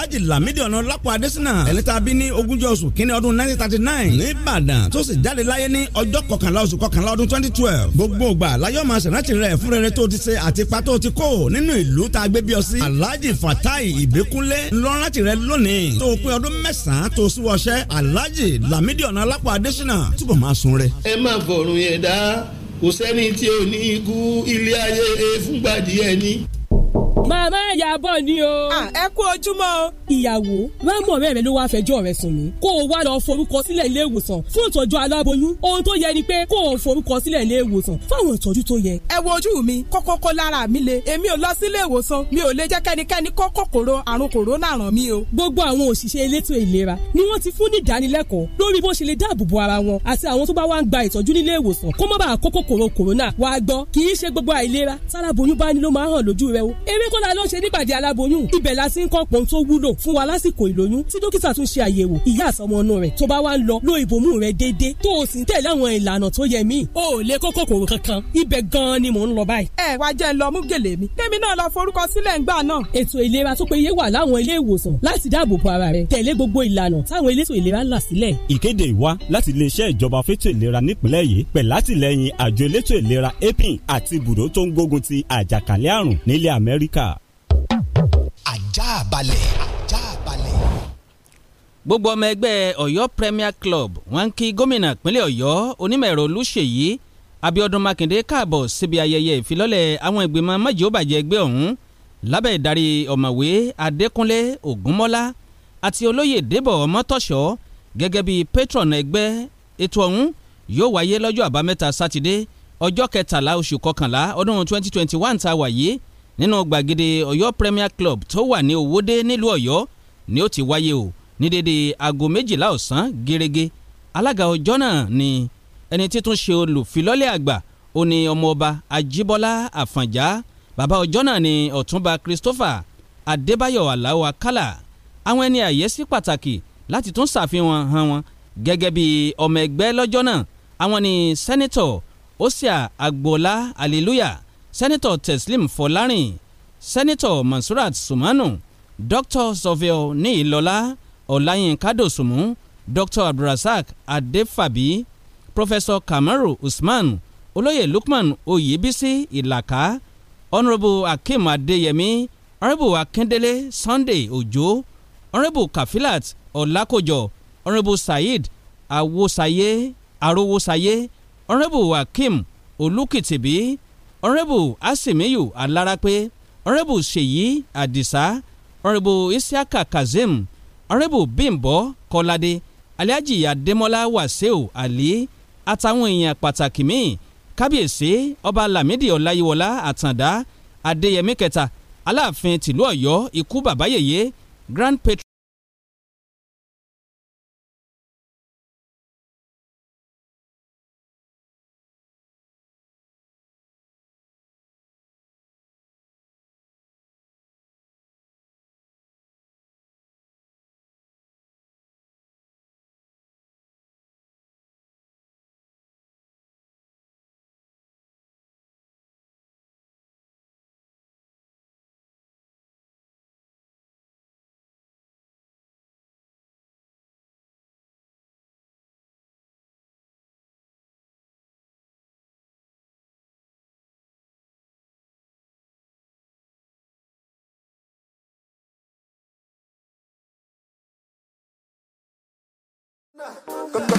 Speaker 2: alhaji lamidi ọ̀nà lápò adésínà ẹni tá a bí ní ogúnjọ́ oṣù kínní ọdún nineteen thirty nine ní ìbàdàn tó sì jáde láyé ní ọjọ́ kọkànlá oṣù kọkànlá ọdún twenty twelve gbogbo ìgbà láyọ̀ máa ṣèrántí rẹ̀ fún rere tó ti ṣe àti ipa tó ti kó nínú ìlú tá a gbé bí ọ sí alhaji fatai ìbíkúnlé ńlọrántí rẹ̀ lónìí tó pé ọdún mẹ́sàn-án tó sú ọṣẹ́ alhaji lamidi ọ̀nà lápò adésínà túbọ̀ máa sun rẹ̀. ẹ má fọ̀rùn yẹn dá kò sẹ́ni
Speaker 12: tí ò ní ikú ilé ayé e fúngbà díẹ̀ ni sọ̀rọ̀. màmá ẹ̀yà bọ̀ ni o. ẹ kú ojúmọ́. ìyàwó rámọ̀ rẹ̀ ló wáá fẹjọ́ rẹ̀ sùn mí. kó o wá lọ forúkọ sílẹ̀ ilé ìwòsàn fún ìtọ́jú aláboyún. ohun tó yẹ ni pé kó o forúkọ sílẹ̀ ilé ìwòsàn fáwọn ìtọ́jú tó yẹ. ẹ wo ojú mi kọ́kọ́kọ́ lára mi le èmi ò lọ sílé ìwòsàn mi ò lè jẹ́ kẹ́nikẹ́ni kó kòkòrò àrùn kòrónà ràn mí o. gbogbo àwọn òṣìṣẹ́ elétò ìlera ni wọ́n ti fún ní ìdánilẹ́kọ̀ọ́ lórí bó ṣe lè dáàbòbo ara wọn àti àwọn tó bá wá ń gba ìtọ́jú nílé ìwòsàn kó má bàa kó kòkòrò kòrónà wàá gbọ́ kì í ṣe gbogbo àìlera táláboyún bá ní ló máa hàn lójú rẹ o eré k Akintola ló ṣe nígbàdí aláboyún ibẹ̀ la sì ń kọ́ pọ́n tó wúlò fún wa lásìkò ìlóyún tí dókítà tún ṣe àyẹ̀wò ìyá àsọmọnú rẹ̀ tó bá wá ń lọ lo ìbomú rẹ̀ déédéé tó o sì ń tẹ̀lé àwọn ìlànà tó yẹ mí. o ò lè kó kòkòrò kankan ibẹ̀ gan-an ni mò ń lọ báyìí. ẹ wá jẹ́ ń lọ mú gèlè mi. kémi náà lọ forúkọ sílẹ̀ ńgbà náà. ètò ìlera tó péye wà láwọn ilé ìwòsàn láti dáàbò bo ara rẹ tẹ̀lé gbogbo ìlànà táwọn elétò ìlera là sílẹ̀.
Speaker 2: ìkéde ìwá láti iléeṣẹ́ ìjọba fétò ìlera nípìnlẹ̀ yìí pẹ̀ látìlẹ́yìn àjọ elétò ìlera apin àti ibùdó tó ń gbógun ti àjàkálẹ̀ àrùn nílẹ̀ Amẹ́ríkà
Speaker 13: balẹ̀. ajá balẹ̀. gbogbo ọmọ ẹgbẹ́ ọ̀yọ́ premier club wọ́n ń kí gómìnà ìpínlẹ̀ ọ̀yọ́ onímọ̀ ẹ̀rọ olúṣèyí abíọ́dún makinde káàbọ̀ síbi ayẹyẹ ìfilọ́lẹ̀ àwọn ìgbìmọ̀ májèóbàjẹ́ ẹgbẹ́ ọ̀hún lábẹ́ ìdarí ọ̀mọ̀wé adékúnlé ògúnmọ́lá àti olóyè débọ̀ ọmọtọ́ṣọ́ gẹ́gẹ́ bíi patron ẹgbẹ́ ètò ọ̀hún yóò wáyé lọ́jọ́ àbámẹ́ta sátidé ọjọ́ kẹtàlá oṣù kọkànlá ọdún 2021 tá a wà yìí nínú gbàgede Ọ̀yọ́ Premier Club tó wà ní Òwòdé nílùú Ọ̀yọ́ ni ó ti wáyé o ní dédé aago méjìlá ọ̀sán gẹ́rẹ́gẹ́ alága ọjọ́ náà ni ẹni títún ṣe olùfilọ́lẹ̀ àgbà ó ní ọmọọba Ajíbọ́lá Àfànjá bàbá ọjọ́ náà ni ọ̀túnba Christopher Adébáyọ̀ Aláwọ̀ Akálà àwọn ẹni àyẹ́sí pàtàkì láti tún ṣàfihàn hàn wọn gẹ́gẹ́ bí ọmọ ẹgbẹ́ lọ́jọ́ náà àwọn ni sẹ́nitọ̀ Osia Agboola Hallelujah sẹ́nitọ̀ Teslim Fọlárìn sẹ́nitọ̀ Mansurat Sumanu dr sọfẹ́ọ ní ìlọ́lá ọ̀làyínká dòsùnmú dr abdulrasaq Adefabi, professor kamaru usman olóyè lukman oyèbísí ìlàkà honourable Akim Adeyemi, honourable akíndélé sunday Ojo, honourable kafilat ọ̀làkọjọ honourable saheed awosaye arowosaye honourable akeem Olukitibi ọ̀rẹ́bù asimiyu alárápé ọ̀rẹ́bù ṣèyí àdìsá ọ̀rẹ́bù isiaka kazeem ọ̀rẹ́bù bímbọ́ kọ́ládé alhaji adémọ́lá wàsíù ali àtàwọn èèyàn pàtàkì míì kábíyèsí ọba lámìdí ọláyíwọlá àtàndá adéyẹmí kẹta aláàfin tìlú ọ̀yọ́ ikú bàbá grand patron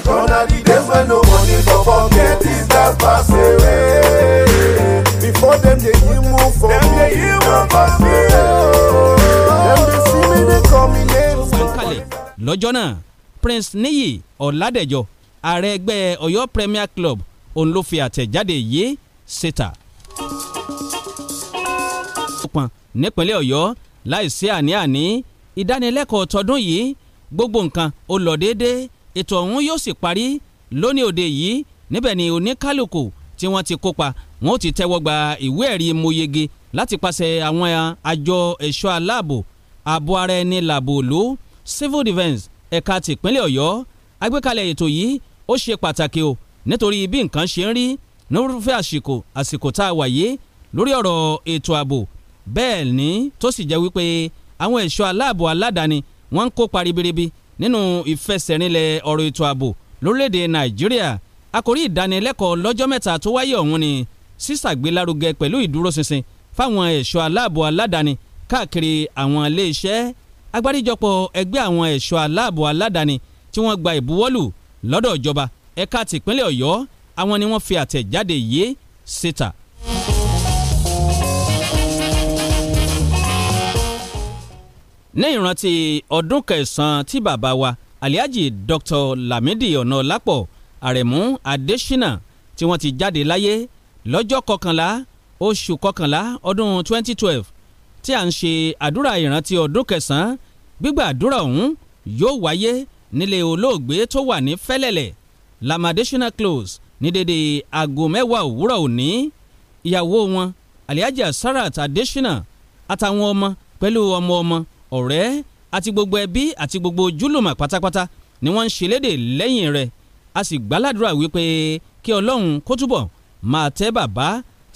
Speaker 16: Gonna be days when no money for pocket is that pass away.
Speaker 14: Before them they hear move for them me, they hear move for me. Them they see me they call me names.
Speaker 13: lọ́jọ́ náà Prince Níyì Ọ̀làdẹ̀jọ ààrẹ ẹgbẹ́ Ọ̀yọ́ Premier Club òun ló fi àtẹ̀jáde yìí síta. nípínlẹ̀ Ọ̀yọ́ láìsí àní-àní ìdánilẹ́kọ̀ọ́ tọdún yìí gbogbo nǹkan ó lọ déédéé ètò ọ̀hún yóò sì parí lónìí òde yìí níbẹ̀ ni oníkálùkù tí wọ́n ti kópa wọn ó ti tẹ́wọ́ gba ìwé ẹ̀rí mo yege láti pàṣẹ àwọn àjọ ẹ̀ṣọ́ aláàbò ààbò ara ẹni làbò òló civil defence ẹ̀ka tìpínlẹ̀ ọ̀yọ́ agbékalẹ̀ ètò yìí ó ṣe pàtàkì o nítorí bí nǹkan ṣe ń rí nírúfẹ́ àsìkò àsìkò tá a wà yìí lórí ọ̀rọ̀ ètò ààbò bẹ́ẹ̀ ni tó sì jẹ́ wípé àwọn ẹ̀ṣọ́ aláàbò aládàáni wọ́n ń kópa ribiribi nínú ìfẹsẹ̀rinlẹ̀ ọ̀rọ̀ ètò ààbò lórílẹ̀‐èdè nàìjíríà àkórí ìdánilẹ́kọ̀ọ́ lọ́jọ́ mẹ́ta tó wáyé ọ̀hún ni sísàgbélárugẹ pẹ̀lú ìdúróṣinṣin fáwọn ẹ̀ṣọ́ aláàbò aládàáni káàkiri àwọn iléeṣẹ́ agbáríjọpọ̀ ẹgbẹ́ àwọn ẹ̀ṣọ́ aláàbò aládàáni tí wọ́n gba ìbuwọ́lù lọ́dọ̀ ìjọba ẹ̀ka tìpínlẹ̀ ọ̀yọ́ àwọn ni wọ́n fi àtẹ̀jáde yìí síta. ní ìrántí ọdún kẹsàn-án tí bàbá wa aliaji dr lamidi ọ̀nàlápọ̀ àrẹ̀mú adésínà tí wọ́n ti jáde láyé lọ́jọ́ kọkànlá oṣù kọkànlá ọdún 2012 tí a ń ṣe àdúrà ìrántí ọdún kẹsàn-án gbígbà àdúrà ọ̀hún yóò wáyé nílé olóògbé tó wà ní fẹ́lẹ́lẹ̀ lamadésínà close ní dédé aago mẹ́wàá òwúrọ̀ òní ìyàwó wọn aliaji asarat adésínà àtàwọn ọmọ pẹ̀lú ọmọ ọmọ ọ̀rẹ́ àti gbogbo ẹbí àti gbogbo ojúlùmọ̀ pátápátá ni wọ́n ń ṣèlédè lẹ́yìn rẹ̀ a sì gbàládùra wípé kí ọlọ́run kó túbọ̀ máa tẹ́ bàbá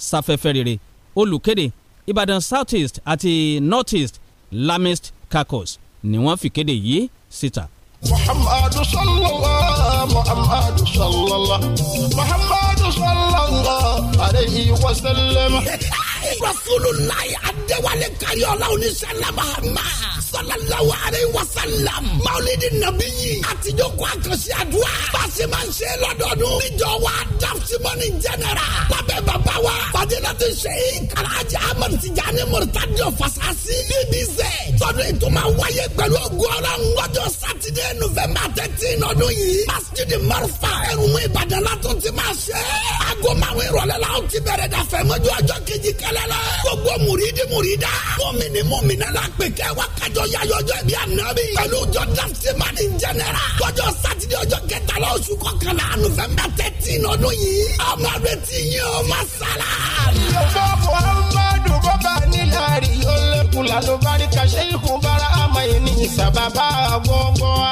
Speaker 13: sáfẹ́fẹ́ rere olùkéde Ìbàdàn South East àti North East Lamist Caucus ni wọ́n fi kéde yìí síta.
Speaker 6: Muhammadu sallallahu
Speaker 17: Muhammadu sallallahu Muhammadu sallallahu alayhi
Speaker 3: wa sallam. Rasulullah Adéwálé Kariola oníṣẹ́ lábàámà sallallahu alayhi wa sallam maulidi nabi yi àtijọ́ kó àkànṣe àdúrà báṣe máa ń ṣe lọ́dọọdún níjọ wa dafsimoni general lábẹ́ bàbá wa fadilati sheik alhaji amadu tijani murtadi fasasi bbz tọdún ètò máa wáyé pẹ̀lú ògùn ọlọ́run lọ́jọ́ sátidé november thirteen ọdún yìí masjid marfa ẹrùmú ìbàdàn látún ti máa ṣe aago márùn ìrọ̀lẹ́ la ó ti bẹ̀rẹ̀ dàfẹ́ mọ́jú ọjọ́ kejì kẹlẹ́ la gbogbo mùrídìí mùrídà mọ́mìnì mọ́mìnà la wa kájọ àjọyọ̀ ọjọ́ ìbí ànábì pẹ̀lú ìjọ dàfísímánì jẹnẹra lọ́jọ́ sátidé ọjọ́ kẹtàlá oṣù kọkànlá nùfẹ̀mbà tẹ́tì ọdún yìí ọmọ rẹ ti yín o ma sara.
Speaker 4: ìyọ̀fọ́ muhammadu bọ́bá níláàrí olókùn lálùbáríkà ṣé ìkùn àmọ́ ẹni ìsàbàbà àwọ̀ wa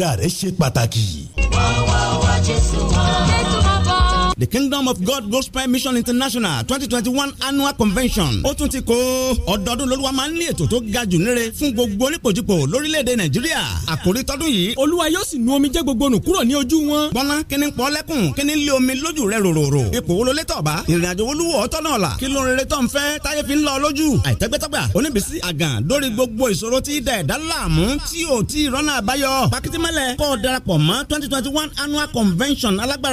Speaker 16: ìlera rẹ ṣe
Speaker 2: pàtàkì.
Speaker 7: wá wá wá jésù wá. jésù bàbá
Speaker 2: the Kingdom of God Gospel Mission International 2021 annual convention ó tún ti kó ọdọọdún lolúwa máa ń ní ètò tó ga jù níre fún gbogbo oníkojúpo lórílẹ̀‐èdè Nàìjíríà àkórí tọdún yìí. Olúwa yóò sì nu omijé gbogbo nù kúrò ní ojú wọn. gbọ́nà kíní pọ́ lẹ́kùn kíní lé omi lójú rẹ̀ ròròrò ipò wo ló lé tọ̀ba ìrìnàjò wo lúwọ̀ ọ̀tọ̀ náà la kí ló ń rere tó ń fẹ́ táyé fi ń lọ lójú àìtẹ́gbẹ́tọ́gbà oníbísí àgàn lórí gbogbo ìṣòro tí dà ẹ̀dá láàmú tí ò tí ì rọ́nà àbáyọ pakitimẹ́lẹ̀ kọ́ darapọ̀ mọ́ twenty annual convention alágbára